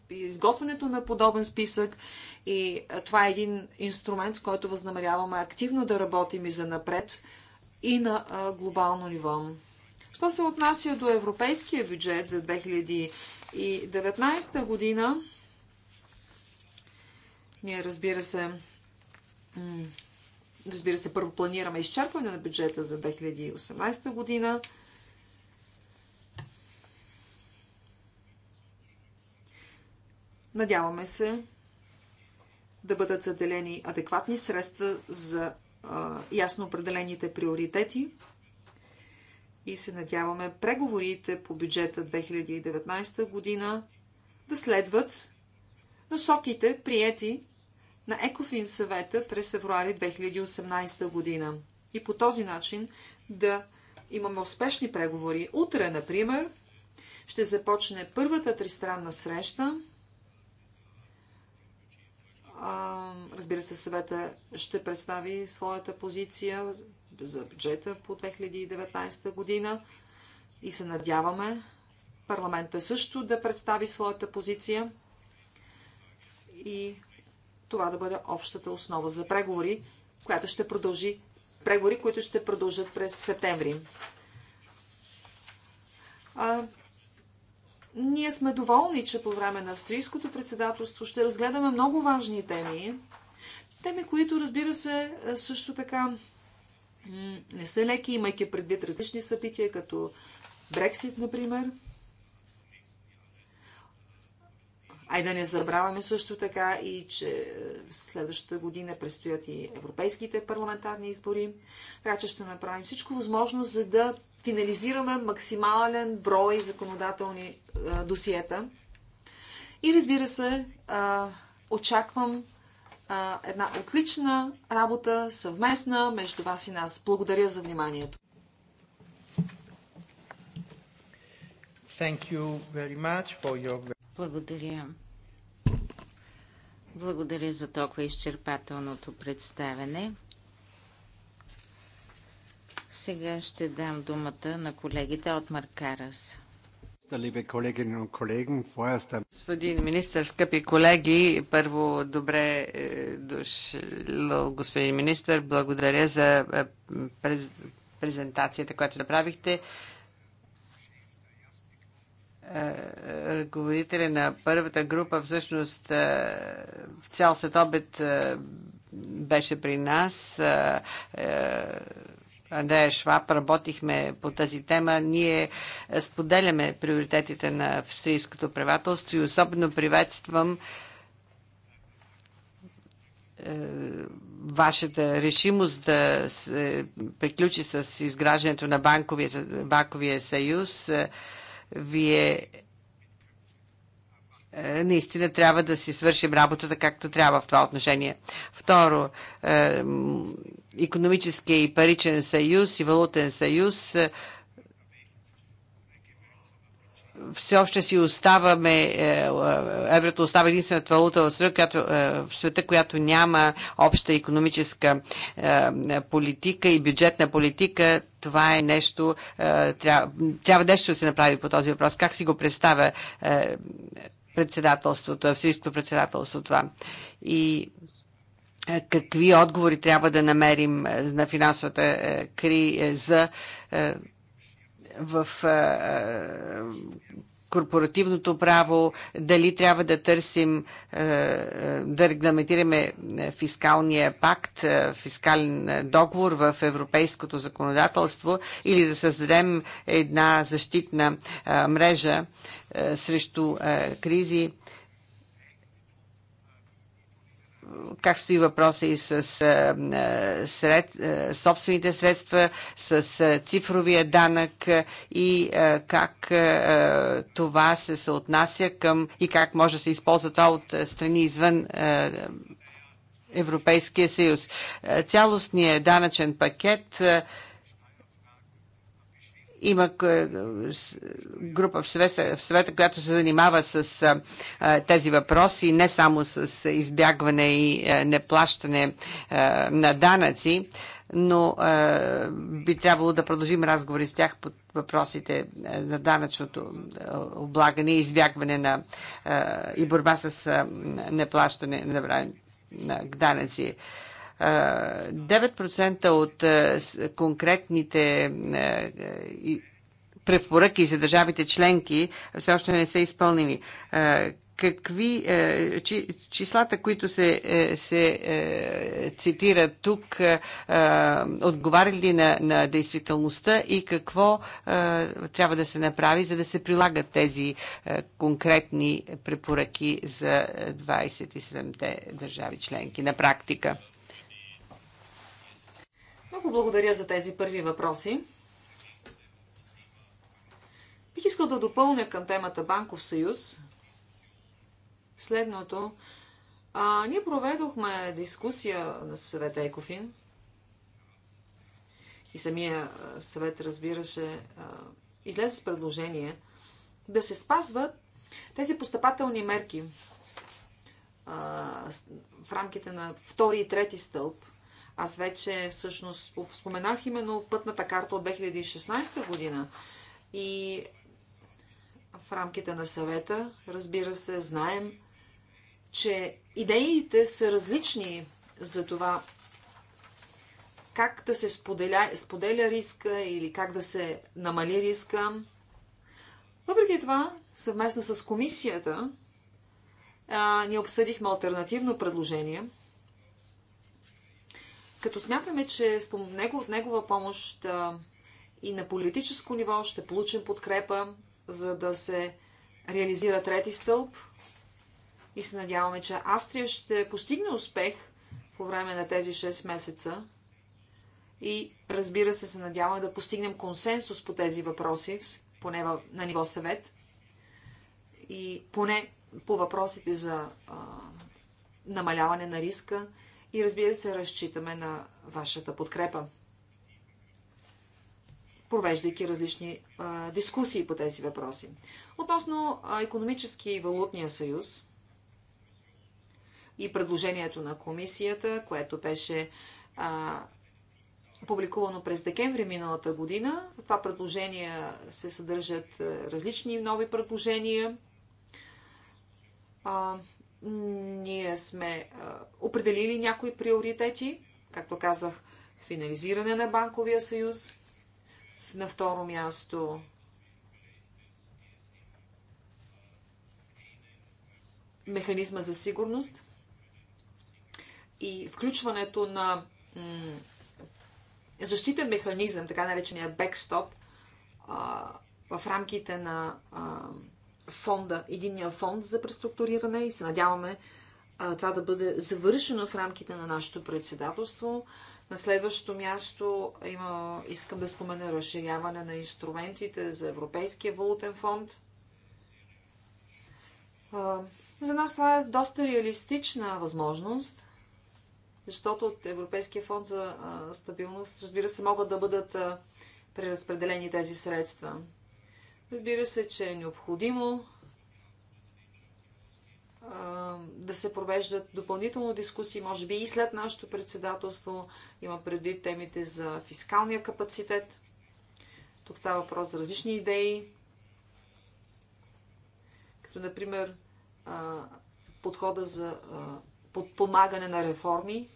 изготвянето на подобен списък. И това е един инструмент, с който възнамеряваме активно да работим и за напред и на глобално ниво. Що се отнася до европейския бюджет за 2019 година, ние, разбира се, Разбира се, първо планираме изчерпване на бюджета за 2018 година. Надяваме се да бъдат заделени адекватни средства за а, ясно определените приоритети и се надяваме преговорите по бюджета 2019 година да следват насоките, приети на Екофин съвета през февруари 2018 година. И по този начин да имаме успешни преговори. Утре, например, ще започне първата тристранна среща. Разбира се, съвета ще представи своята позиция за бюджета по 2019 година и се надяваме парламента също да представи своята позиция и това да бъде общата основа за преговори, която ще продължи, преговори, които ще продължат през септември. А, ние сме доволни, че по време на австрийското председателство ще разгледаме много важни теми. Теми, които, разбира се, е, също така не са леки, имайки предвид различни събития, като Брексит, например – А и да не забравяме също така и, че е, следващата година предстоят и европейските парламентарни избори, така че ще направим всичко възможно, за да финализираме максимален брой законодателни а, е, досиета. И разбира се, а, е, очаквам а, една отлична работа, съвместна между вас и нас. Благодаря за вниманието. Thank you very much for your благодаря. Благодаря за толкова изчерпателното представене. Сега ще дам думата на колегите от Маркарас. Господин министр, скъпи колеги, първо добре е, дошъл господин министр. Благодаря за е, презентацията, която направихте. Да ръководителя на първата група, всъщност е, цял след обед е, беше при нас. Е, Андрея Шваб, работихме по тази тема. Ние споделяме приоритетите на австрийското правителство и особено приветствам вашата решимост да се приключи с изграждането на банковия, банковия съюз. Вие е, наистина трябва да си свършим работата както трябва в това отношение. Второ, е, економическия и паричен съюз и валутен съюз е, все още си оставаме, е, е, еврото остава единствената валута в света, която, е, в света, която няма обща економическа политика и бюджетна политика. Това е нещо, трябва, трябва нещо да се направи по този въпрос. Как си го представя председателството, австрийското председателство това? И какви отговори трябва да намерим на финансовата криза? в корпоративното право, дали трябва да търсим, да регламентираме фискалния пакт, фискален договор в европейското законодателство или да създадем една защитна мрежа срещу кризи как стои въпроса и с сред, собствените средства, с цифровия данък и как това се съотнася към и как може да се използва това от страни извън Европейския съюз. Цялостният данъчен пакет има група в света, в света която се занимава с а, тези въпроси, не само с избягване и а, неплащане а, на данъци, но а, би трябвало да продължим разговори с тях по въпросите на данъчното облагане и избягване на а, и борба с а, неплащане на, на данъци. 9% от конкретните препоръки за държавите членки все още не са изпълнени. Какви числата, които се, е, се е, цитират тук, отговарят ли на, на действителността и какво трябва да се направи, за да се прилагат тези конкретни препоръки за 27-те държави членки на практика? Много благодаря за тези първи въпроси. Бих искал да допълня към темата Банков съюз следното. А, ние проведохме дискусия на съвет Екофин и самия съвет разбираше, излезе с предложение да се спазват тези постъпателни мерки а, в рамките на втори и трети стълб – аз вече всъщност споменах именно пътната карта от 2016 година и в рамките на съвета, разбира се, знаем, че идеите са различни за това как да се споделя, споделя риска или как да се намали риска. Въпреки това, съвместно с комисията, а, ние обсъдихме альтернативно предложение – като смятаме, че с него, от негова помощ и на политическо ниво ще получим подкрепа, за да се реализира трети стълб и се надяваме, че Австрия ще постигне успех по време на тези 6 месеца и разбира се, се надяваме да постигнем консенсус по тези въпроси, поне на ниво съвет и поне по въпросите за а, намаляване на риска и разбира се, разчитаме на вашата подкрепа, провеждайки различни а, дискусии по тези въпроси. Относно економически и валутния съюз и предложението на комисията, което беше а, публикувано през декември миналата година. В това предложение се съдържат различни нови предложения. Ние сме определили някои приоритети, както казах, финализиране на банковия съюз. На второ място механизма за сигурност и включването на защитен механизъм, така наречения бекстоп, в рамките на фонда, единния фонд за преструктуриране и се надяваме а, това да бъде завършено в рамките на нашето председателство. На следващото място има, искам да спомена разширяване на инструментите за Европейския валутен фонд. А, за нас това е доста реалистична възможност, защото от Европейския фонд за а, стабилност, разбира се, могат да бъдат преразпределени тези средства. Разбира се, че е необходимо да се провеждат допълнително дискусии, може би и след нашето председателство. Има предвид темите за фискалния капацитет. Тук става въпрос за различни идеи, като например подхода за подпомагане на реформи.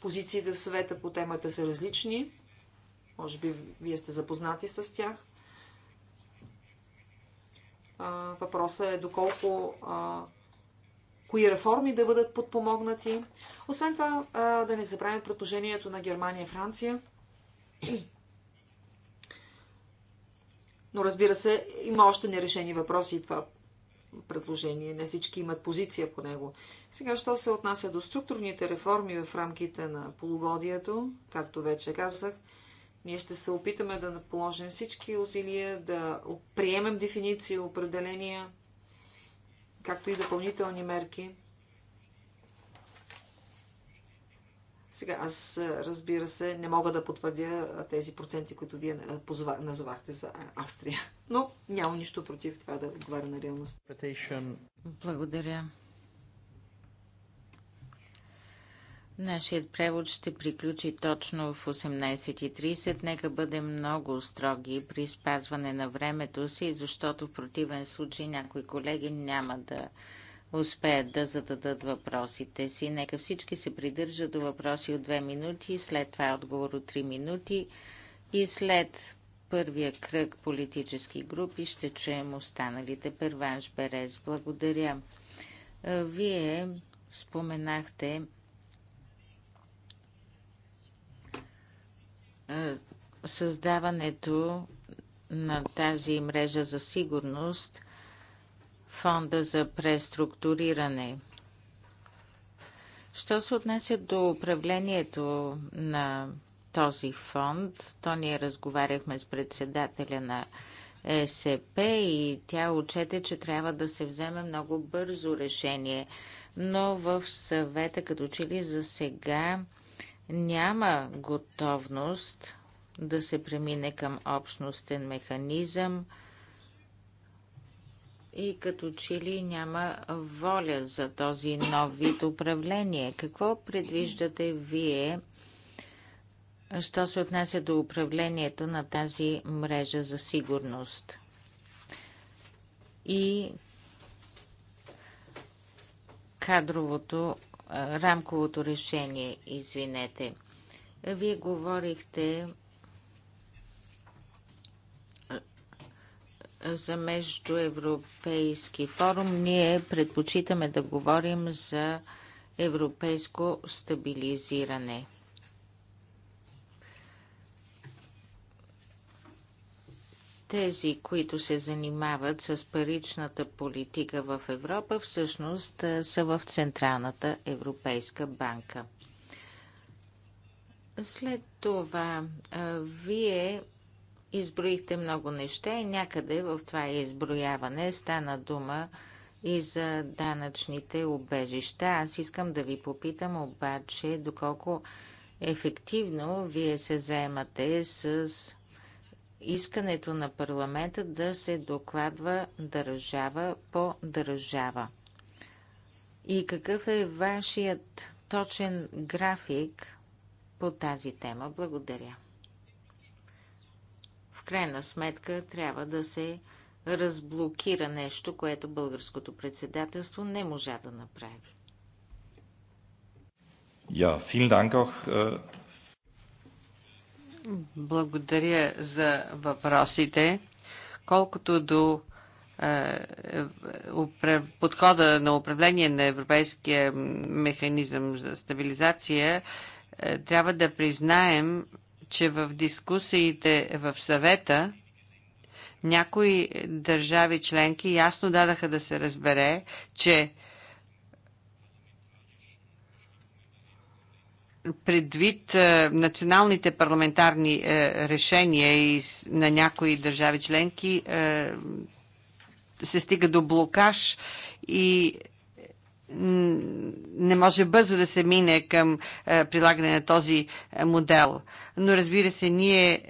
Позициите в съвета по темата са различни. Може би вие сте запознати с тях. Въпросът е доколко кои реформи да бъдат подпомогнати. Освен това, да не забравим предложението на Германия и Франция. Но разбира се, има още нерешени въпроси и това предложение. Не всички имат позиция по него. Сега, що се отнася до структурните реформи в рамките на полугодието, както вече казах, ние ще се опитаме да положим всички усилия, да приемем дефиниции, определения, както и допълнителни мерки. Сега аз, разбира се, не мога да потвърдя тези проценти, които вие назовахте за Австрия. Но нямам нищо против това да отговаря на реалността. Благодаря. Нашият превод ще приключи точно в 18.30. Нека бъдем много строги при спазване на времето си, защото в противен случай някои колеги няма да успеят да зададат въпросите си. Нека всички се придържат до въпроси от 2 минути, след това отговор от 3 минути и след първия кръг политически групи ще чуем останалите. Перванш Берез, благодаря. Вие споменахте Е, създаването на тази мрежа за сигурност, фонда за преструктуриране. Що се отнася до управлението на този фонд, то ние разговаряхме с председателя на ЕСП и тя отчете, че трябва да се вземе много бързо решение. Но в съвета, като че ли за сега, няма готовност да се премине към общностен механизъм и като че ли няма воля за този нов вид управление. Какво предвиждате вие, що се отнася до управлението на тази мрежа за сигурност? И кадровото рамковото решение, извинете. Вие говорихте за Междуевропейски форум. Ние предпочитаме да говорим за европейско стабилизиране. тези, които се занимават с паричната политика в Европа, всъщност са в Централната Европейска банка. След това, вие изброихте много неща и някъде в това изброяване стана дума и за данъчните обежища. Аз искам да ви попитам обаче доколко ефективно вие се заемате с искането на парламента да се докладва държава по държава. И какъв е вашият точен график по тази тема? Благодаря. В крайна сметка трябва да се разблокира нещо, което българското председателство не можа да направи. Ja, vielen Dank auch äh, благодаря за въпросите. Колкото до е, подхода на управление на Европейския механизъм за стабилизация, е, трябва да признаем, че в дискусиите в съвета някои държави членки ясно дадаха да се разбере, че предвид е, националните парламентарни е, решения и на някои държави членки е, се стига до блокаж и не може бързо да се мине към прилагане на този модел. Но разбира се, ние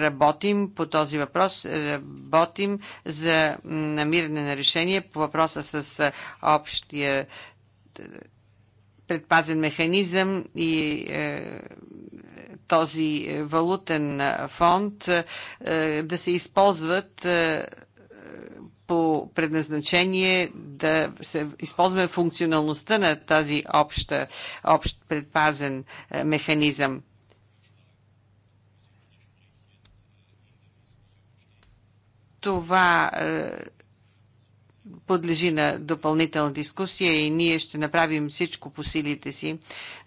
работим по този въпрос, работим за намиране на решение по въпроса с общия предпазен механизъм и е, този валутен фонд е, да се използват е, по предназначение да се използваме функционалността на тази обща, общ предпазен механизъм. Това подлежи на допълнителна дискусия и ние ще направим всичко по силите си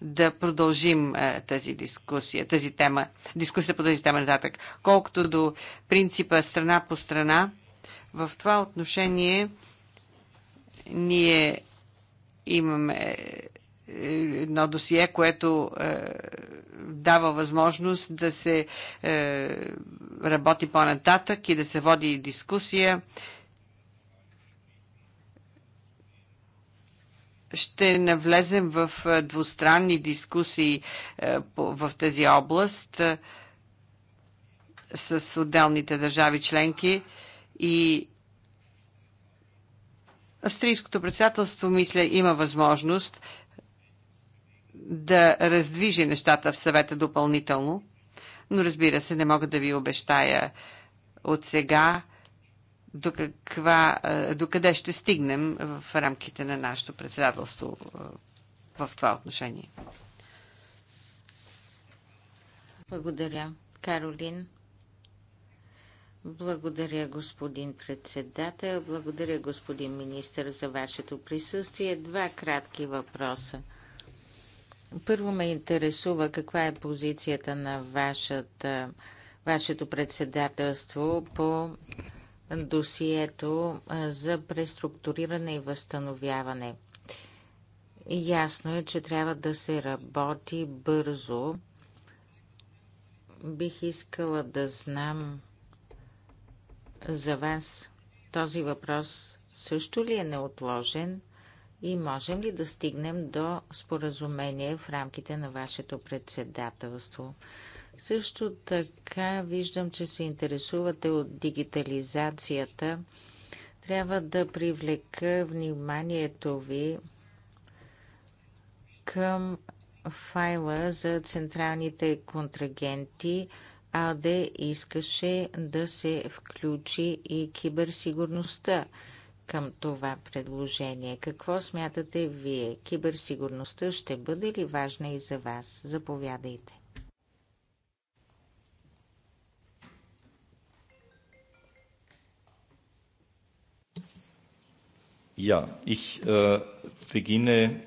да продължим е, тази дискусия, тази тема, дискусия по тази тема нататък. Колкото до принципа страна по страна, в това отношение ние имаме е, едно досие, което е, дава възможност да се е, работи по-нататък и да се води дискусия. Е, ще навлезем в двустранни дискусии в тази област с отделните държави членки и Австрийското председателство, мисля, има възможност да раздвижи нещата в съвета допълнително, но разбира се, не мога да ви обещая от сега до, каква, е, до къде ще стигнем в рамките на нашето председателство е, в това отношение. Благодаря, Каролин. Благодаря, господин председател. Благодаря, господин министр, за вашето присъствие. Два кратки въпроса. Първо ме интересува каква е позицията на вашата, вашето председателство по досието за преструктуриране и възстановяване. Ясно е, че трябва да се работи бързо. Бих искала да знам за вас този въпрос също ли е неотложен и можем ли да стигнем до споразумение в рамките на вашето председателство? Също така виждам, че се интересувате от дигитализацията. Трябва да привлека вниманието ви към файла за централните контрагенти. АД искаше да се включи и киберсигурността към това предложение. Какво смятате вие? Киберсигурността ще бъде ли важна и за вас? Заповядайте. Ja, ich äh, beginne.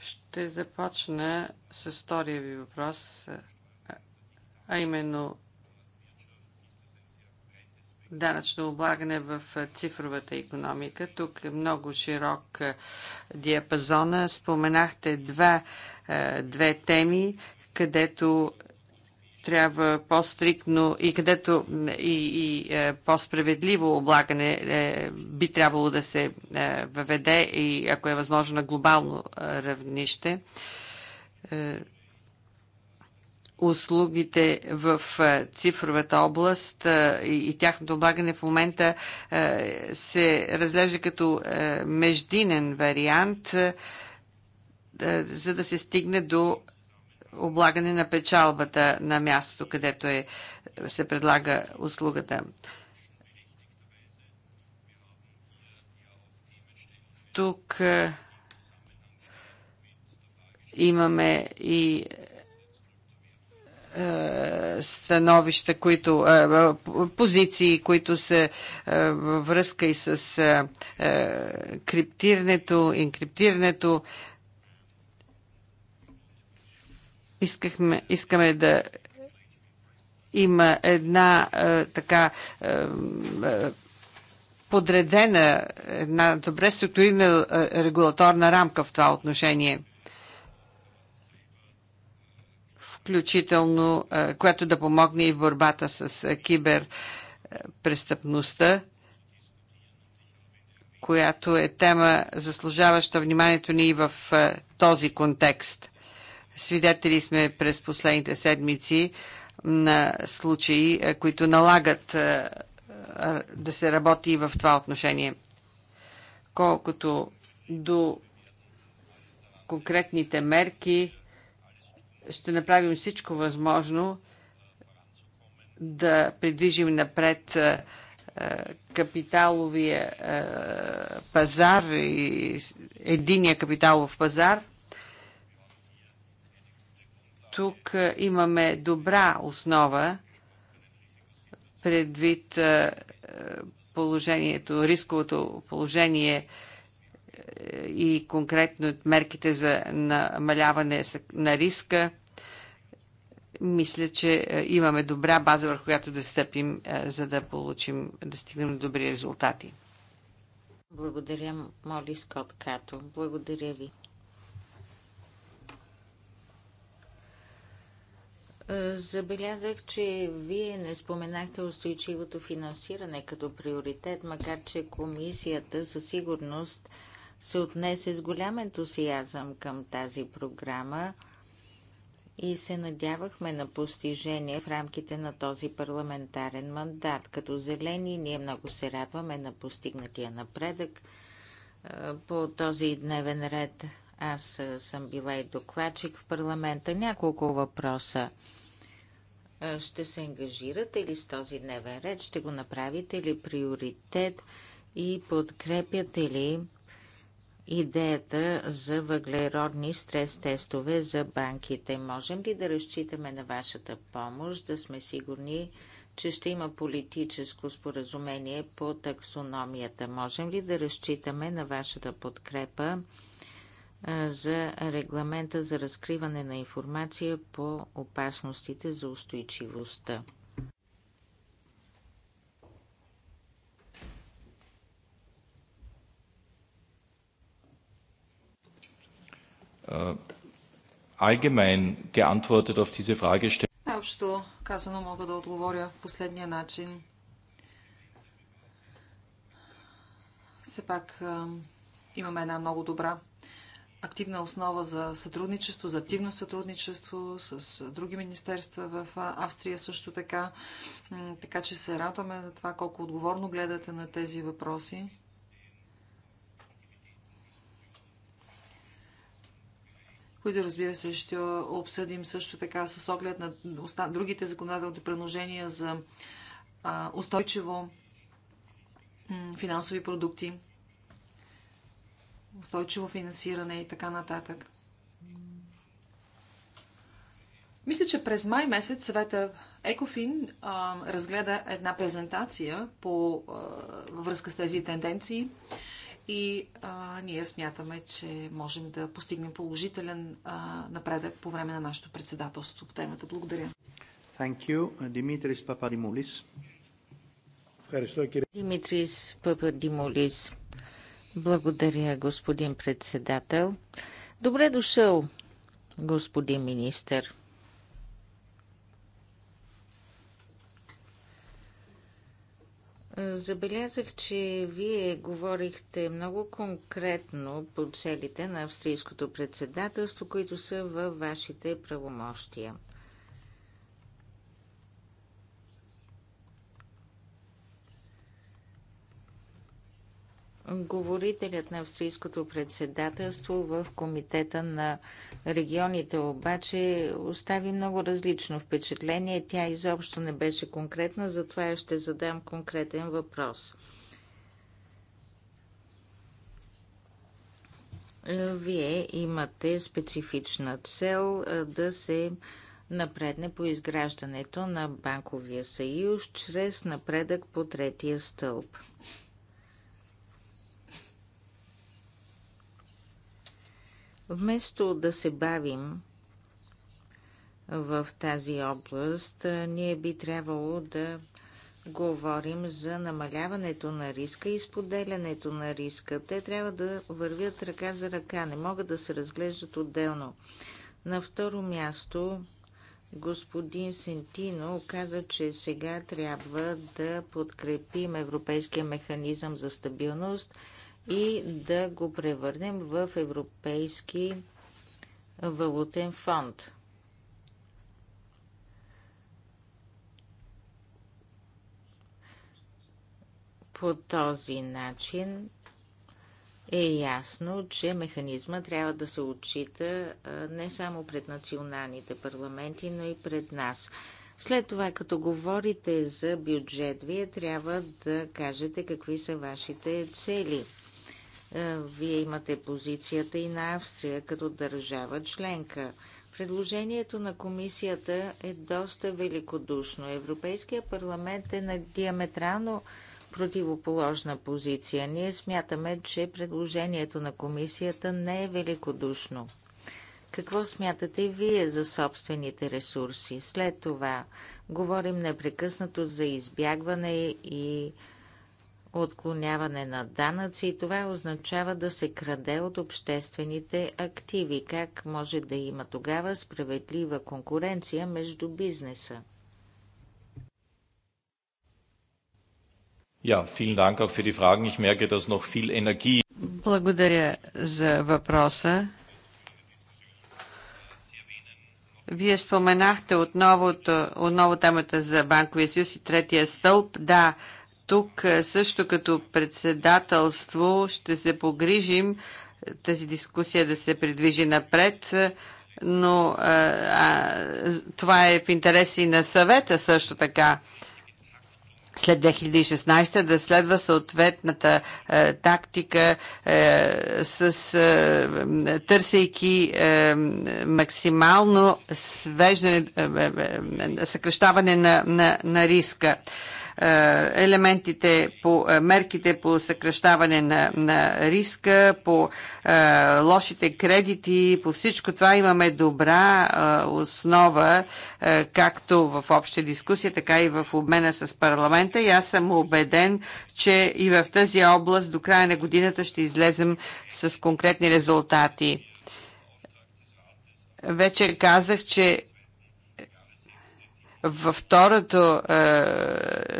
Ще започна с втория ви въпрос, а именно данъчно облагане в цифровата економика. Тук е много широк е, диапазона. Споменахте два, е, две теми, където трябва по-стрикно и където и, и е, по-справедливо облагане е, би трябвало да се е, въведе и ако е възможно на глобално равнище. Услугите в цифровата област и, и тяхното облагане в момента се разглежда като междинен вариант, за да се стигне до облагане на печалбата на мястото, където е, се предлага услугата. Тук е, имаме и е, становища, които, е, позиции, които са във връзка и с криптирането, инкриптирането. искахме, искаме да има една а, е, така а, е, е, подредена, една добре структурирана регулаторна рамка в това отношение включително, което да помогне и в борбата с киберпрестъпността, която е тема, заслужаваща вниманието ни и в този контекст. Свидетели сме през последните седмици на случаи, е, които налагат е, е, да се работи в това отношение. Колкото до конкретните мерки, ще направим всичко възможно да придвижим напред капиталовия пазар и единия капиталов пазар – тук е, имаме добра основа предвид е, е, положението, рисковото положение и конкретно мерките за намаляване на риска. Мисля, че имаме добра база, върху която да стъпим, за да получим, да стигнем до добри резултати. Благодаря, Моли Скот Като. Благодаря ви. Забелязах, че вие не споменахте устойчивото финансиране като приоритет, макар че комисията със сигурност се отнесе с голям ентусиазъм към тази програма и се надявахме на постижение в рамките на този парламентарен мандат. Като зелени ние много се радваме на постигнатия напредък по този дневен ред. Аз съм била и докладчик в парламента. Няколко въпроса. Е, ще се ангажирате ли с този дневен ред? Ще го направите ли приоритет и подкрепяте ли идеята за въглеродни стрес-тестове за банките? Можем ли да разчитаме на вашата помощ, да сме сигурни, че ще има политическо споразумение по таксономията? Можем ли да разчитаме на вашата подкрепа? за регламента за разкриване на информация по опасностите за устойчивостта. Allgemein geantwortet auf diese Fragestellung. общо казано мога да отговоря последния начин. Все пак имаме една много добра активна основа за сътрудничество, за активно сътрудничество с други министерства в Австрия също така. Така че се радваме за това колко отговорно гледате на тези въпроси. които разбира се ще обсъдим също така с оглед на другите законодателни предложения за устойчиво финансови продукти устойчиво финансиране и така нататък. Мисля, че през май месец съвета Екофин а, разгледа една презентация по, а, във връзка с тези тенденции и а, ние смятаме, че можем да постигнем положителен а, напредък по време на нашето председателство по темата. Благодаря. Thank you. Димитрис Пападимулис. Димитрис Пападимулис. Благодаря, господин председател. Добре дошъл, господин министър. Забелязах, че вие говорихте много конкретно по целите на австрийското председателство, които са във вашите правомощия. Говорителят на австрийското председателство в комитета на регионите обаче остави много различно впечатление. Тя изобщо не беше конкретна, затова ще задам конкретен въпрос. Вие имате специфична цел да се напредне по изграждането на банковия съюз чрез напредък по третия стълб. Вместо да се бавим в тази област, ние би трябвало да говорим за намаляването на риска и споделянето на риска. Те трябва да вървят ръка за ръка, не могат да се разглеждат отделно. На второ място, господин Сентино каза, че сега трябва да подкрепим Европейския механизъм за стабилност – и да го превърнем в европейски валутен фонд. По този начин е ясно, че механизма трябва да се отчита не само пред националните парламенти, но и пред нас. След това, като говорите за бюджет, вие трябва да кажете какви са вашите цели – е, вие имате позицията и на Австрия като държава членка. Предложението на комисията е доста великодушно. Европейския парламент е на диаметрално противоположна позиция. Ние смятаме, че предложението на комисията не е великодушно. Какво смятате вие за собствените ресурси? След това говорим непрекъснато за избягване и отклоняване на данъци. и Това означава да се краде от обществените активи. Как може да има тогава справедлива конкуренция между бизнеса? Ja, vielen Dank auch für die Fragen. Ich merke, dass noch viel Energie. Благодаря за въпроса. Вие споменахте отново, отново темата за банковия съюз и третия стълб. Да, тук е, също като председателство ще се погрижим е, тази дискусия да се придвижи напред, е, но а, а, това е в интереси на съвета също така след 2016 да следва съответната е, тактика е, с е, търсейки е, максимално свеждане, е, е, съкрещаване на, на, на риска. Е, е, елементите по е, мерките по съкръщаване на, на риска, по е, лошите кредити, по всичко това имаме добра е, основа, е, както в обща дискусия, така и в обмена с парламента. И аз съм убеден, че и в тази област до края на годината ще излезем с конкретни резултати. Вече казах, че във второто е,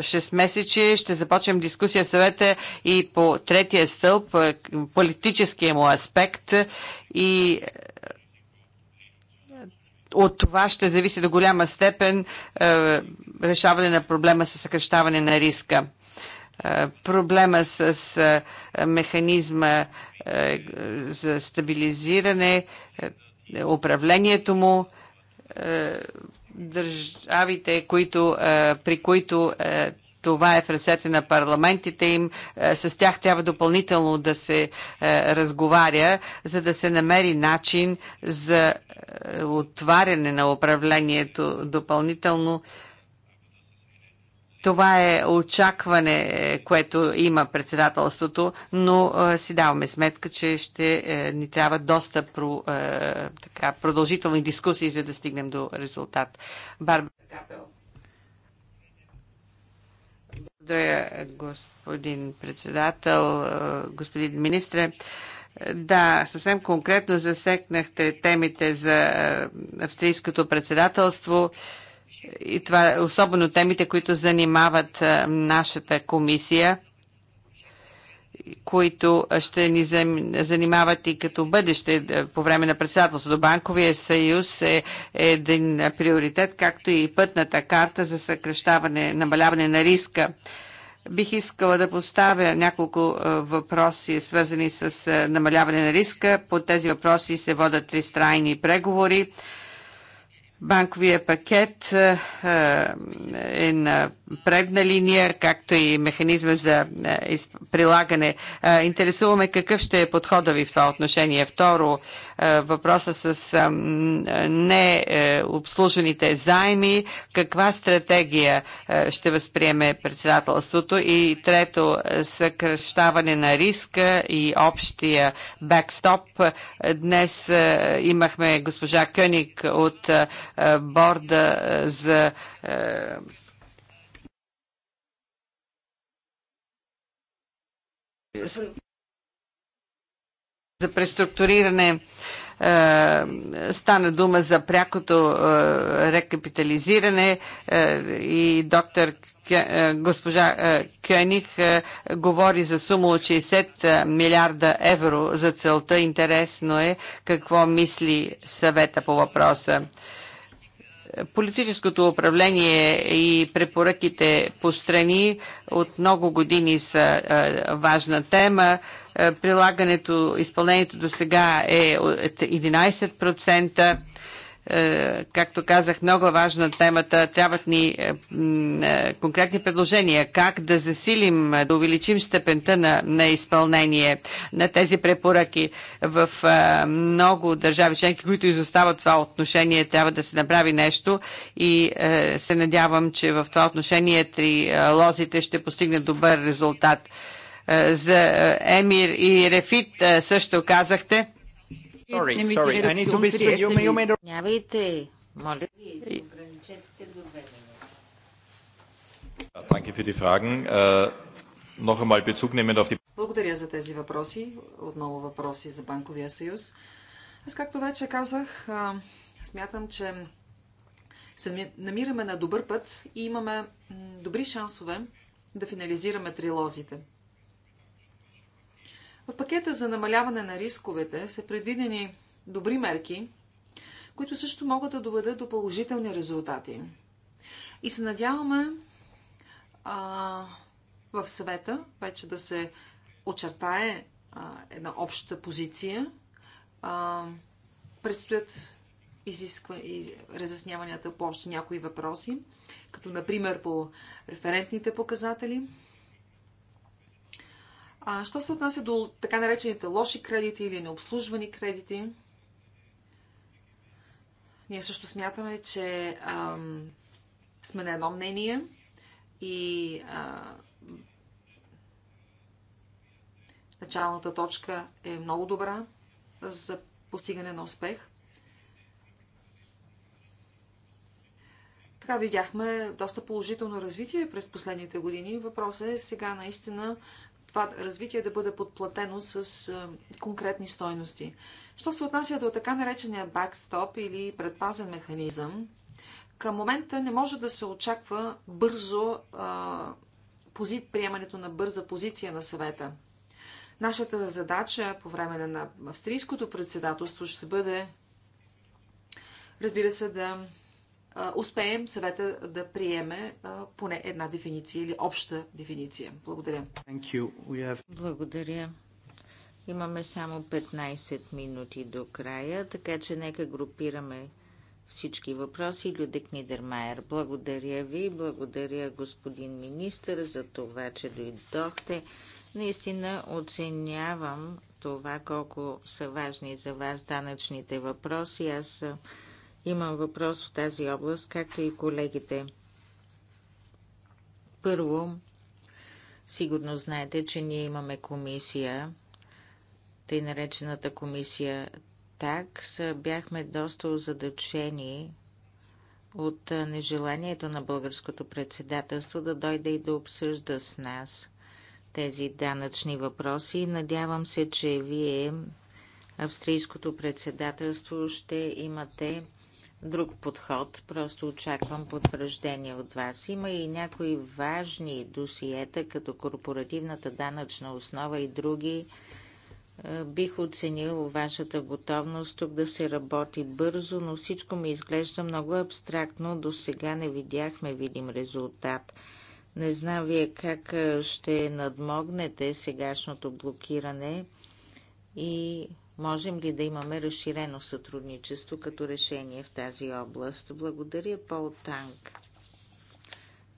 6 месече ще започнем дискусия в съвета и по третия стълб, е, политическия му аспект и е, от това ще зависи до голяма степен е, решаване на проблема с съкрещаване на риска. Е, проблема с е, механизма е, за стабилизиране, е, управлението му, е, държавите, които, е, при които е, това е в ръцете на парламентите им. Е, с тях трябва допълнително да се разговаря, за да се намери начин за отваряне на управлението допълнително това е очакване, което има председателството, но а, е, си даваме сметка, че ще а, е, ни трябва доста про, а, е, така, продължителни дискусии, за да стигнем до резултат. Барбара Капел. Благодаря, господин председател, господин министре. Да, съвсем конкретно засекнахте темите за австрийското председателство. А, и това е особено темите, които занимават нашата комисия, които ще ни занимават и като бъдеще по време на председателството. Банковия съюз е, е един приоритет, както и пътната карта за съкрещаване, намаляване на риска. Бих искала да поставя няколко въпроси, свързани с намаляване на риска. По тези въпроси се водят тристрайни преговори. Банковия пакет е на предна линия, както и механизма за е, прилагане. Е, интересуваме какъв ще е подхода ви в това отношение. Второ, е, въпроса с необслужените заеми, каква стратегия ще възприеме председателството и трето, съкръщаване на риска и общия бекстоп. Днес имахме госпожа Къник от борда за за преструктуриране е, стана дума за прякото е, рекапитализиране е, и доктор госпожа Кьоних говори за сума от 60 милиарда евро за целта. Интересно е какво мисли съвета по въпроса. Политическото управление и препоръките по страни от много години са важна тема. Прилагането, изпълнението до сега е 11%. Е, както казах, много важна темата. Трябват ни е, е, конкретни предложения как да засилим, да увеличим степента на, на изпълнение на тези препоръки. В много държави членки, които изостават това отношение, трябва да се направи нещо и се надявам, че в това отношение три лозите ще постигнат добър резултат. За Емир и Рефит също казахте Sorry, sorry, I need to be you, моля ви, ограничете се до äh, Благодаря за тези въпроси. Отново въпроси за Банковия съюз. Аз, както вече казах, смятам, че се намираме на добър път и имаме добри шансове да финализираме трилозите. В пакета за намаляване на рисковете са предвидени добри мерки, които също могат да доведат до положителни резултати. И се надяваме а, в съвета вече да се очертае а, една обща позиция. А, предстоят изисква из, разясняванията по още някои въпроси, като например по референтните показатели – а, що се отнася до така наречените лоши кредити или необслужвани кредити, ние също смятаме, че ам, сме на едно мнение и а, началната точка е много добра за постигане на успех. Така видяхме доста положително развитие през последните години. Въпросът е сега наистина това развитие да бъде подплатено с конкретни стойности. Що се отнася до така наречения бакстоп или предпазен механизъм, към момента не може да се очаква бързо а, позит, приемането на бърза позиция на съвета. Нашата задача по време на австрийското председателство ще бъде, разбира се, да успеем съвета да приеме поне една дефиниция или обща дефиниция. Благодаря. Have... Благодаря. Имаме само 15 минути до края, така че нека групираме всички въпроси. Людек Нидермайер, благодаря ви, благодаря господин министър за това, че дойдохте. Наистина оценявам това колко са важни за вас данъчните въпроси. Аз Имам въпрос в тази област, както и колегите. Първо, сигурно знаете, че ние имаме комисия, тъй наречената комисия ТАКС. Бяхме доста озадачени от нежеланието на българското председателство да дойде и да обсъжда с нас тези данъчни въпроси. Надявам се, че вие, австрийското председателство, ще имате друг подход, просто очаквам потвърждение от вас. Има и някои важни досиета, като корпоративната данъчна основа и други. Е, бих оценил вашата готовност тук да се работи бързо, но всичко ми изглежда много абстрактно. До сега не видяхме видим резултат. Не знам вие как е, ще надмогнете сегашното блокиране и Можем ли да имаме разширено сътрудничество като решение в тази област? Благодаря, Пол Танк.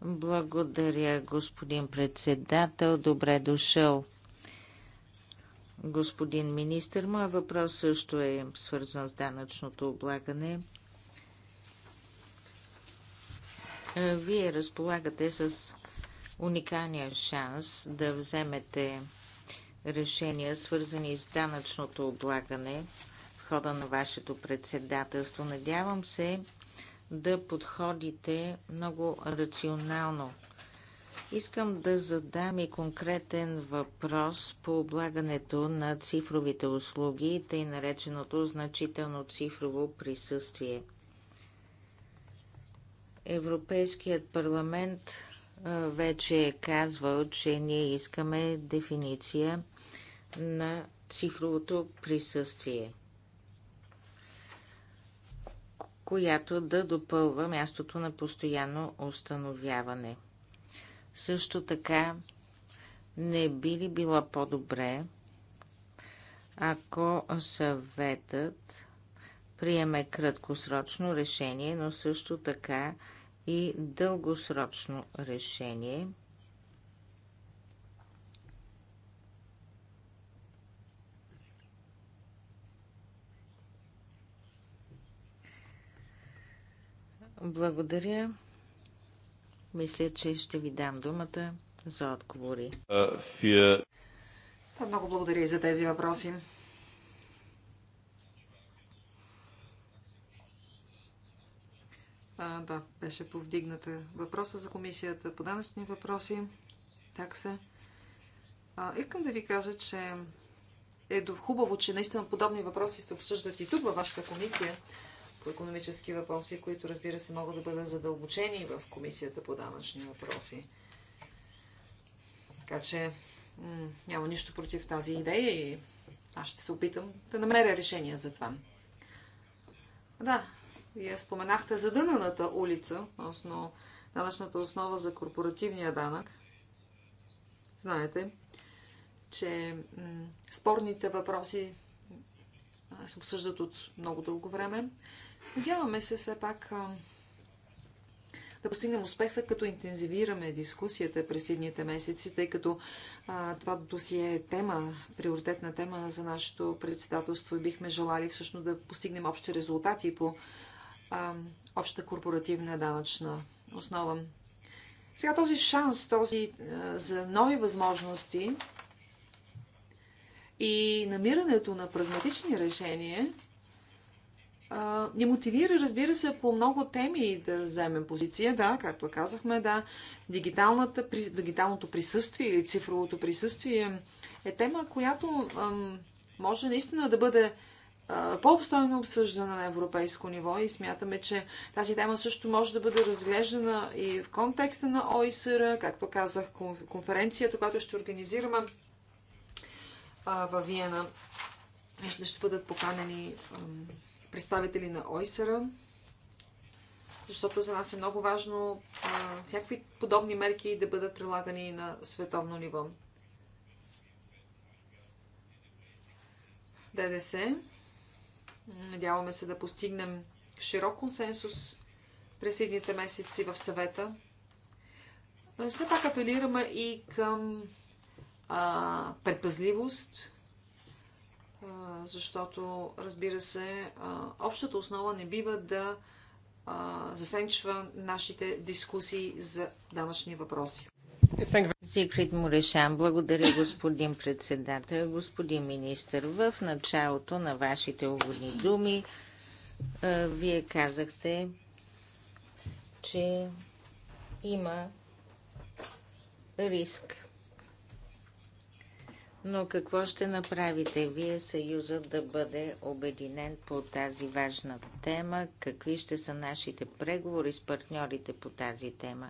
Благодаря, господин председател. Добре дошъл. Господин министр, моят въпрос също е свързан с данъчното облагане. Вие разполагате с уникалния шанс да вземете решения, свързани с данъчното облагане в хода на вашето председателство. Надявам се да подходите много рационално. Искам да задам и конкретен въпрос по облагането на цифровите услуги и тъй нареченото значително цифрово присъствие. Европейският парламент вече е казвал, че ние искаме дефиниция на цифровото присъствие, която да допълва мястото на постоянно установяване. Също така не би ли било по-добре, ако съветът приеме краткосрочно решение, но също така и дългосрочно решение – Благодаря. Мисля, че ще ви дам думата за отговори. Uh, Много благодаря и за тези въпроси. А, да, беше повдигната въпроса за комисията по данъчни въпроси, такса. А, искам да ви кажа, че е хубаво, че наистина подобни въпроси се обсъждат и тук във вашата комисия, по економически въпроси, които разбира се могат да бъдат задълбочени в Комисията по данъчни въпроси. Така че няма нищо против тази идея и аз ще се опитам да намеря решение за това. Да, вие споменахте за дънаната улица, но данъчната основа за корпоративния данък. Знаете, че спорните въпроси се обсъждат от много дълго време. Надяваме се все пак да постигнем успеха, като интензивираме дискусията през едните месеци, тъй като а, това досие е тема, приоритетна тема за нашето председателство и бихме желали всъщност да постигнем общи резултати по а, обща корпоративна данъчна основа. Сега този шанс, този а, за нови възможности и намирането на прагматични решения – ни мотивира, разбира се, по много теми да вземем позиция. Да, както казахме, да, дигиталната, дигиталното присъствие или цифровото присъствие е тема, която а, може наистина да бъде по-обстойно обсъждана на европейско ниво и смятаме, че тази тема също може да бъде разглеждана и в контекста на ОИСР, както казах, конференцията, която ще организираме във Виена. Ще, ще бъдат поканени представители на ОИСР, защото за нас е много важно а, всякакви подобни мерки да бъдат прилагани на световно ниво. ДДС. Надяваме се да постигнем широк консенсус през едните месеци в съвета. Все пак апелираме и към а, предпазливост защото, разбира се, общата основа не бива да засенчва нашите дискусии за данъчни въпроси. Зигфрид Морешан, благодаря господин председател, господин министр. В началото на вашите уводни думи вие казахте, че има риск но какво ще направите вие съюзът да бъде обединен по тази важна тема? Какви ще са нашите преговори с партньорите по тази тема?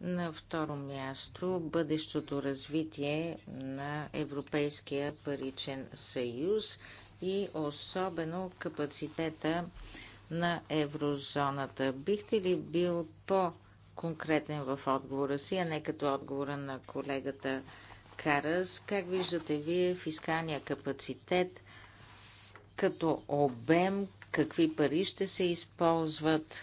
На второ място бъдещото развитие на Европейския паричен съюз и особено капацитета на еврозоната. Бихте ли бил по-конкретен в отговора си, а не като отговора на колегата Карас, как виждате вие фискалния капацитет като обем, какви пари ще се използват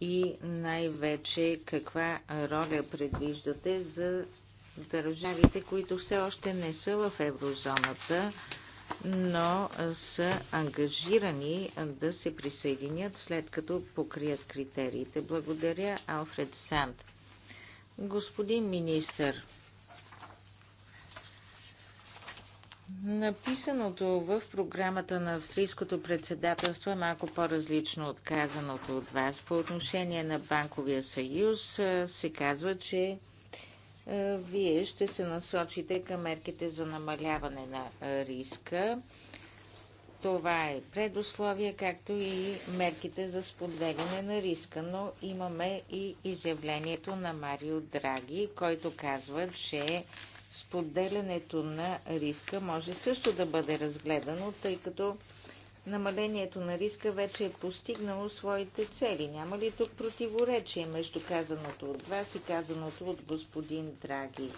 и най-вече каква роля предвиждате за държавите, които все още не са в еврозоната, но са ангажирани да се присъединят след като покрият критериите. Благодаря, Алфред Санд. Господин министър, Написаното в програмата на австрийското председателство е малко по-различно от казаното от вас. По отношение на Банковия съюз се казва, че вие ще се насочите към мерките за намаляване на риска. Това е предусловие, както и мерките за споделяне на риска, но имаме и изявлението на Марио Драги, който казва, че споделянето на риска може също да бъде разгледано, тъй като намалението на риска вече е постигнало своите цели. Няма ли тук противоречие между казаното от вас и казаното от господин Драги?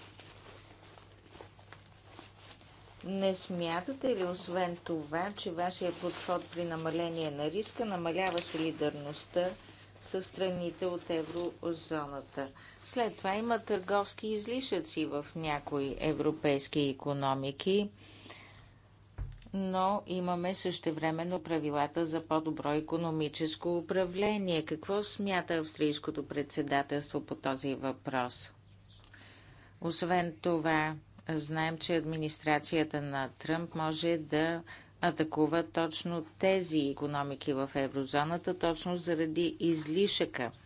Не смятате ли, освен това, че вашия подход при намаление на риска намалява солидарността с страните от еврозоната? След това има търговски излишъци в някои европейски економики, но имаме същевременно правилата за по-добро економическо управление. Какво смята австрийското председателство по този въпрос? Освен това, знаем, че администрацията на Тръмп може да атакува точно тези економики в еврозоната, точно заради излишъка –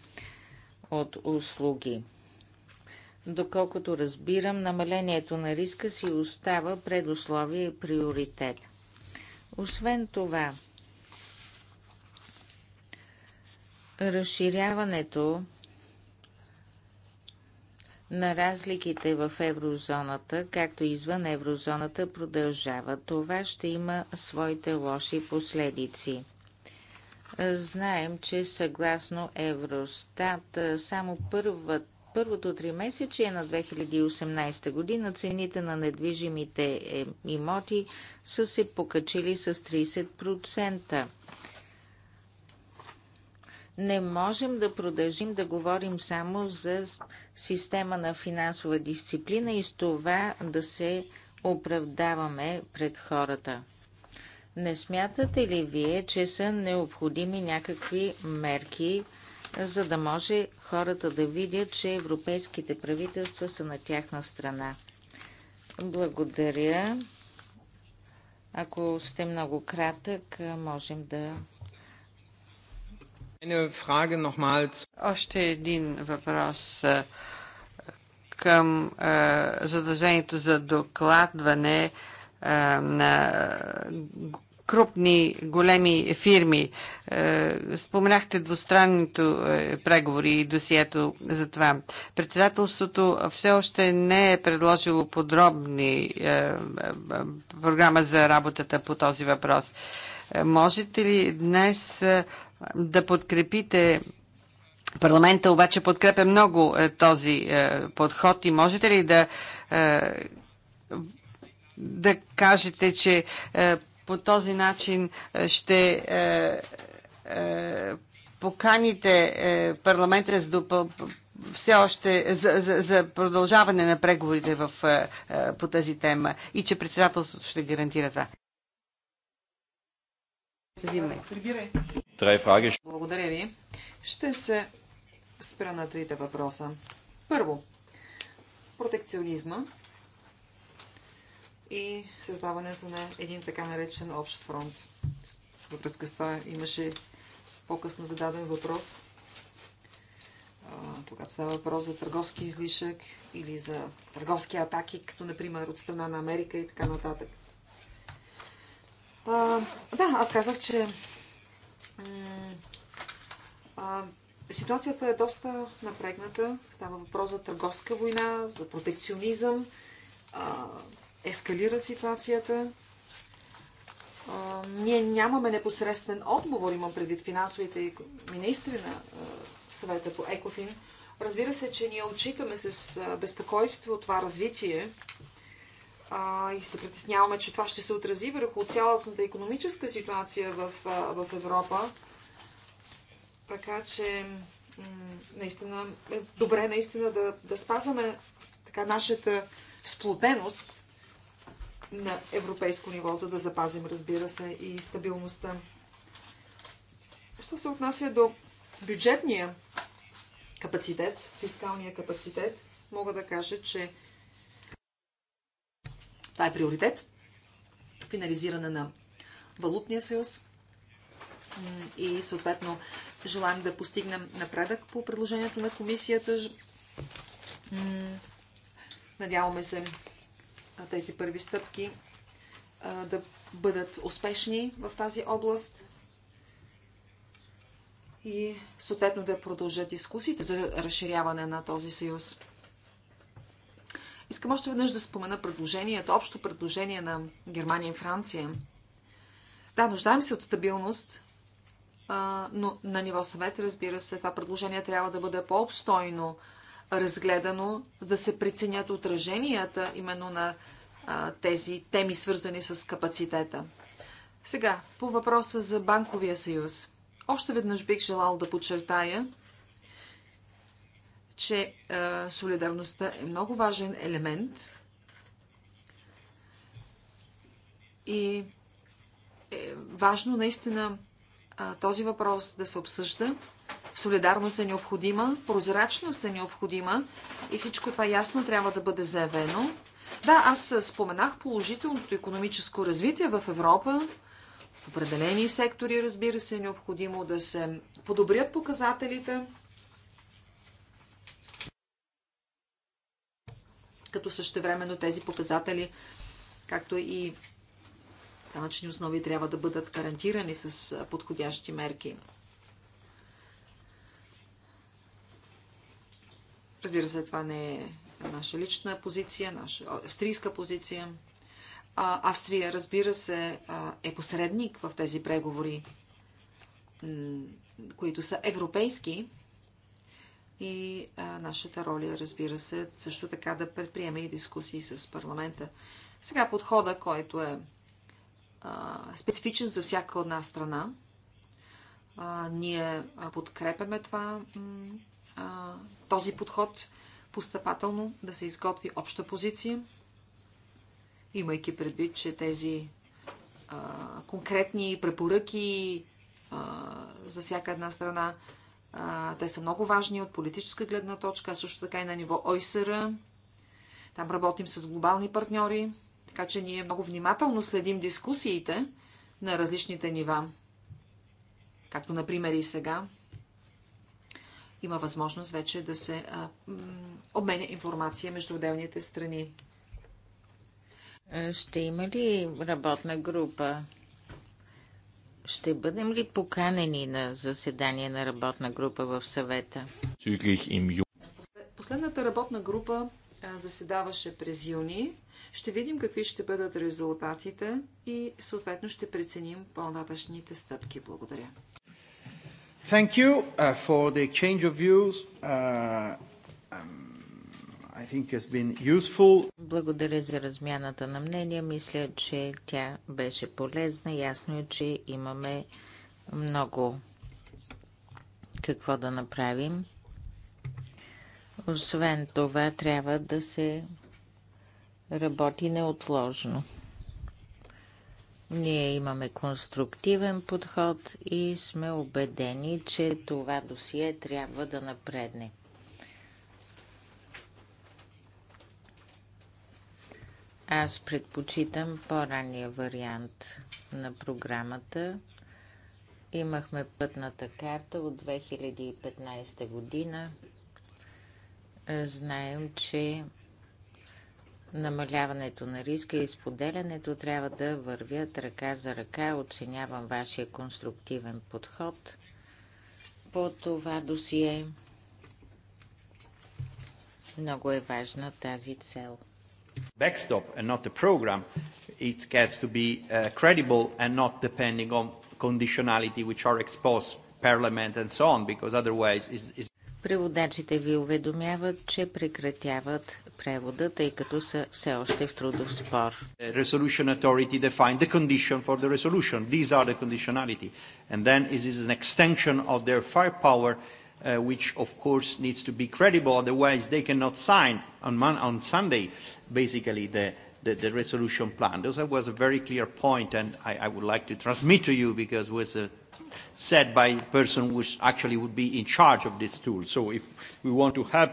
от услуги. Доколкото разбирам, намалението на риска си остава предусловие и приоритет. Освен това, разширяването на разликите в еврозоната, както и извън еврозоната, продължава. Това ще има своите лоши последици. Знаем, че съгласно Евростат, само първа, първото три месече на 2018 година цените на недвижимите е, имоти са се покачили с 30%. Не можем да продължим да говорим само за система на финансова дисциплина и с това да се оправдаваме пред хората. Не смятате ли вие, че са необходими някакви мерки, за да може хората да видят, че европейските правителства са на тяхна страна? Благодаря. Ако сте много кратък, можем да. Още един въпрос е, към е, задължението за докладване е, на крупни, големи фирми. Е, споменахте двустранните преговори и досието за това. Председателството все още не е предложило подробни е, е, програма за работата по този въпрос. Можете ли днес да подкрепите Парламента обаче подкрепя много този подход и можете ли да да кажете, че по този начин е, ще е, е, поканите е, парламента за все още за, за, за продължаване на преговорите в, е, е, по тази тема и че председателството ще гарантира това. Взимай. Благодаря ви. Ще се спра на трите въпроса. Първо, протекционизма и създаването на един така наречен общ фронт. Във връзка с това имаше по-късно зададен въпрос, когато става въпрос за търговски излишък или за търговски атаки, като например от страна на Америка и така нататък. А, да, аз казах, че а, ситуацията е доста напрегната. Става въпрос за търговска война, за протекционизъм, а, ескалира ситуацията. ние нямаме непосредствен отговор, имам предвид финансовите министри на съвета по ЕКОФИН. Разбира се, че ние отчитаме с безпокойство това развитие и се притесняваме, че това ще се отрази върху цялата економическа ситуация в, в Европа. Така че наистина е добре наистина да, да спазваме така нашата сплотеност на европейско ниво, за да запазим, разбира се, и стабилността. Що се отнася до бюджетния капацитет, фискалния капацитет, мога да кажа, че това е приоритет. Финализиране на валутния съюз и съответно желаем да постигнем напредък по предложението на комисията. Надяваме се тези първи стъпки да бъдат успешни в тази област и съответно да продължат дискусиите за разширяване на този съюз. Искам още веднъж да спомена предложението, общо предложение на Германия и Франция. Да, нуждаем се от стабилност, но на ниво съвет, разбира се, това предложение трябва да бъде по-обстойно разгледано, да се преценят отраженията именно на а, тези теми, свързани с капацитета. Сега, по въпроса за банковия съюз. Още веднъж бих желал да подчертая, че а, солидарността е много важен елемент и е важно наистина а, този въпрос да се обсъжда Солидарност е необходима, прозрачност е необходима и всичко това ясно трябва да бъде заявено. Да, аз споменах положителното економическо развитие в Европа. В определени сектори, разбира се, е необходимо да се подобрят показателите. Като същевременно тези показатели, както и данъчни основи, трябва да бъдат гарантирани с подходящи мерки. Разбира се, това не е наша лична позиция, наша австрийска позиция. А, Австрия, разбира се, е посредник в тези преговори, които са европейски. И а, нашата роля, разбира се, също така да предприеме и дискусии с парламента. Сега подхода, който е а, специфичен за всяка една страна, а, ние подкрепяме това този подход, постъпателно да се изготви обща позиция, имайки предвид, че тези а, конкретни препоръки а, за всяка една страна, а, те са много важни от политическа гледна точка, а също така и на ниво ОИСР. Там работим с глобални партньори, така че ние много внимателно следим дискусиите на различните нива, както например и сега има възможност вече да се обменя информация между отделните страни. Ще има ли работна група? Ще бъдем ли поканени на заседание на работна група в съвета? Последната работна група заседаваше през юни. Ще видим какви ще бъдат резултатите и съответно ще преценим по-нататъчните стъпки. Благодаря. Thank you uh, for the exchange of views. Uh, um, I think it's been useful. Благодаря за размяната на мнения. Мисля, че тя беше полезна. Ясно е, че имаме много какво да направим. Освен това, трябва да се работи неотложно. Ние имаме конструктивен подход и сме убедени, че това досие трябва да напредне. Аз предпочитам по-ранния вариант на програмата. Имахме пътната карта от 2015 година. Знаем, че Намаляването на риска и споделянето трябва да вървят ръка за ръка. Оценявам вашия конструктивен подход по това досие. Много е важна тази цел. Backstop and not the program, it has to be uh, credible and not depending on conditionality which are exposed parliament and so on because otherwise is... Преводачите ви уведомяват, че прекратяват превода, тъй като са все още в трудов спор. Resolution authority defined the condition for the resolution. These are the conditionality. And then it is an extension of their firepower uh, which of course needs to be credible, otherwise they cannot sign on, mon on Sunday basically the, the, the resolution plan. Those was a very clear point and I, I would like to transmit to you because it was a said by the person who actually would be in charge of this tool. So if we want to help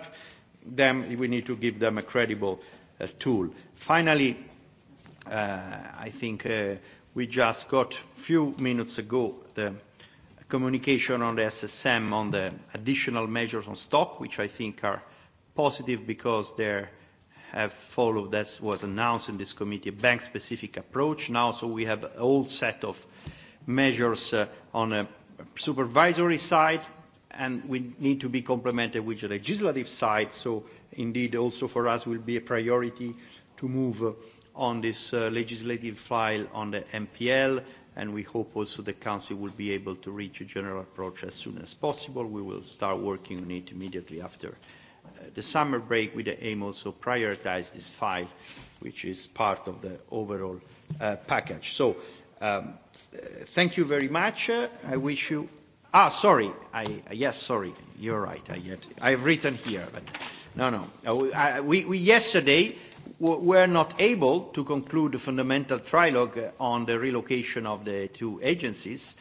them, we need to give them a credible uh, tool. Finally, uh, I think uh, we just got a few minutes ago the communication on the SSM on the additional measures on stock, which I think are positive because they have followed, that was announced in this committee, a bank-specific approach now. So we have a whole set of measures uh, on a supervisory side, and we need to be complemented with the legislative side. So indeed, also for us will be a priority to move on this uh, legislative file on the MPL, and we hope also the Council will be able to reach a general approach as soon as possible. We will start working on it immediately after uh, the summer break with the aim also prioritize this file, which is part of the overall uh, package. So um, uh thank you very much. I wish you Ah, sorry. I, yes, sorry. You're right. I yet, I've written here, but no, no. I, we, we yesterday were not able to conclude the fundamental trilogue on the relocation of the two agencies,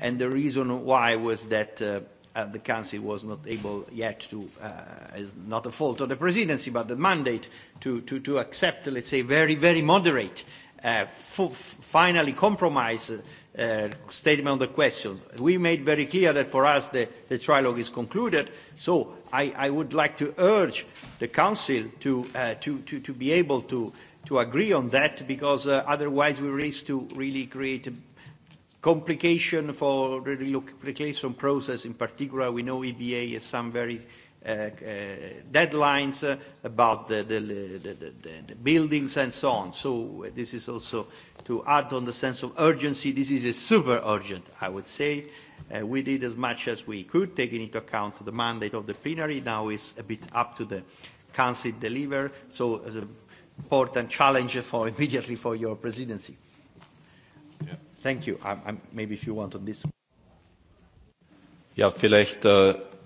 and the reason why was that uh, uh, the council was not able yet to, uh, is not a fault of the presidency, but the mandate to, to, to accept, let's say, very, very moderate, uh, f- finally compromise uh uh, statement on the question. We made very clear that for us the, the trilogue is concluded, so I, I would like to urge the Council to, uh, to, to, to be able to, to agree on that because uh, otherwise we risk to really create a complication for the relocation process. In particular, we know EBA has some very uh, deadlines uh, about the, the, the, the, the buildings and so on. So this is also to add on the sense of urgency, this is a super urgent, I would say. Uh, we did as much as we could, taking into account the mandate of the plenary. Now it's a bit up to the Council deliver, so it's an important challenge for immediately for your presidency. Yeah. Thank you. I'm, I'm, maybe if you want on this. Ja, vielleicht uh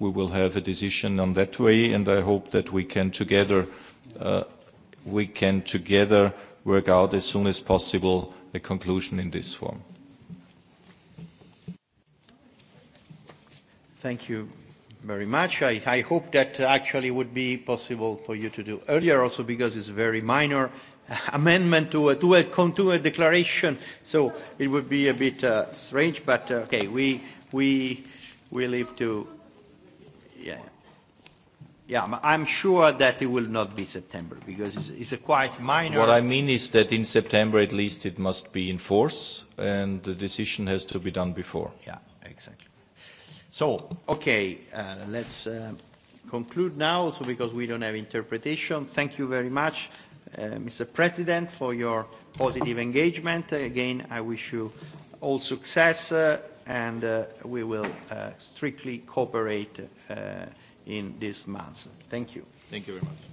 we will have a decision on that way, and I hope that we can together uh, we can together work out as soon as possible a conclusion in this form. Thank you very much. I, I hope that actually would be possible for you to do earlier also because it's very minor amendment to a, to a, to a declaration. So it would be a bit uh, strange, but uh, okay, we, we, we leave to yeah. Yeah, I'm sure that it will not be September because it's, it's a quite minor. What I mean is that in September, at least, it must be in force, and the decision has to be done before. Yeah, exactly. So, okay, uh, let's uh, conclude now, so because we don't have interpretation. Thank you very much, uh, Mr. President, for your positive engagement. Again, I wish you all success. Uh, and uh we will uh strictly cooperate uh in these months. Thank you. Thank you very much.